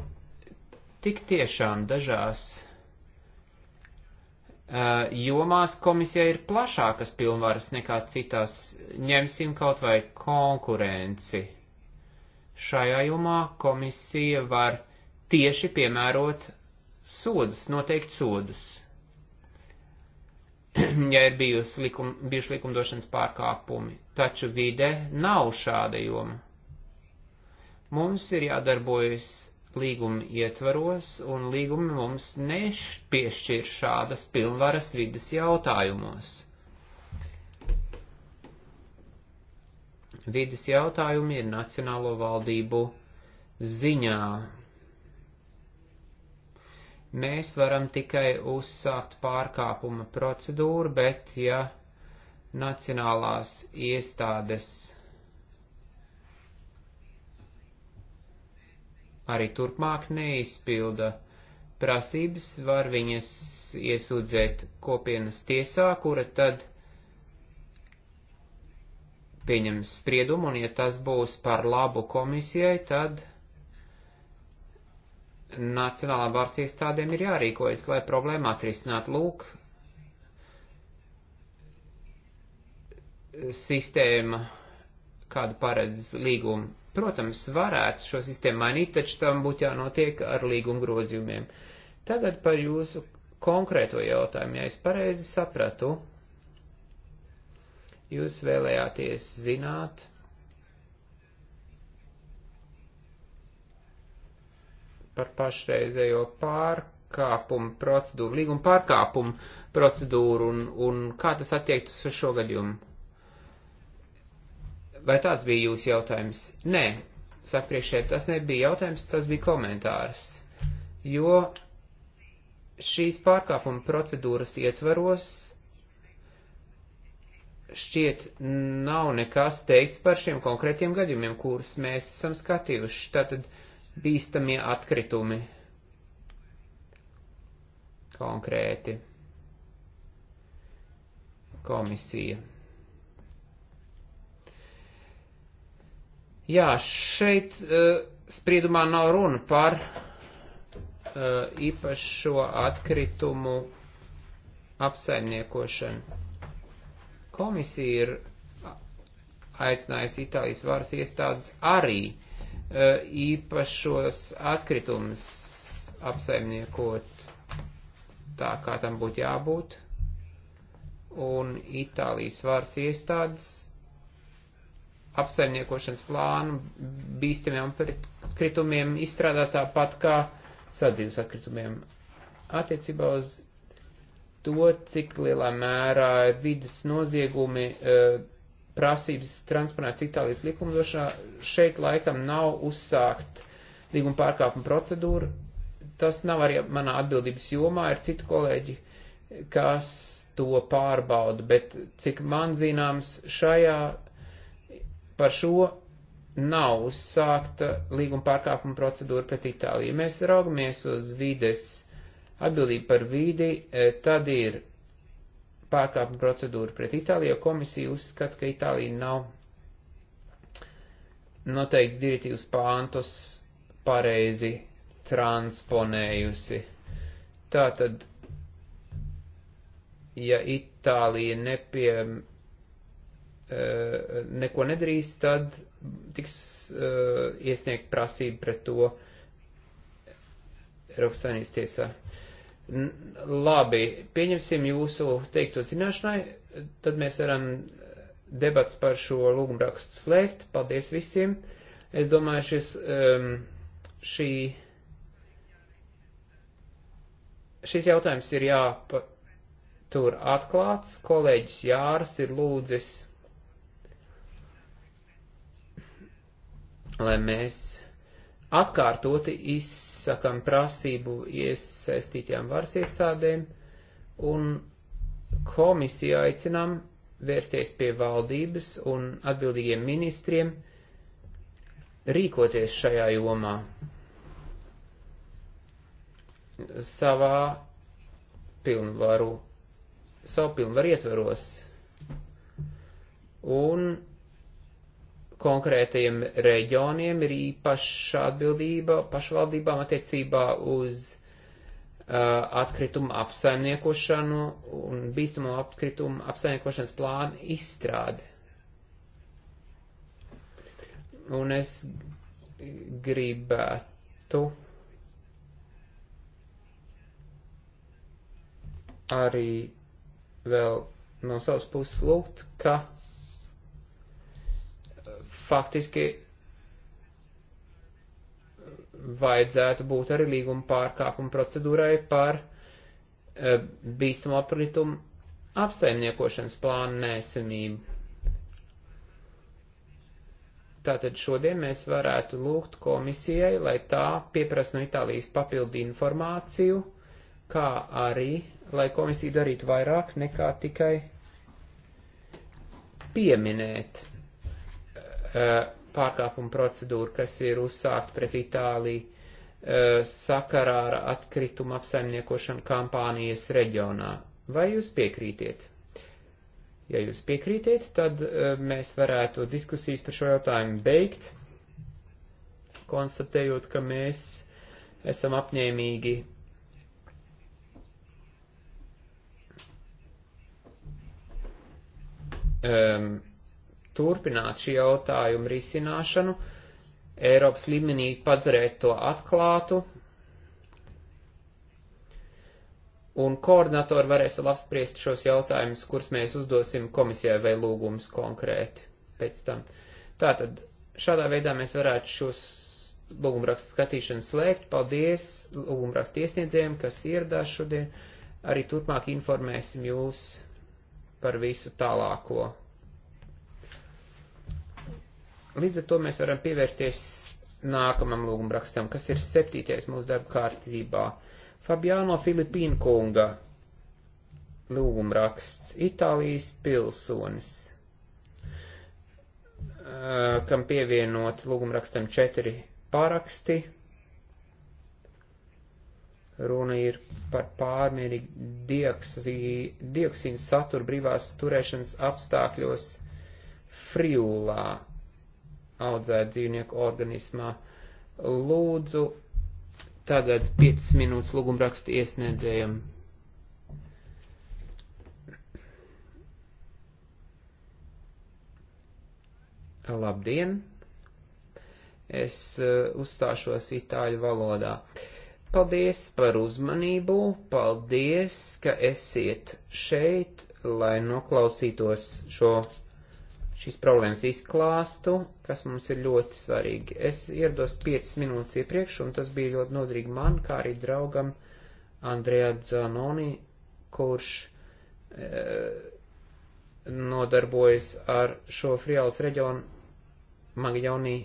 Tik tiešām dažās uh, jomās komisija ir plašākas pilnvaras nekā citās. Ņemsim kaut vai konkurenci. Šajā jomā komisija var tieši piemērot sodus, noteikt sodus, ja ir bijusi likum, bijuši likumdošanas pārkāpumi. Taču vide nav šāda joma. Mums ir jādarbojas līguma ietvaros, un līgumi mums nepiešķir šādas pilnvaras vidas jautājumos. Vides jautājumi ir nacionālo valdību ziņā, Mēs varam tikai uzsākt pārkāpuma procedūru, bet ja nacionālās iestādes arī turpmāk neizpilda prasības, var viņas iesūdzēt kopienas tiesā, kura tad pieņems spriedumu, un ja tas būs par labu komisijai, tad nacionālām varas iestādēm ir jārīkojas, lai problēmu atrisināt. Lūk, sistēma, kādu paredz līgumu. Protams, varētu šo sistēmu mainīt, taču tam būtu jānotiek ar līgumu grozījumiem. Tagad par jūsu konkrēto jautājumu, ja es pareizi sapratu, jūs vēlējāties zināt, par pašreizējo pārkāpumu procedūru, līguma pārkāpumu procedūru un, un kā tas attiektas uz šo gadījumu? Vai tāds bija jūsu jautājums? Nē, saka priekšē, tas nebija jautājums, tas bija komentārs. Jo šīs pārkāpuma procedūras ietvaros šķiet nav nekas teikts par šiem konkrētiem gadījumiem, kurus mēs esam skatījuši. Tātad, uh, bīstamie atkritumi konkrēti komisija. Jā, šeit uh, spriedumā nav runa par uh, īpašo atkritumu apsaimniekošanu. Komisija ir aicinājusi Itālijas varas iestādes arī uh, E, īpašos atkritumus apsaimniekot tā, kā tam būtu jābūt. Un Itālijas varas iestādes apsaimniekošanas plānu bīstamiem atkritumiem izstrādā tāpat kā sadzīves atkritumiem. Attiecībā uz to, cik lielā mērā vidas noziegumi uh, prasības transponētas Itālijas likumdošanā, šeit laikam nav uzsākt līguma pārkāpuma procedūru. Tas nav arī manā atbildības jomā, ir citi kolēģi, kas to pārbauda, bet cik man zināms, šajā par šo nav uzsākta līguma pārkāpuma procedūra pret Itāliju. Ja mēs raugamies uz vides atbildību par vidi, eh, tad ir pārkāpuma procedūru pret Itāliju, jo komisija uzskata, ka Itālija nav noteikts direktīvas pāntus pareizi transponējusi. Tātad, ja Itālija nepie, e, neko nedarīs, tad tiks e, iesniegt prasība pret to Eiropas Savienības tiesā. Uh, Labi, pieņemsim jūsu teikto zināšanai, tad mēs varam eh, debats par šo lūgumrakstu slēgt. Paldies visiem. Es domāju, šis, um, šī, šis jautājums ir jāpatur atklāts. Kolēģis Jārs ir lūdzis, lai mēs atkārtoti izsakam prasību iesaistītajām varas iestādēm un komisiju aicinām vērsties pie valdības un atbildīgiem ministriem rīkoties šajā jomā savā pilnvaru, savu pilnvaru ietvaros. Un konkrētajiem reģioniem ir īpaša atbildība pašvaldībām attiecībā uz uh, atkritumu apsaimniekošanu un bīstamo atkritumu apsaimniekošanas plānu izstrādi. Un es gribētu arī vēl no savas puses lūgt, ka faktiski vajadzētu būt arī līguma pārkāpuma procedūrai par e, bīstamo apritumu apsaimniekošanas plānu nēsamību. Tātad šodien mēs varētu lūgt komisijai, lai tā pieprasa no Itālijas papildu informāciju, kā arī, lai komisija darītu vairāk nekā tikai pieminēt Eh, pārkāpuma procedūru, kas ir uzsākt pret Itāliju eh, sakarā ar atkritumu apsaimniekošanu kampānijas reģionā. Vai jūs piekrītiet? Ja jūs piekrītiet, tad eh, mēs varētu diskusijas par šo jautājumu beigt, konstatējot, ka mēs esam apņēmīgi um, turpināt šī jautājuma risināšanu, Eiropas līmenī padarēt to atklātu, un koordinatori varēs apspriest šos jautājumus, kurus mēs uzdosim komisijai vai lūgumus konkrēti pēc tam. Tātad šādā veidā mēs varētu šos lūgumrakstu skatīšanu slēgt. Paldies lūgumrakstu iesniedzējiem, kas ieradās šodien. Arī turpmāk informēsim jūs par visu tālāko. Līdz ar to mēs varam pievērsties nākamam lūgumrakstam, kas ir septītais mūsu darba kārtībā. Fabiano Filipīna kunga lūgumraksts - Itālijas pilsonis, kam pievienot lūgumrakstam četri paraksti. Runa ir par pārmērīgu dioksīnu saturu brīvās turēšanas apstākļos Friulā audzēt dzīvnieku organismā. Lūdzu, tagad 5 minūtes lūgumrakstu iesniedzējiem. Labdien! Es uh, uzstāšos itāļu valodā. Paldies par uzmanību, paldies, ka esiet šeit, lai noklausītos šo šīs problēmas izklāstu, kas mums ir ļoti svarīgi. Es ierados 5 minūtes iepriekš, un tas bija ļoti nodrīgi man, kā arī draugam Andrejā Dzanoni, kurš e, nodarbojas ar šo Friāls reģionu Magjonī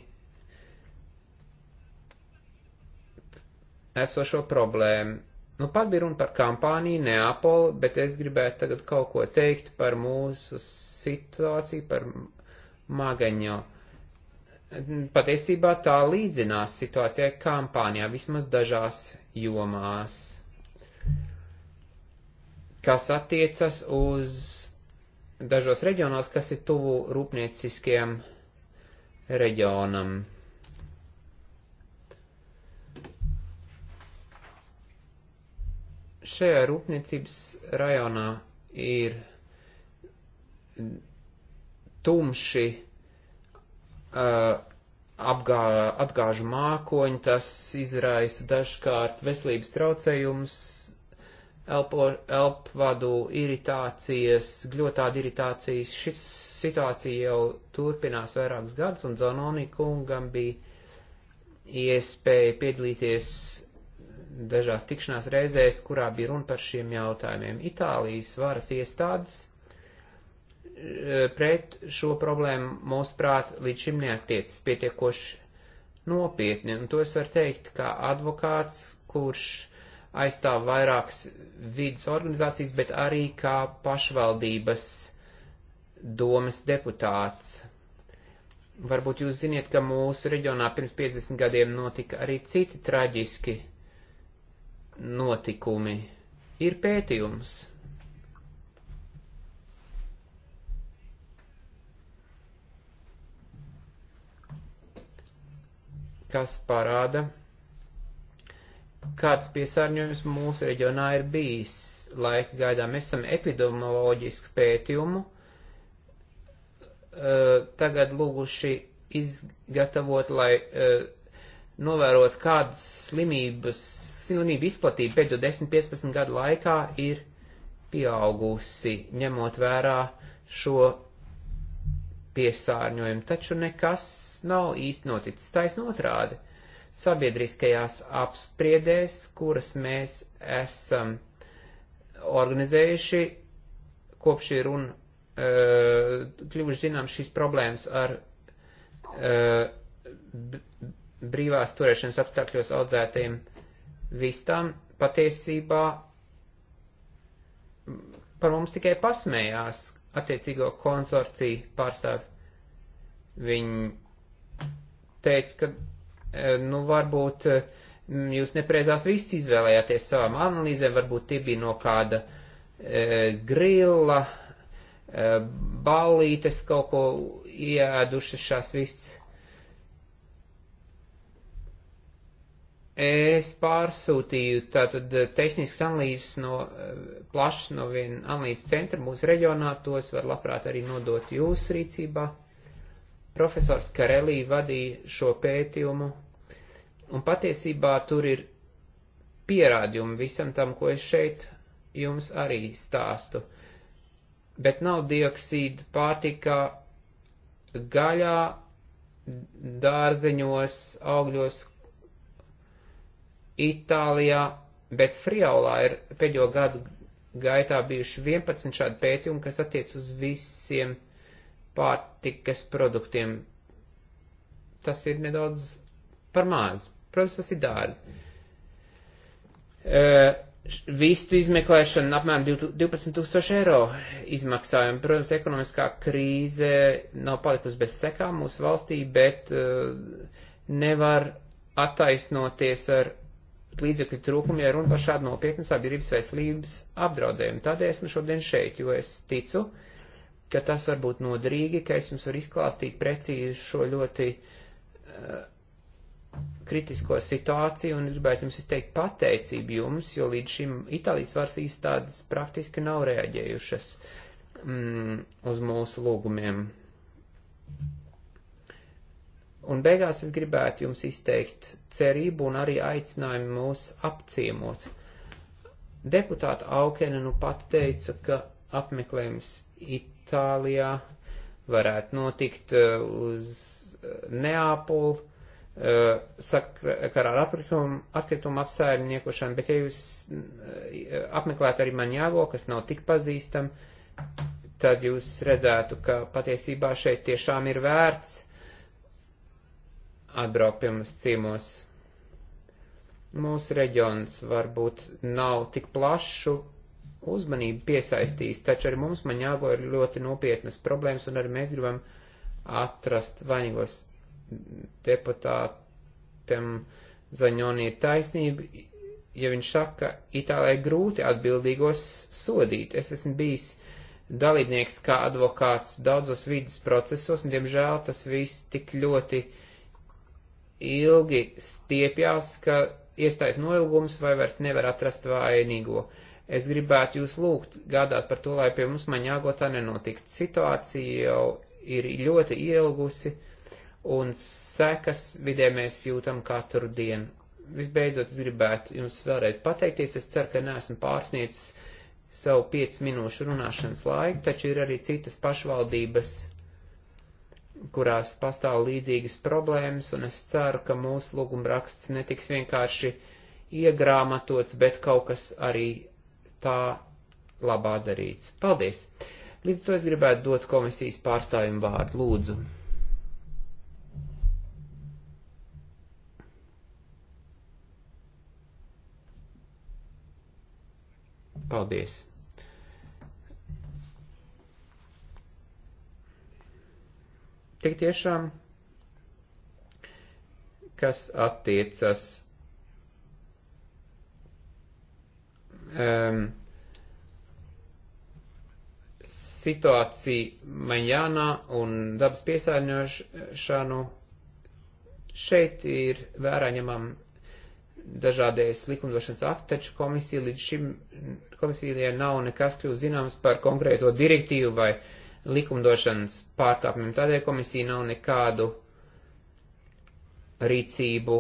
esošo problēmu. Nu, pat bija runa par kampāniju, Neapoli, bet es gribētu tagad kaut ko teikt par mūsu situāciju, par Magaņo. Patiesībā tā līdzinās situācijai kampānijā, vismaz dažās jomās, kas attiecas uz dažos reģionos, kas ir tuvu rūpnieciskiem reģionam. šajā rūpniecības rajonā ir tumši uh, apgā, atgāžu mākoņi, tas izraisa dažkārt veselības traucējumus, elpo, elpvadu iritācijas, gļotādi iritācijas. Šis situācija jau turpinās vairākus gadus, un Zanoni kungam bija iespēja piedalīties dažās tikšanās reizēs, kurā bija runa par šiem jautājumiem. Itālijas varas iestādes e, pret šo problēmu mūsuprāt līdz šim neatiecas pietiekoši nopietni, un to es varu teikt kā advokāts, kurš aizstāv vairākas vidas organizācijas, bet arī kā pašvaldības domas deputāts. Varbūt jūs ziniet, ka mūsu reģionā pirms 50 gadiem notika arī citi traģiski notikumi. Ir pētījums. kas parāda, kāds piesārņojums mūsu reģionā ir bijis laika gaidā. Mēs esam epidemioloģisku pētījumu eh, tagad lūguši izgatavot, lai eh, novērot, kādas slimības, slimību izplatība pēdējo 10-15 gadu laikā ir pieaugusi, ņemot vērā šo piesārņojumu, taču nekas nav īsti noticis taisn otrādi. Sabiedriskajās apspriedēs, kuras mēs esam organizējuši, kopš ir un uh, kļuvuši zinām šīs problēmas ar uh, brīvās turēšanas apstākļos audzētajiem vistām patiesībā par mums tikai pasmējās attiecīgo konsorciju pārstāvi. Viņi teica, ka e, nu varbūt e, jūs nepreizās viss izvēlējāties savām analīzēm, varbūt tie bija no kāda e, grilla, e, ballītes kaut ko iēdušas šās viss Es pārsūtīju tātad eh, tehniskas analīzes no eh, plašs no viena analīzes centra mūsu reģionā, tos var labprāt arī nodot jūsu rīcībā. Profesors Karelī vadīja šo pētījumu, un patiesībā tur ir pierādījumi visam tam, ko es šeit jums arī stāstu. Bet nav dioksīda pārtika gaļā, dārzeņos, augļos, Itālijā, bet Friaulā ir pēdējo gadu gaitā bijuši 11 šādi pētījumi, kas attiec uz visiem pārtikas produktiem. Tas ir nedaudz par maz. Protams, tas ir dārgi. Uh, vistu izmeklēšana apmēram 12 tūkstoši eiro izmaksājumi. Protams, ekonomiskā krīze nav palikusi bez sekām mūsu valstī, bet uh, nevar attaisnoties ar līdzekļu trūkumu, ja runa par šādu nopietnu sabiedrības veselības apdraudējumu. Tādēļ esmu šodien šeit, jo es ticu, ka tas var būt noderīgi, ka es jums varu izklāstīt precīzi šo ļoti uh, kritisko situāciju un es gribētu jums izteikt pateicību jums, jo līdz šim Itālijas varas īstādes praktiski nav reaģējušas mm, uz mūsu lūgumiem. Un beigās es gribētu jums izteikt cerību un arī aicinājumu mūs apciemot. Deputāta Aukena nu pat teica, ka apmeklējums Itālijā varētu notikt uh, uz uh, Neapolu, uh, sakarā ar atkritumu, atkritumu apsaimniekošanu, bet ja jūs apmeklētu arī Maņāgo, kas nav tik pazīstam, tad jūs redzētu, ka patiesībā šeit tiešām ir vērts atbraukt pie mums ciemos. Mūsu reģions varbūt nav tik plašu uzmanību piesaistījis, taču arī mums Maņāgo ir ļoti nopietnas problēmas, un arī mēs gribam atrast vainīgos deputātiem Zaņonī ir taisnība, ja viņš saka, ka Itālijai grūti atbildīgos sodīt. Es esmu bijis dalībnieks kā advokāts daudzos vidas procesos, un diemžēl tas viss tik ļoti uh, ilgi stiepjās, ka iestājas noilgums vai vairs nevar atrast vainīgo. Es gribētu jūs lūgt gādāt par to, lai pie mums maņāgo tā nenotikt. Situācija jau ir ļoti ielgusi, un sekas vidē mēs jūtam katru dienu. Visbeidzot, es gribētu jums vēlreiz pateikties, es ceru, ka neesmu pārsniecis savu 5 minūšu runāšanas laiku, taču ir arī citas pašvaldības kurās pastāv līdzīgas problēmas, un es ceru, ka mūsu lūgumraksts netiks vienkārši iegrāmatots, bet kaut kas arī tā labā darīts. Paldies! Līdz to es gribētu dot komisijas pārstāvjumu vārdu. Lūdzu! Paldies! Tik tiešām, kas attiecas um, situāciju Maņānā un dabas piesārņošanu, šeit ir vērā ņemam dažādējas likumdošanas akti, taču komisija līdz šim komisijai nav nekas kļūst zināms par konkrēto direktīvu vai uh, likumdošanas pārkāpumiem. Tādēļ komisija nav nekādu rīcību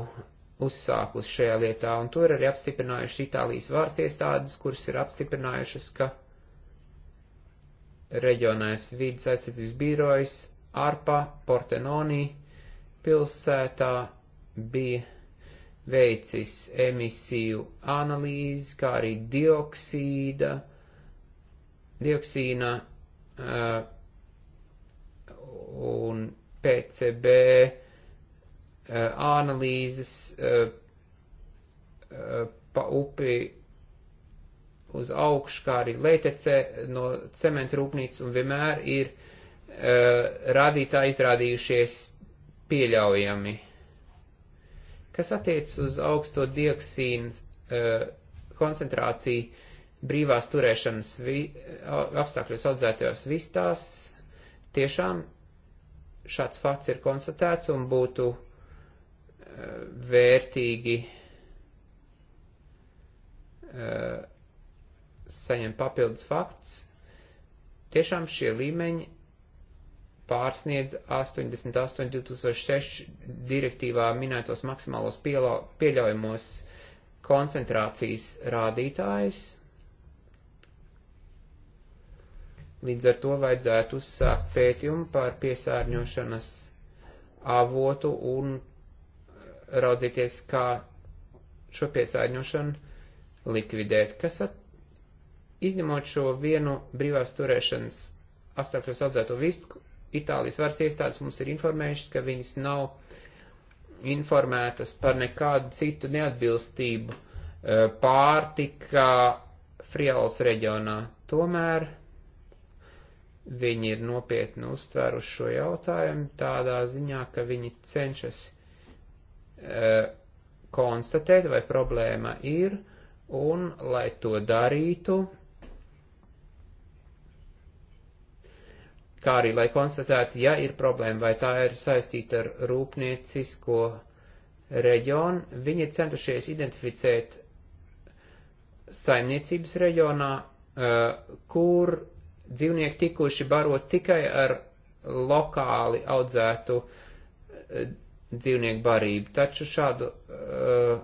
uzsākus šajā lietā, un to ir arī apstiprinājuši Itālijas vārds iestādes, kuras ir apstiprinājušas, ka reģionais vidas aizsardzības birojas Arpa Portenoni pilsētā bija veicis emisiju analīzi, kā arī dioksīda, dioksīna Uh, un PCB uh, analīzes uh, pa upi uz augšu, kā arī lētece no cementu rūpnīcas, un vienmēr ir uh, rādītāji izrādījušies pieļaujami. Kas attiec uz augsto dioksīnu uh, koncentrāciju, brīvās turēšanas vi, apstākļos audzētajos vistās, tiešām šāds fakts ir konstatēts un būtu e, vērtīgi e, saņemt papildus fakts. Tiešām šie līmeņi pārsniedz 88.2006 direktīvā minētos maksimālos pieļaujamos koncentrācijas rādītājus Līdz ar to vajadzētu uzsākt pētījumu par piesārņošanas avotu un eh, raudzīties, kā šo piesārņošanu likvidēt. Kas at, izņemot šo vienu brīvās turēšanas apstākļos audzēto vistu, Itālijas varas iestādes mums ir informējušas, ka viņas nav informētas par nekādu citu neatbilstību eh, pārtika Friaulas reģionā. Tomēr Viņi ir nopietni uztvēruši šo jautājumu tādā ziņā, ka viņi cenšas uh, konstatēt, vai problēma ir, un, lai to darītu, kā arī lai konstatētu, ja ir problēma, vai tā ir saistīta ar rūpniecisko reģionu, viņi ir centušies identificēt saimniecības reģionā, e, kur dzīvnieki tikuši barot tikai ar lokāli audzētu eh, dzīvnieku barību, taču šādu uh,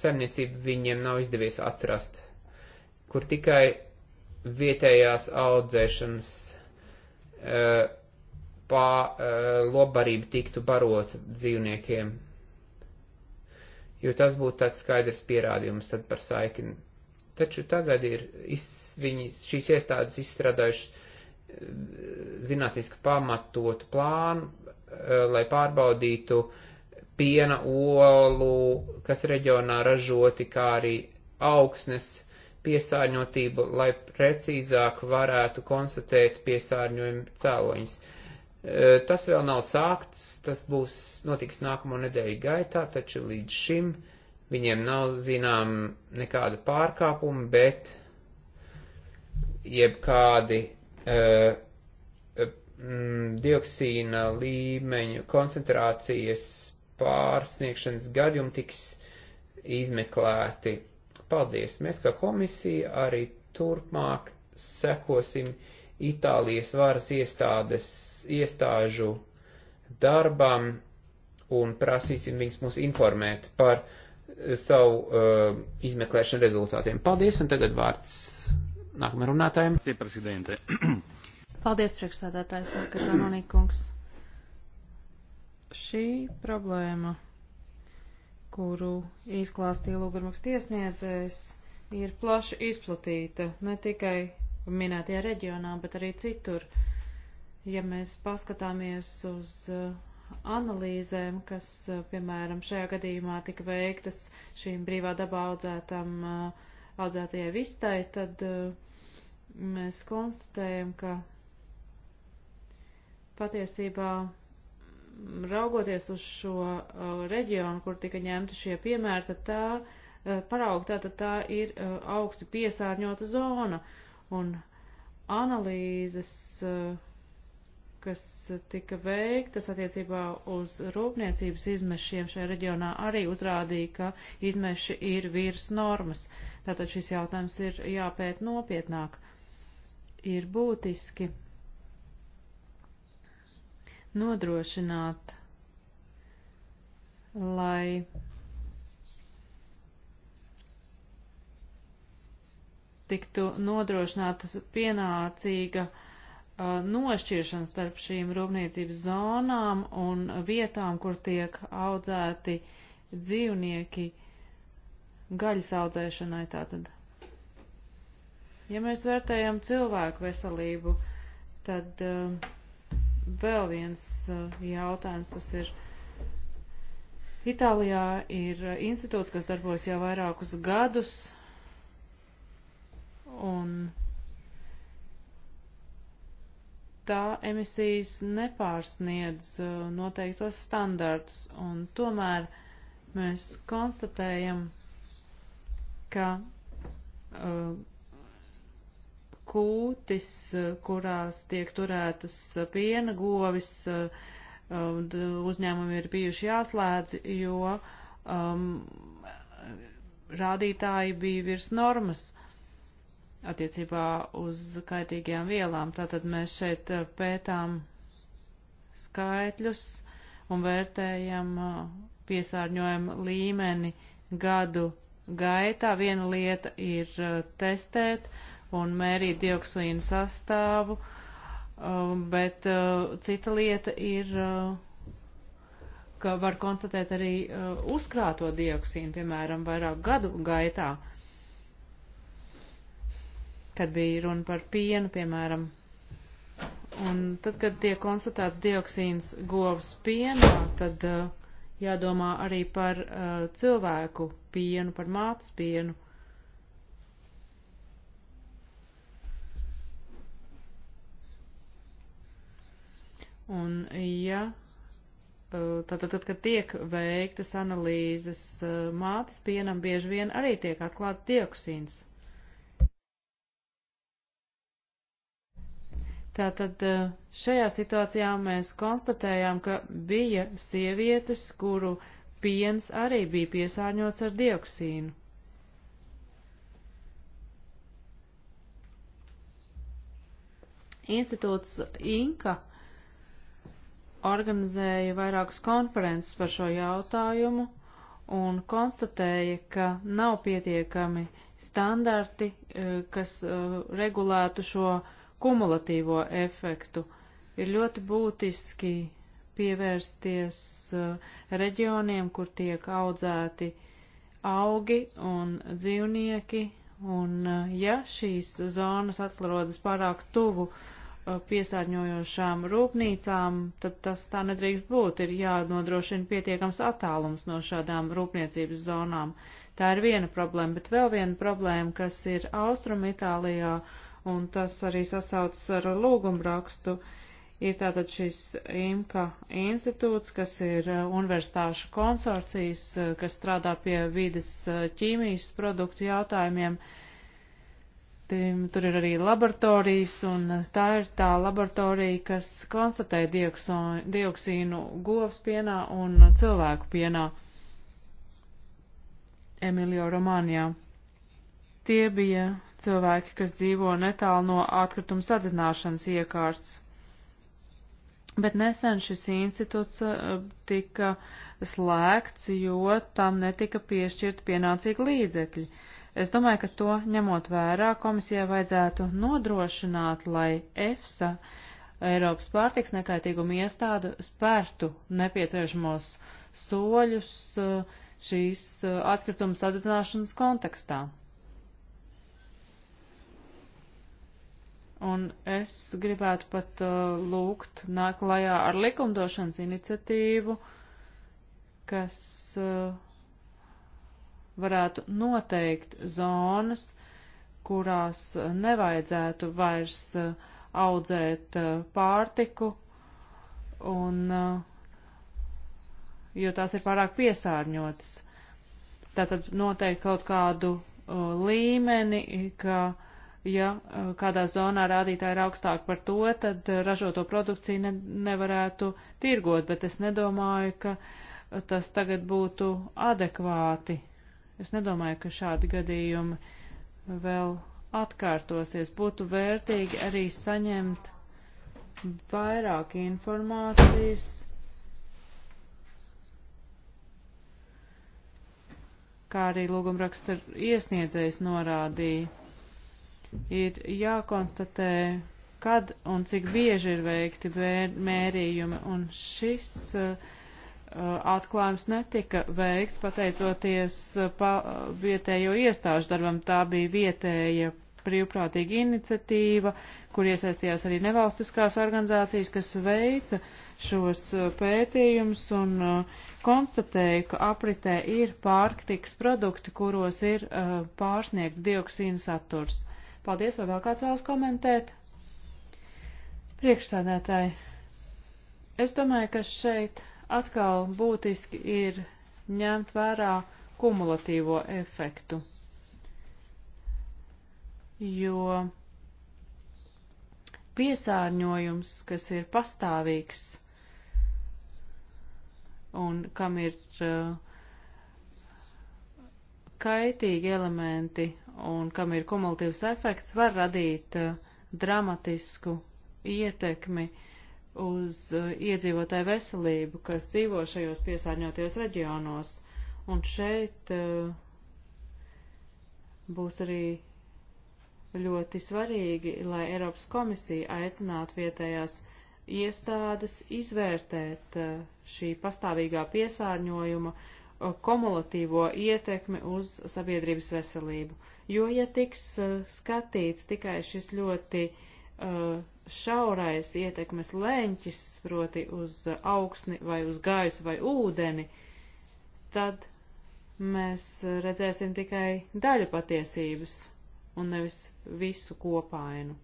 saimniecību viņiem nav izdevies atrast, kur tikai vietējās audzēšanas uh, pā, uh, lobbarība tiktu barot dzīvniekiem, jo tas būtu tāds skaidrs pierādījums tad par saikni Taču tagad ir iz, viņi, šīs iestādes izstrādājušas eh, zinātniski pamatotu plānu, eh, lai pārbaudītu piena olu, kas reģionā ražoti, kā arī augsnes piesārņotību, lai precīzāk varētu konstatēt piesārņojumu cēloņus. Eh, tas vēl nav sākts, tas būs notiks nākamo nedēļu gaitā, taču līdz šim uh, Viņiem nav zinām nekādu pārkāpumu, bet jebkādi uh, dioksīna līmeņu koncentrācijas pārsniegšanas gadījumi tiks izmeklēti. Paldies! Mēs kā komisija arī turpmāk sekosim Itālijas varas iestādes, iestāžu darbam un prasīsim viņus mūs informēt par uh, savu uh, izmeklēšanu rezultātiem. Paldies, un tagad vārds nākamajam runātājiem. Paldies, priekšsādātājs, ka Zanonī kungs. Šī problēma, kuru izklāstīja Lūgurmaks tiesniedzējs, ir plaši izplatīta ne tikai minētajā reģionā, bet arī citur. Ja mēs paskatāmies uz uh, analīzēm, kas, piemēram, šajā gadījumā tika veiktas šīm brīvā dabā audzētam, audzētajai vistai, tad mēs konstatējam, ka patiesībā raugoties uz šo reģionu, kur tika ņemti šie piemēri, tad tā parauga, tātad tā ir augsti piesārņota zona. Un analīzes uh, kas tika veiktas attiecībā uz rūpniecības izmešiem šajā reģionā arī uzrādīja, ka izmeši ir virs normas. Tātad šis jautājums ir jāpēt nopietnāk. Ir būtiski nodrošināt, lai tiktu nodrošināta pienācīga uh, Uh, nošķiršana starp šīm rūpniecības zonām un vietām, kur tiek audzēti dzīvnieki gaļas audzēšanai tātad. Ja mēs vērtējam cilvēku veselību, tad uh, vēl viens uh, jautājums tas ir. Itālijā ir uh, institūts, kas darbojas jau vairākus gadus, un tā emisijas nepārsniedz uh, noteiktos standartus, un tomēr mēs konstatējam, ka uh, kūtis, uh, kurās tiek turētas piena govis, uh, uzņēmumi ir bijuši jāslēdz, jo um, rādītāji bija virs normas. Uh, attiecībā uz kaitīgajām vielām. Tātad mēs šeit eh, pētām skaitļus un vērtējam eh, piesārņojumu līmeni gadu gaitā. Viena lieta ir eh, testēt un mērīt dioksīnu sastāvu, um, bet cita lieta ir, ka var konstatēt arī uzkrāto dioksīnu, piemēram, vairāk gadu gaitā kad bija runa par pienu, piemēram. Un tad, kad tiek konstatēts dioksīns govs pienā, tad uh, jādomā arī par uh, cilvēku pienu, par mātes pienu. Un, ja uh, tātad, tad, kad tiek veiktas analīzes uh, mātes pienam, bieži vien arī tiek atklāts dioksīns. Tātad eh, šajā situācijā mēs konstatējām, ka bija sievietes, kuru piens arī bija piesārņots ar dioksīnu. Institūts Inka organizēja vairākas konferences par šo jautājumu un konstatēja, ka nav pietiekami standarti, eh, kas eh, regulētu šo jautājumu kumulatīvo efektu. Ir ļoti būtiski pievērsties uh, reģioniem, kur tiek audzēti augi un dzīvnieki, un uh, ja šīs zonas atslarodas pārāk tuvu uh, piesārņojošām rūpnīcām, tad tas tā nedrīkst būt. Ir jānodrošina pietiekams attālums no šādām rūpniecības zonām. Tā ir viena problēma, bet vēl viena problēma, kas ir Austrum Itālijā, uh, un tas arī sasaucas ar lūgumrakstu. Ir tātad šis IMKA institūts, kas ir eh, universitāšu konsorcijas, eh, kas strādā pie vides eh, ķīmijas produktu jautājumiem. Tur ir arī laboratorijas, un tā ir tā laboratorija, kas konstatē dioksīnu govs pienā un cilvēku pienā Emilio Romānijā. Tie bija cilvēki, kas dzīvo netālu no atkrituma sadedzināšanas iekārts. Bet nesen šis institūts uh, tika slēgts, jo tam netika piešķirt pienācīgi līdzekļi. Es domāju, ka to ņemot vērā komisijai vajadzētu nodrošināt, lai EFSA, Eiropas pārtiks nekaitīguma iestāde, spērtu nepieciešamos soļus uh, šīs uh, atkrituma sadedzināšanas kontekstā. Un es gribētu pat uh, lūgt nāk lajā ar likumdošanas iniciatīvu, kas uh, varētu noteikt zonas, kurās nevajadzētu vairs uh, audzēt uh, pārtiku, un, uh, jo tās ir pārāk piesārņotas. Tātad noteikti kaut kādu uh, līmeni, ka uh, ja e, kādā zonā rādītāji ir augstāk par to, tad e, ražoto produkciju ne, nevarētu tirgot, bet es nedomāju, ka e, tas tagad būtu adekvāti. Es nedomāju, ka šādi gadījumi vēl atkārtosies. Būtu vērtīgi arī saņemt vairāk informācijas. Kā arī lūgumraksta iesniedzējs norādīja ir jākonstatē, kad un cik bieži ir veikti mērījumi, un šis uh, uh, atklājums netika veikts pateicoties uh, pa, uh, vietējo iestāžu darbam. Tā bija vietēja brīvprātīga iniciatīva, kur iesaistījās arī nevalstiskās organizācijas, kas veica šos pētījumus un uh, konstatēja, ka apritē ir pārtiks produkti, kuros ir uh, pārsniegts dioksīna saturs. Uh, Paldies, vai vēl kāds vēlas komentēt? Priekšsādētāji, es domāju, ka šeit atkal būtiski ir ņemt vērā kumulatīvo efektu, jo piesārņojums, kas ir pastāvīgs un kam ir uh, kaitīgi elementi un kam ir kumulatīvs efekts, var radīt uh, dramatisku ietekmi uz uh, iedzīvotāju veselību, kas dzīvo šajos piesārņotajos reģionos. Un šeit uh, būs arī ļoti svarīgi, lai Eiropas komisija aicinātu vietējās iestādes izvērtēt šī pastāvīgā piesārņojuma uh, Uh, kumulatīvo ietekmi uz sabiedrības veselību. Jo, ja tiks uh, skatīts tikai šis ļoti uh, šaurais ietekmes lēņķis, proti uz augsni vai uz gaisu vai ūdeni, tad mēs redzēsim tikai daļu patiesības un nevis visu kopainu.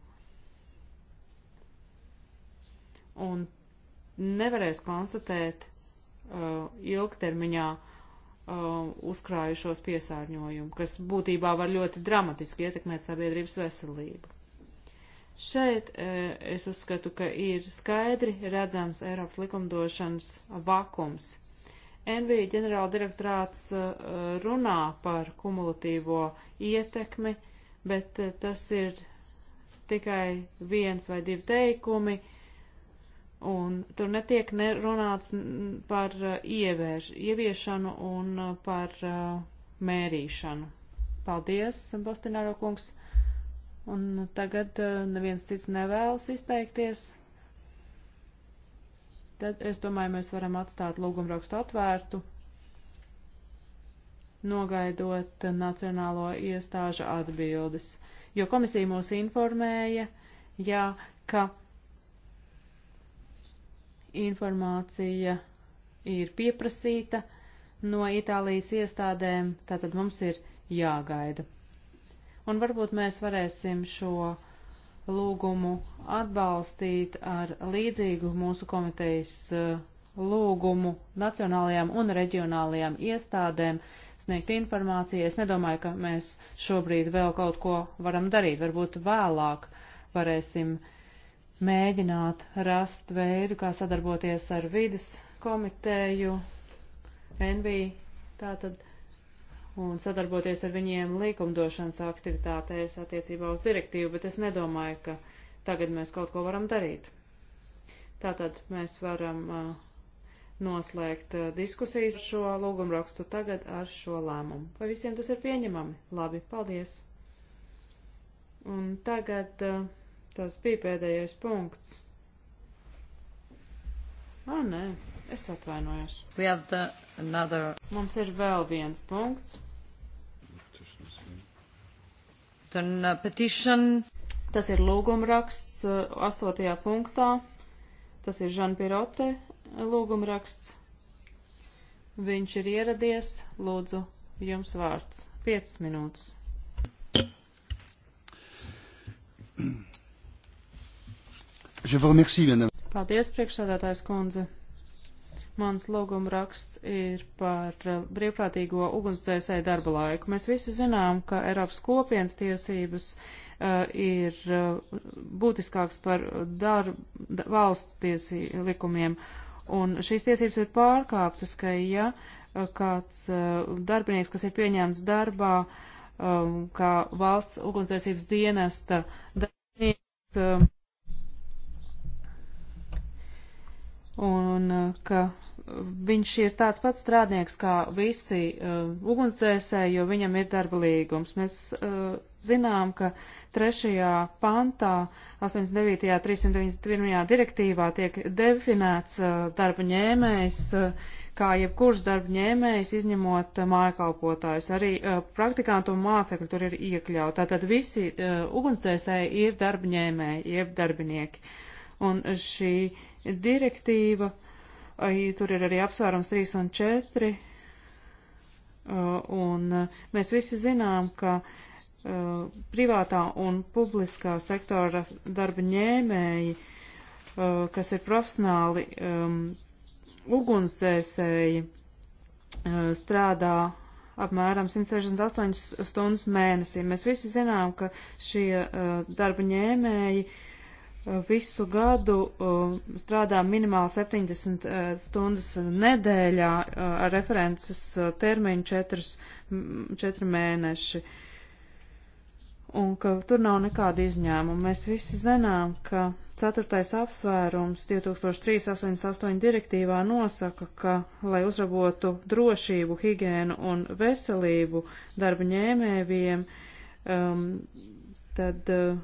Un nevarēs konstatēt uh, ilgtermiņā uh, Uh, uzkrājušos piesārņojumu, kas būtībā var ļoti dramatiski ietekmēt sabiedrības veselību. Šeit uh, es uzskatu, ka ir skaidri redzams Eiropas likumdošanas vakums. NV ģenerāla direktorāts uh, runā par kumulatīvo ietekmi, bet tas ir tikai viens vai divi teikumi un tur netiek runāts par uh, ievērš, ieviešanu un uh, par uh, mērīšanu. Paldies, Bostināro kungs. Un tagad neviens cits nevēlas izteikties. Tad es domāju, mēs varam atstāt lūgumrakstu atvērtu, nogaidot nacionālo iestāžu atbildes, jo komisija mūs informēja, jā, ka informācija ir pieprasīta no Itālijas iestādēm, tātad mums ir jāgaida. Un varbūt mēs varēsim šo lūgumu atbalstīt ar līdzīgu mūsu komitejas uh, lūgumu nacionālajām un reģionālajām iestādēm sniegt informāciju. Es nedomāju, ka mēs šobrīd vēl kaut ko varam darīt, varbūt vēlāk varēsim uh, mēģināt rast veidu, kā sadarboties ar vidas komiteju, NV, tātad, un sadarboties ar viņiem likumdošanas aktivitātēs attiecībā uz direktīvu, bet es nedomāju, ka tagad mēs kaut ko varam darīt. Tātad mēs varam uh, noslēgt uh, diskusijas ar šo lūgumrakstu tagad ar šo lēmumu. Vai visiem tas ir pieņemami? Labi, paldies! Un tagad. Uh, Tas bija pēdējais punkts. Ā, ah, nē, es atvainojos. Another... Mums ir vēl viens punkts. Then, uh, petition. Tas ir lūgumraksts uh, astotajā punktā. Tas ir Žan Pirote uh, lūgumraksts. Viņš ir ieradies. Lūdzu, jums vārds. 5 minūtes. Paldies, priekšsādātājs kundze. Mans lūguma raksts ir par eh, brīvprātīgo ugunsdzēsēju darba laiku. Mēs visi zinām, ka Eiropas kopienas tiesības uh, ir uh, eh, būtiskāks par darb, da, valstu tiesī, likumiem. Un šīs tiesības ir pārkāptas, ka ja uh, kāds uh, darbinieks, kas ir pieņēmts darbā, um, kā valsts ugunsdzēsības dienesta darbinieks, uh, un uh, ka viņš ir tāds pats strādnieks kā visi uh, ugunsdzēsēji, jo viņam ir darba līgums. Mēs uh, zinām, ka 3. pantā 89. 391. direktīvā tiek definēts uh, darba ņēmējs, uh, kā jebkurš darba ņēmējs, izņemot uh, mājkalpotājus. Arī uh, praktikantu un mācekļu tur ir iekļaut. Tātad visi uh, ugunsdzēsēji ir darba ņēmēji, jeb darbinieki. Uh, Un šī direktīva, tur ir arī apsvērums 3 un 4, uh, un uh, mēs visi zinām, ka uh, privātā un publiskā sektora darba ņēmēji, kas ir profesionāli um, ugunsdzēsēji, strādā apmēram 168 stundas mēnesī. Mēs visi zinām, ka šie uh, darba ņēmēji visu gadu uh, strādā minimāli 70 uh, stundas nedēļā uh, ar references termiņu 4, 4 mēneši. Un ka tur nav nekāda izņēmuma. Mēs visi zinām, ka 4. apsvērums 2388 direktīvā nosaka, ka, lai uzrabotu drošību, higienu un veselību darba ņēmējiem, um, tad uh,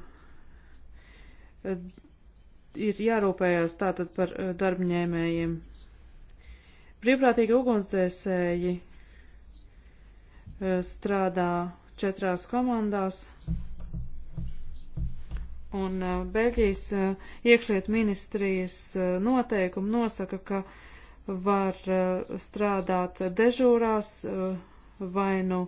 ir jārūpējās tātad par eh, darbņēmējiem. Brīvprātīgi ugunsdzēsēji eh, strādā četrās komandās, un eh, Beļģijas iekšliet ministrijas noteikumi nosaka, ka var strādāt dežūrās vai nu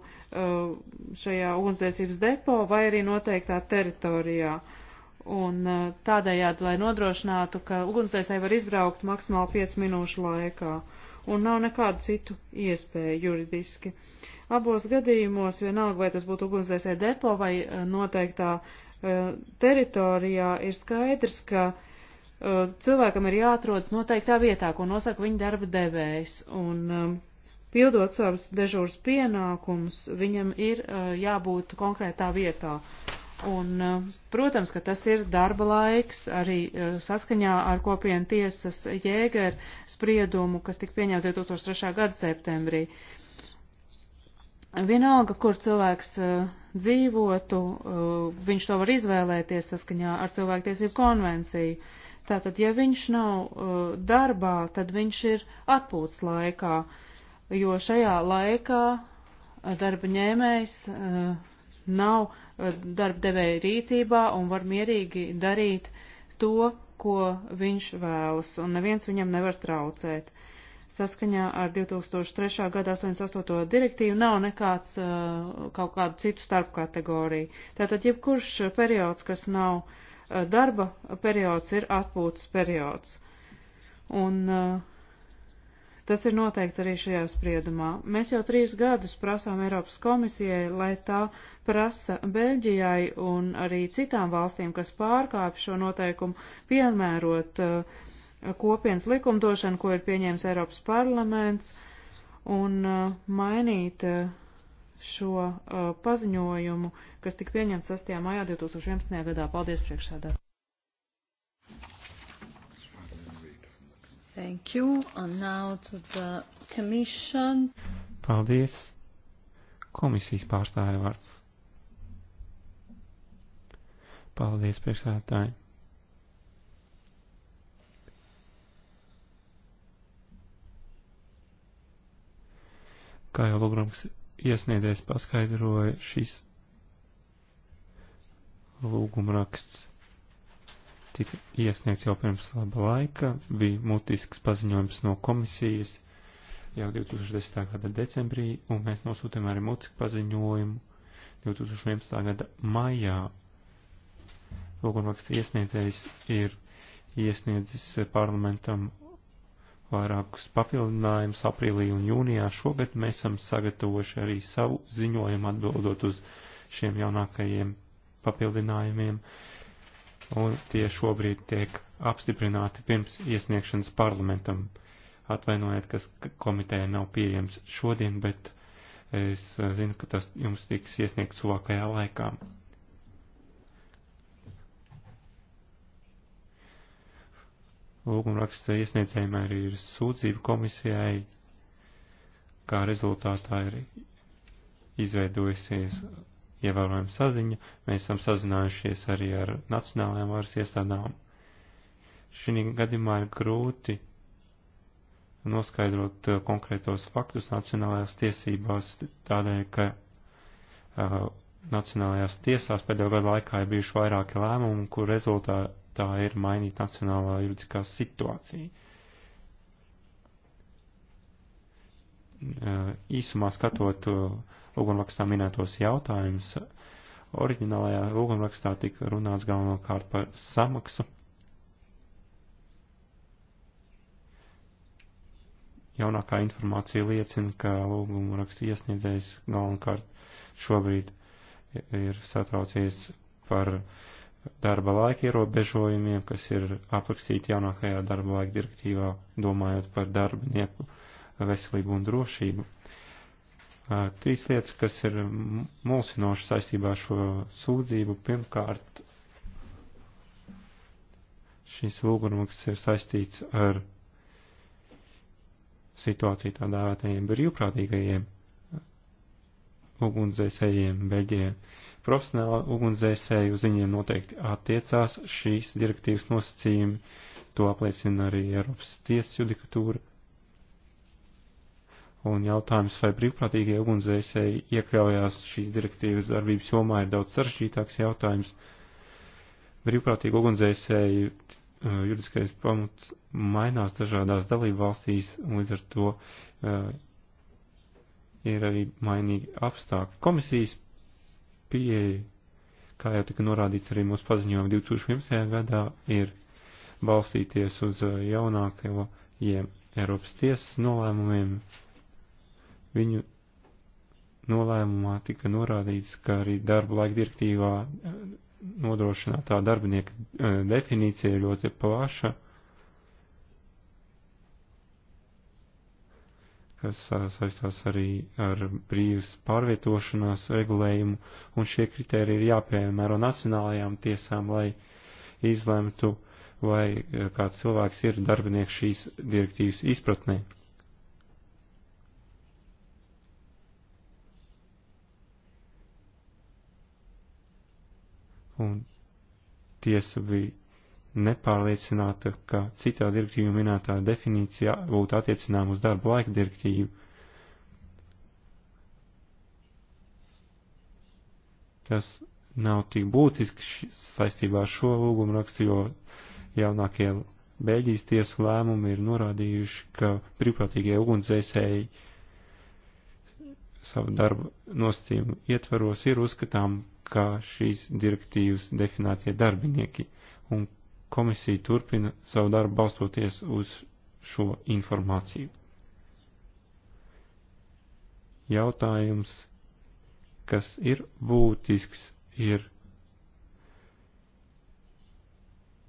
šajā ugunsdzēsības depo vai arī noteiktā teritorijā. Uh, un uh, tādējādi, lai nodrošinātu, ka ugunsdzēsēji var izbraukt maksimāli 5 minūšu laikā, un nav nekādu citu iespēju juridiski. Abos gadījumos, vienalga vai tas būtu ugunsdzēsēji depo vai uh, noteiktā uh, teritorijā, ir skaidrs, ka cilvēkam ir jāatrodas noteiktā vietā, ko nosaka viņa darba devējs, un um, pildot savus dežūras pienākumus, viņam ir jābūt konkrētā vietā Un, uh, protams, ka tas ir darba laiks arī uh, saskaņā ar kopienu tiesas jēger spriedumu, kas tika pieņemts 2003. gada septembrī. Vienalga, kur cilvēks uh, dzīvotu, viņš to var izvēlēties saskaņā ar cilvēktiesību konvenciju. Tātad, ja viņš nav darbā, tad viņš ir atpūts laikā, jo šajā laikā darba ņēmējs nav darbdevēja rīcībā un var mierīgi darīt to, ko viņš vēlas, un neviens viņam nevar traucēt. Saskaņā ar 2003. gada 88. direktīvu nav nekāds uh, kaut kādu citu starpkategoriju. Tātad jebkurš periods, kas nav uh, darba periods, ir atpūtas periods. Un uh, Tas ir noteikts arī šajā spriedumā. Mēs jau trīs gadus prasām Eiropas komisijai, lai tā prasa Beļģijai un arī citām valstīm, kas pārkāp šo noteikumu, piemērot uh, kopienas likumdošanu, ko ir pieņēmis Eiropas parlaments, un uh, mainīt uh, šo uh, paziņojumu, kas tika pieņemts 6. maijā 2011. gadā. Paldies priekšsēdā! Thank you. And now to the commission. Paldies. Komisijas pārstāja vārds. Paldies, priekšsētāji. Kā jau Lūgrams iesniedzējs paskaidroja, šis lūgumraksts tika iesniegts jau pirms laba laika, bija mutisks paziņojums no komisijas jau 2010. gada decembrī, un mēs nosūtījām arī mutisku paziņojumu 2011. gada maijā. Lūgumraksta iesniedzējs ir iesniedzis parlamentam vairākus papildinājumus aprīlī un jūnijā. Šogad mēs esam sagatavojuši arī savu ziņojumu atbildot uz šiem jaunākajiem papildinājumiem. Uh, un tie šobrīd tiek apstiprināti pirms iesniegšanas parlamentam. Atvainojiet, kas komitēja nav pieejams šodien, bet es eh, zinu, ka tas jums tiks iesniegts tuvākajā laikā. Lūgumraksta iesniedzējumā arī ir sūdzība komisijai, kā rezultātā ir izveidojusies ievērojama saziņa, mēs esam sazinājušies arī ar nacionālajām varas iestādām. Šī gadījumā ir grūti noskaidrot uh, konkrētos faktus nacionālajās tiesībās, tādēļ, ka uh, nacionālajās tiesās pēdējo gadu laikā ir bijuši vairāki lēmumi, kur rezultātā ir mainīta nacionālā juridiskā situācija. īsumā skatot lūgumrakstā minētos jautājumus, oriģinālajā lūgumrakstā tika runāts galvenokārt par samaksu. Jaunākā informācija liecina, ka lūgumraksta iesniedzējs galvenokārt šobrīd ir satraucies par darba laika ierobežojumiem, kas ir aprakstīti jaunākajā darba laika direktīvā, domājot par darbinieku veselību un drošību. Trīs lietas, kas ir mulsinošas saistībā ar šo sūdzību. Pirmkārt, šīs vulgarmaks ir saistīts ar situāciju tādā vētajiem brīvprātīgajiem ugunsdzēsējiem Beļģijā. Profesionāli ugunsdzēsēji uz viņiem noteikti attiecās šīs direktīvas nosacījumi, to apliecina arī Eiropas tiesas judikatūra. Un jautājums, vai brīvprātīgie ugunsdzēsēji iekļaujās šīs direktīvas darbības jomā, ir daudz saržģītāks jautājums. Brīvprātīgi ugunsdzēsēji eh, juridiskais pamats mainās dažādās dalību valstīs, un līdz ar to uh, ir arī mainīgi apstākļi. Komisijas pieeja, kā jau tika norādīts arī mūsu paziņojumā 2011. gadā, ir balstīties uz eh, jaunākajiem Eiropas tiesas nolēmumiem, uh, Viņu nolēmumā tika norādīts, ka arī darba laika direktīvā eh, nodrošinātā darbinieka eh, definīcija ir ļoti plaša, kas eh, saistās arī ar brīvas pārvietošanās regulējumu, un šie kriteriji ir jāpiemēro nacionālajām tiesām, lai izlemtu, vai kāds cilvēks ir darbinieks šīs direktīvas izpratnē. un tiesa bija nepārliecināta, ka citā direktīva minētā definīcija būtu attiecināma uz darba laika direktīvu. Tas nav tik būtiski saistībā ar šo lūgumu rakstu, jo jaunākie Beļģijas tiesu lēmumi ir norādījuši, ka brīvprātīgie ugunsdzēsēji savu darbu nosacījumu ietvaros ir uzskatām kā šīs direktīvas definētie darbinieki, un komisija turpina savu darbu balstoties uz šo informāciju. Jautājums, kas ir būtisks, ir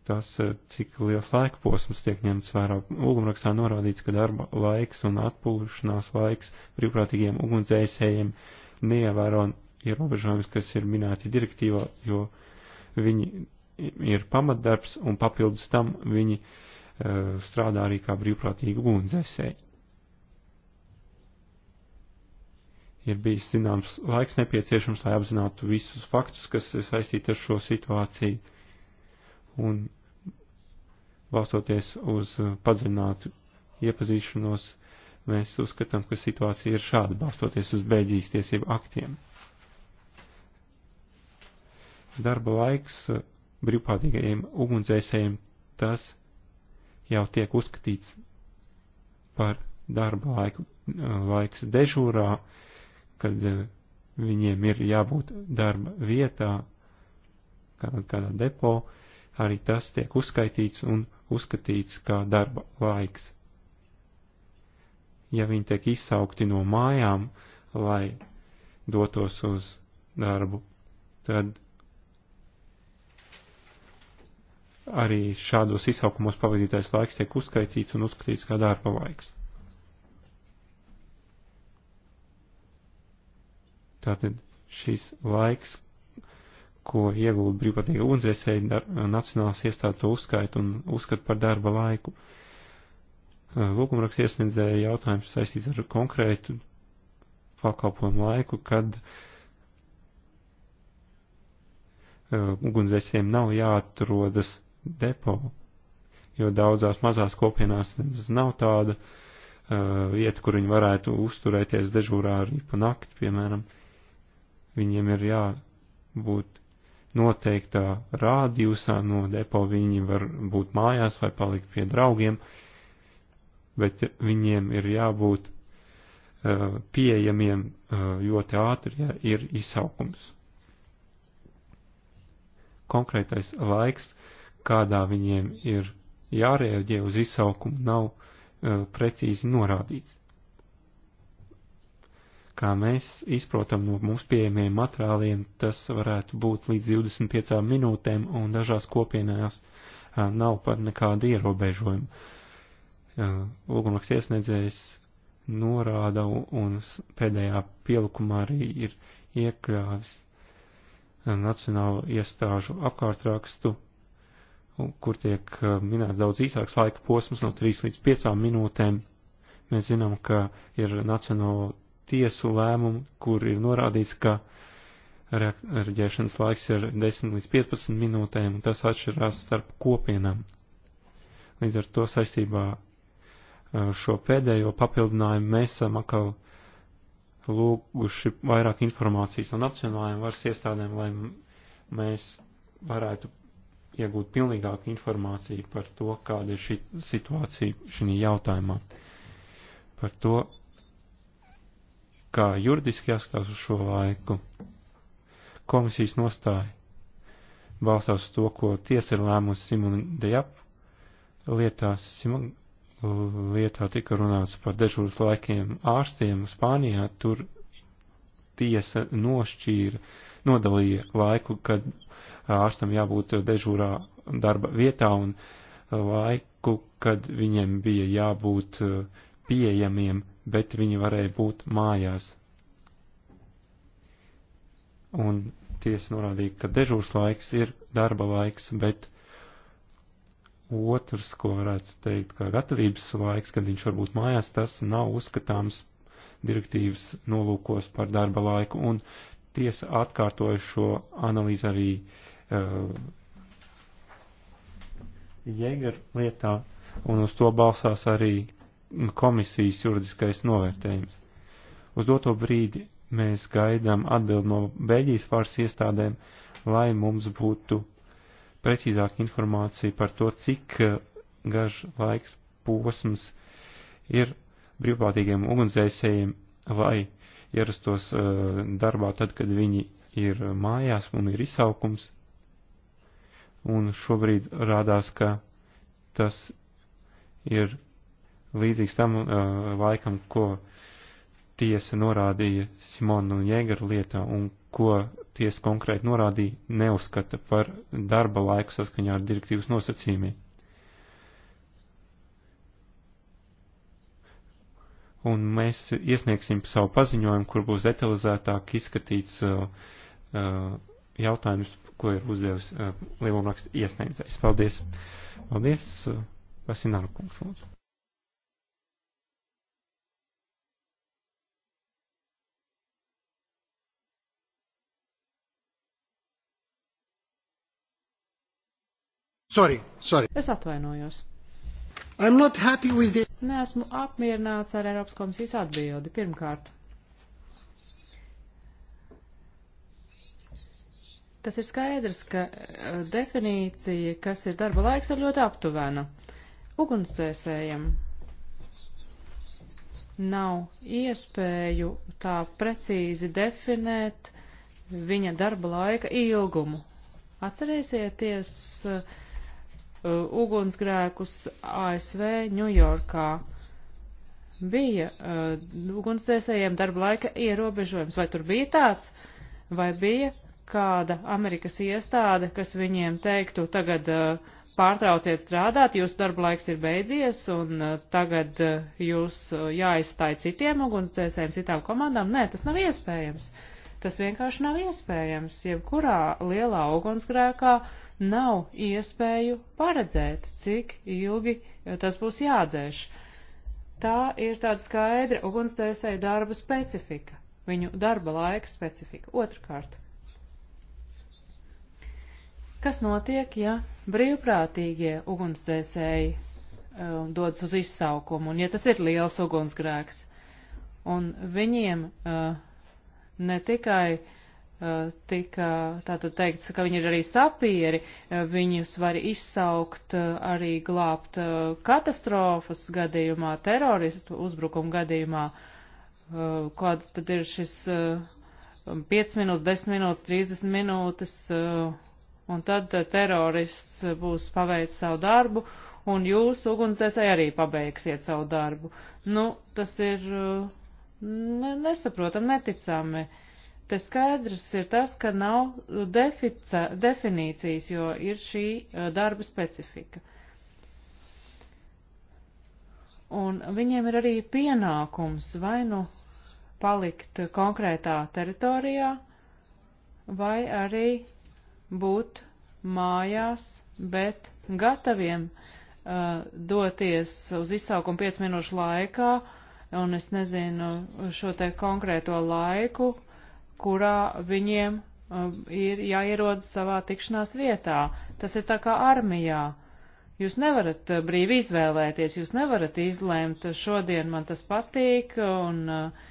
tas, cik liels laikposms tiek ņemts vērā. Lūgumrakstā norādīts, ka darba laiks un atpūšanās laiks brīvprātīgiem ugunsdzēsējiem neievēro ierobežojumus, kas ir minēti direktīvā, jo viņi ir pamatdarbs un papildus tam viņi uh, strādā arī kā brīvprātīgi ugunsdzēsēji. Ir bijis zināms laiks nepieciešams, lai apzinātu visus faktus, kas ir saistīti ar šo situāciju. Un balstoties uz padziļinātu iepazīšanos, mēs uzskatām, ka situācija ir šāda, balstoties uz Beļģijas tiesību aktiem darba laiks eh, brīvprātīgajiem ugunsdzēsējiem, tas jau tiek uzskatīts par darba laiku, eh, laiks dežūrā, kad eh, viņiem ir jābūt darba vietā, kādā, kādā depo, arī tas tiek uzskaitīts un uzskatīts kā darba laiks. Ja viņi tiek izsaukti no mājām, lai dotos uz darbu, tad arī šādos izsaukumos pavadītais laiks tiek uzskaitīts un uzskatīts kā darba laiks. Tātad šis laiks, ko iegūda brīvpatīga ugunsdzēsēji, nacionālās iestādes to uzskaita un uzskata par darba laiku. Lūgumraks iesniedzēja jautājums saistīts ar konkrētu pakalpojumu laiku, kad uh, ugunsdzēsējiem nav jāatrodas depo, jo daudzās mazās kopienās nav tāda uh, vieta, kur viņi varētu uzturēties dežūrā arī pa nakti, piemēram. Viņiem ir jābūt noteiktā rādījusā no depo, viņi var būt mājās vai palikt pie draugiem, bet viņiem ir jābūt uh, pieejamiem uh, ļoti ātri, ja ir izsaukums konkrētais laiks, kādā viņiem ir jārēģē uz izsaukumu, nav uh, precīzi norādīts. Kā mēs izprotam no mums pieejamiem materiāliem, tas varētu būt līdz 25 minūtēm, un dažās kopienās uh, nav pat nekāda ierobežojuma. Uh, e, Lūgumraks iesniedzējs norāda, un pēdējā pielikumā arī ir iekļāvis nacionālo iestāžu apkārtrakstu kur tiek uh, minēts daudz īsāks laika posms no 3 līdz 5 minūtēm. Mēs zinām, ka ir nacionālo tiesu lēmumu, kur ir norādīts, ka reaģēšanas laiks ir 10 līdz 15 minūtēm, un tas atšķirās starp kopienām. Līdz ar to saistībā uh, šo pēdējo papildinājumu mēs esam atkal lūguši vairāk informācijas no nacionālajiem varas iestādēm, lai mēs varētu iegūt pilnīgāku informāciju par to, kāda ir šī situācija šī jautājumā. Par to, kā juridiski jāskatās uz šo laiku. Komisijas nostāja balstās uz to, ko tiesa ir lēmusi Simona Dejap. Lietās Simona lietā tika runāts par dežūras laikiem ārstiem Spānijā. Tur tiesa nošķīra, nodalīja laiku, kad ārstam jābūt dežūrā darba vietā un laiku, kad viņiem bija jābūt uh, pieejamiem, bet viņi varēja būt mājās. Un tiesa norādīja, ka dežūrs laiks ir darba laiks, bet otrs, ko varētu teikt, kā gatavības laiks, kad viņš var būt mājās, tas nav uzskatāms direktīvas nolūkos par darba laiku, un tiesa atkārtoja šo analīzi arī Jēger lietā, un uz to balsās arī komisijas juridiskais novērtējums. Uz doto brīdi mēs gaidām atbildi no Beļģijas varas iestādēm, lai mums būtu precīzāka informācija par to, cik garš laiks posms ir brīvprātīgiem ugunsdzēsējiem, lai ierastos uh, darbā tad, kad viņi ir mājās un ir izsaukums, un šobrīd rādās, ka tas ir līdzīgs tam uh, laikam, ko tiesa norādīja Simona un Jēgara lietā, un ko tiesa konkrēti norādīja, neuzskata par darba laiku saskaņā ar direktīvas nosacījumiem. Un mēs iesniegsim savu paziņojumu, kur būs detalizētāk izskatīts uh, uh, jautājums ko ir uzdevis uh, lielumraksta iesniedzējs. Paldies! Paldies! Uh, eh, Vasināru kungs, lūdzu! Sorry, sorry. Es atvainojos. The... Neesmu apmierināts ar Eiropas komisijas atbildi. Pirmkārt, Tas ir skaidrs, ka eh, definīcija, kas ir darba laiks, ir ļoti aptuvena. Ugunsdzēsējiem nav iespēju tā precīzi definēt viņa darba laika ilgumu. Atcerēsieties uh, ugunsgrēkus ASV Ņujorkā. Bija uh, ugunsdzēsējiem darba laika ierobežojums. Vai tur bija tāds? Vai bija kāda Amerikas iestāde, kas viņiem teiktu, tagad uh, pārtrauciet strādāt, jūsu darba laiks ir beidzies un uh, tagad uh, jūs uh, jāizstāj citiem ugunsdzēsējiem, citām komandām. Nē, tas nav iespējams. Tas vienkārši nav iespējams. Jebkurā lielā ugunsgrēkā nav iespēju paredzēt, cik ilgi uh, tas būs jādzēš. Tā ir tāda skaidra ugunsdzēsēju darba specifika, viņu darba laika specifika. Otrakārt Kas notiek, ja brīvprātīgie ugunsdzēsēji uh, dodas uz izsaukumu, un ja tas ir liels ugunsgrēks, un viņiem uh, ne tikai uh, tika tātad teikts, ka viņi ir arī sapieri, uh, viņus var izsaukt uh, arī glābt uh, katastrofas gadījumā, teroristu uzbrukumu gadījumā, kāds tad ir šis 5 minūtes, 10 minūtes, 30 minūtes un tad eh, terorists eh, būs paveicis savu darbu, un jūs, ugunsdzēsēji, arī pabeigsiet savu darbu. Nu, tas ir eh, ne, nesaprotam, neticami. Te skaidrs ir tas, ka nav defica, definīcijas, jo ir šī darba specifika. Un viņiem ir arī pienākums vai nu palikt konkrētā teritorijā, vai arī būt mājās, bet gataviem uh, doties uz izsaukumu 5 minūšu laikā, un es nezinu šo te konkrēto laiku, kurā viņiem uh, ir jāierodas savā tikšanās vietā. Tas ir tā kā armijā. Jūs nevarat uh, brīvi izvēlēties, jūs nevarat izlēmt, šodien man tas patīk, un uh,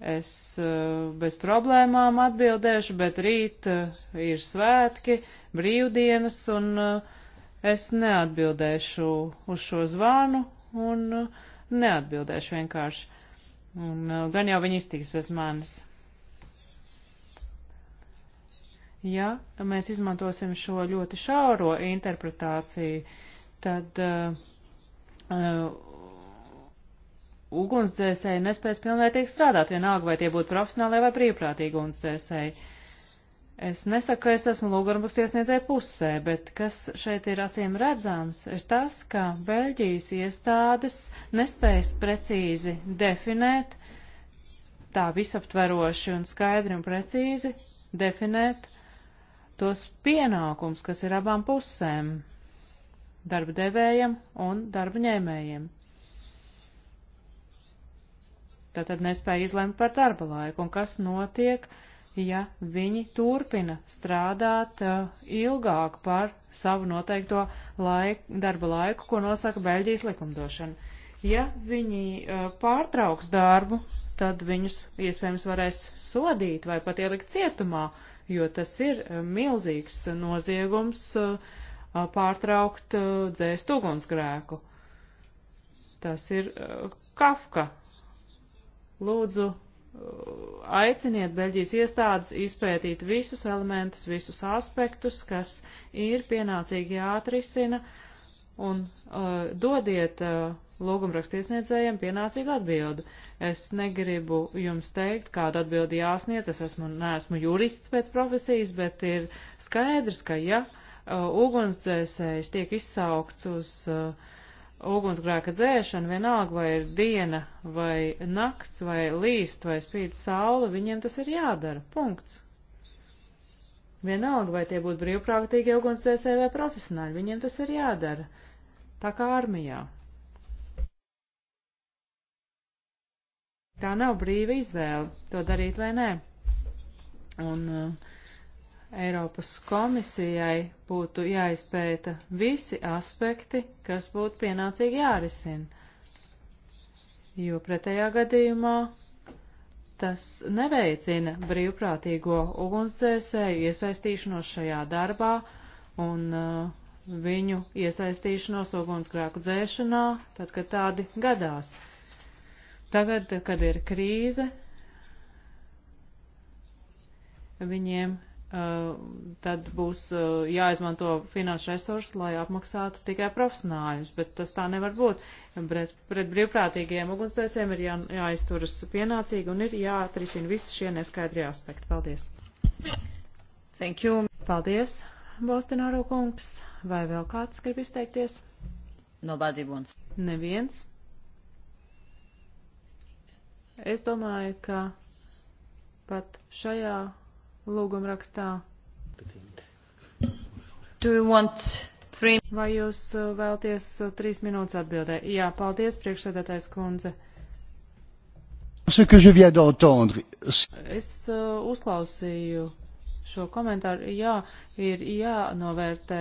es eh, bez problēmām atbildēšu, bet rīt eh, ir svētki, brīvdienas, un eh, es neatbildēšu uz šo zvanu un neatbildēšu vienkārši. Un gan jau viņi iztiks bez manis. Ja mēs izmantosim šo ļoti šauro interpretāciju, tad uh, ugunsdzēsēji nespēs pilnvērtīgi strādāt, vienalga vai tie būtu profesionāli vai brīvprātīgi ugunsdzēsēji. Es nesaku, ka es esmu lūgurbuks tiesniedzēja pusē, bet kas šeit ir acīm redzams, ir tas, ka Beļģijas iestādes nespējas precīzi definēt, tā visaptveroši un skaidri un precīzi definēt tos pienākums, kas ir abām pusēm - darba devējiem un darba ņēmējiem tātad nespēja izlemt par darba laiku, un kas notiek, ja viņi turpina strādāt uh, ilgāk par savu noteikto laiku, darba laiku, ko nosaka Beļģijas likumdošana. Ja viņi uh, pārtrauks darbu, tad viņus iespējams varēs sodīt vai pat ielikt cietumā, jo tas ir uh, milzīgs noziegums uh, uh, pārtraukt uh, dzēst ugunsgrēku. Tas ir Kafka Lūdzu, uh, aiciniet Beļģijas iestādes izpētīt visus elementus, visus aspektus, kas ir pienācīgi jāatrisina, un uh, dodiet uh, lūgumrakstu iesniedzējiem pienācīgu atbildu. Es negribu jums teikt, kādu atbildi jāsniedz, es esmu, neesmu jurists pēc profesijas, bet ir skaidrs, ka ja uh, ugunsdzēsējs tiek izsaukts uz uh, ugunsgrēka dzēšana, vienalga vai ir diena, vai nakts, vai līst, vai spīd saule, viņiem tas ir jādara. Punkts. Vienalga, vai tie būtu brīvprātīgi ugunsdzēsēji vai profesionāļi, viņiem tas ir jādara. Tā kā armijā. Tā nav brīva izvēle, to darīt vai nē. Un uh, Eiropas komisijai būtu jāizpēta visi aspekti, kas būtu pienācīgi jārisina, jo pretējā gadījumā tas neveicina brīvprātīgo ugunsdzēsēju iesaistīšanos šajā darbā un uh, viņu iesaistīšanos ugunsgrēku dzēšanā, tad, kad tādi gadās. Tagad, kad ir krīze, viņiem Eh, tad būs eh, jāizmanto finanšu resursi, lai apmaksātu tikai profesionāļus, bet tas tā nevar būt. Pret, pret brīvprātīgiem ugunsdzēsiem ir jā, jāizturas pienācīgi un ir jāatrisina visi šie neskaidrie aspekti. Paldies! Thank you! Paldies, Bostināro kungs! Vai vēl kāds grib izteikties? Nobody wants. Neviens. Es domāju, ka pat šajā lūgumrakstā. Vai jūs uh, vēlties uh, trīs minūtes atbildē? Jā, paldies, priekšsēdētājs kundze. Es uh, uzklausīju šo komentāru. Jā, ir jānovērtē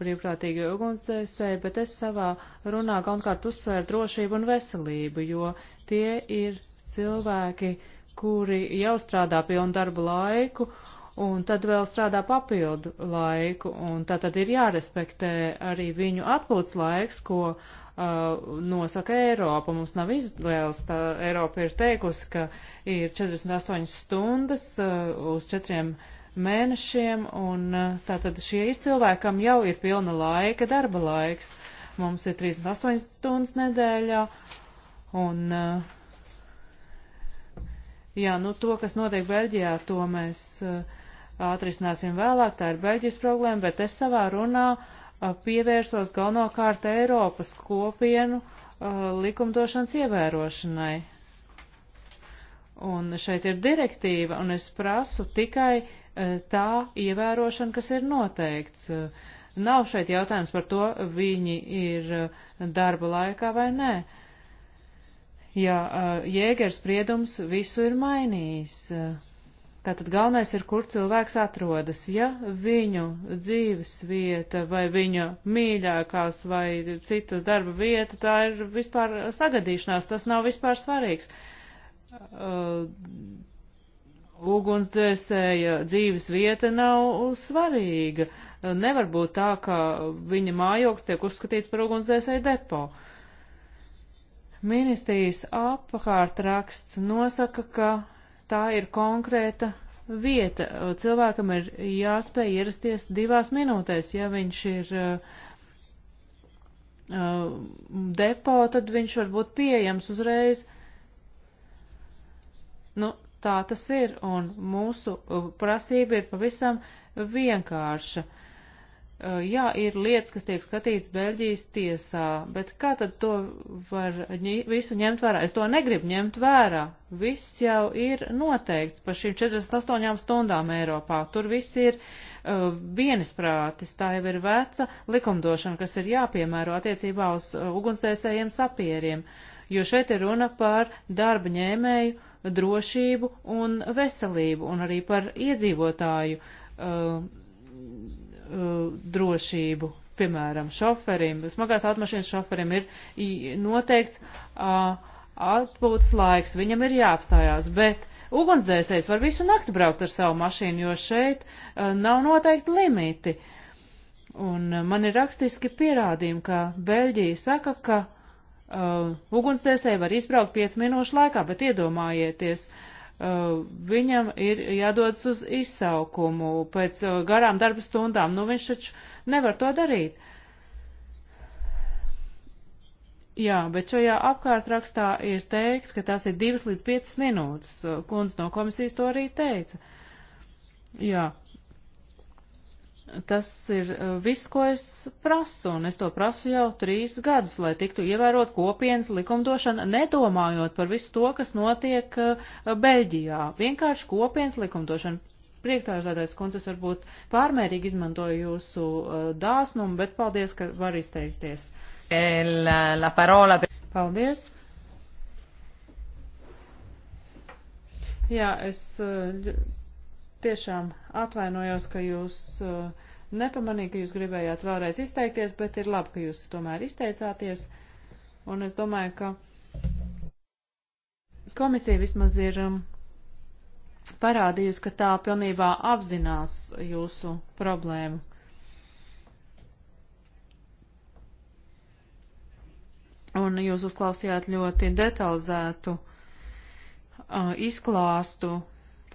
brīvprātīgi ugunsdzēsēji, bet es savā runā galvenokārt uzsvēru drošību un veselību, jo tie ir cilvēki, uh, kuri jau strādā pilnu darbu laiku un tad vēl strādā papildu laiku, un tā tad ir jārespektē arī viņu atpūtas laiks, ko uh, nosaka Eiropa. Mums nav izvēles, tā Eiropa ir teikusi, ka ir 48 stundas uh, uz četriem mēnešiem, un uh, tā tad šie ir cilvēkam jau ir pilna laika, darba laiks. Mums ir 38 stundas nedēļā, un uh, Jā, nu to, kas notiek Beļģijā, to mēs uh, atrisināsim vēlāk, tā ir Beļģijas problēma, bet es savā runā uh, pievērsos galvenokārt Eiropas kopienu uh, likumdošanas ievērošanai. Un šeit ir direktīva, un es prasu tikai uh, tā ievērošana, kas ir noteikts. Uh, nav šeit jautājums par to, viņi ir uh, darba laikā vai nē. Uh, ja eh, jēgers spriedums visu ir mainījis. Eh, tātad galvenais ir, kur cilvēks atrodas. Ja viņu dzīves vieta vai viņa mīļākās vai citas darba vieta, tā ir vispār sagadīšanās, tas nav vispār svarīgs. Uh, ugunsdzēsēja dzīves vieta nav svarīga. Nevar būt tā, ka viņa mājoklis tiek uzskatīts par ugunsdzēsēju depo. Uh, Ministrijas apkārtraksts nosaka, ka tā ir konkrēta vieta. Cilvēkam ir jāspēj ierasties divās minūtēs. Ja viņš ir uh, uh depo, tad viņš var būt pieejams uzreiz. Nu, tā tas ir, un mūsu uh, prasība ir pavisam vienkārša. Uh, Uh, jā, ir lietas, kas tiek skatīts Beļģijas tiesā, bet kā tad to var visu ņemt vērā? Es to negribu ņemt vērā. Viss jau ir noteikts par šīm 48 stundām Eiropā. Tur viss ir uh, vienisprātis. Tā jau ir veca likumdošana, kas ir jāpiemēro attiecībā uz uh, ugunsdzēsējiem sapieriem, jo šeit ir runa par darba ņēmēju drošību un veselību un arī par iedzīvotāju. Uh, Uh, drošību. Piemēram, šoferim, smagās automašīnas šoferim ir noteikts uh, atpūtas laiks, viņam ir jāapstājās, bet ugunsdzēsējs var visu nakti braukt ar savu mašīnu, jo šeit uh, nav noteikti limiti. Un uh, man ir rakstiski pierādījumi, ka Beļģija saka, ka uh, ugunsdzēsēji var izbraukt 5 minūšu laikā, bet iedomājieties, uh, Uh, viņam ir jādodas uz izsaukumu pēc uh, garām darba stundām. Nu, viņš taču nevar to darīt. Jā, bet šajā apkārtrakstā ir teikts, ka tās ir divas līdz piecas minūtes. Uh, kundze no komisijas to arī teica. Jā, Tas ir eh, viss, ko es prasu, un es to prasu jau trīs gadus, lai tiktu ievērot kopienas likumdošana, nedomājot par visu to, kas notiek eh, Beļģijā. Vienkārši kopienas likumdošana priekšstādātais kundzes varbūt pārmērīgi izmantoju jūsu uh, dāsnumu, bet paldies, ka var izteikties. La, la parola... Paldies. Jā, es uh, tiešām atvainojos, ka jūs uh, nepamanīju, ka jūs gribējāt vēlreiz izteikties, bet ir labi, ka jūs tomēr izteicāties. Un es domāju, ka komisija vismaz ir um, parādījusi, ka tā pilnībā apzinās jūsu problēmu. Un jūs uzklausījāt ļoti detalizētu uh, izklāstu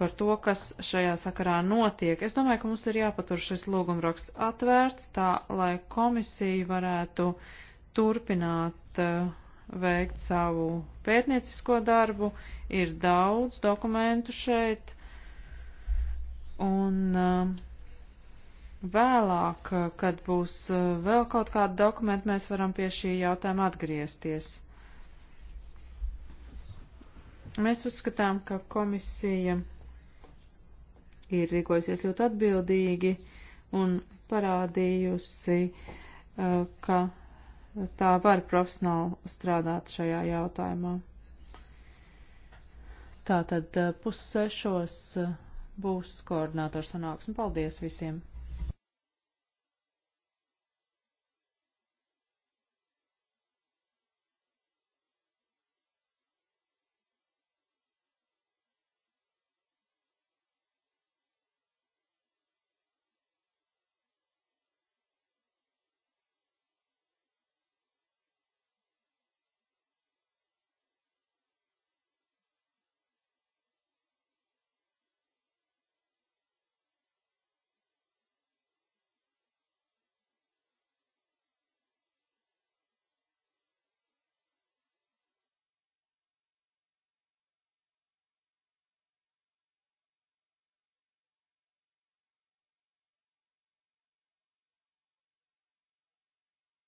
par to, kas šajā sakarā notiek. Es domāju, ka mums ir jāpatur šis lūgumraksts atvērts, tā lai komisija varētu turpināt uh, veikt savu pētniecisko darbu. Ir daudz dokumentu šeit. Un uh, vēlāk, kad būs eh, vēl kaut kāda dokumenta, mēs varam pie šī jautājuma atgriezties. Mēs uzskatām, ka komisija ir rīkojusies ļoti atbildīgi un parādījusi, uh, ka tā var profesionāli strādāt šajā jautājumā. Tātad uh, pussešos uh, būs koordinātors sanāksme. Paldies visiem!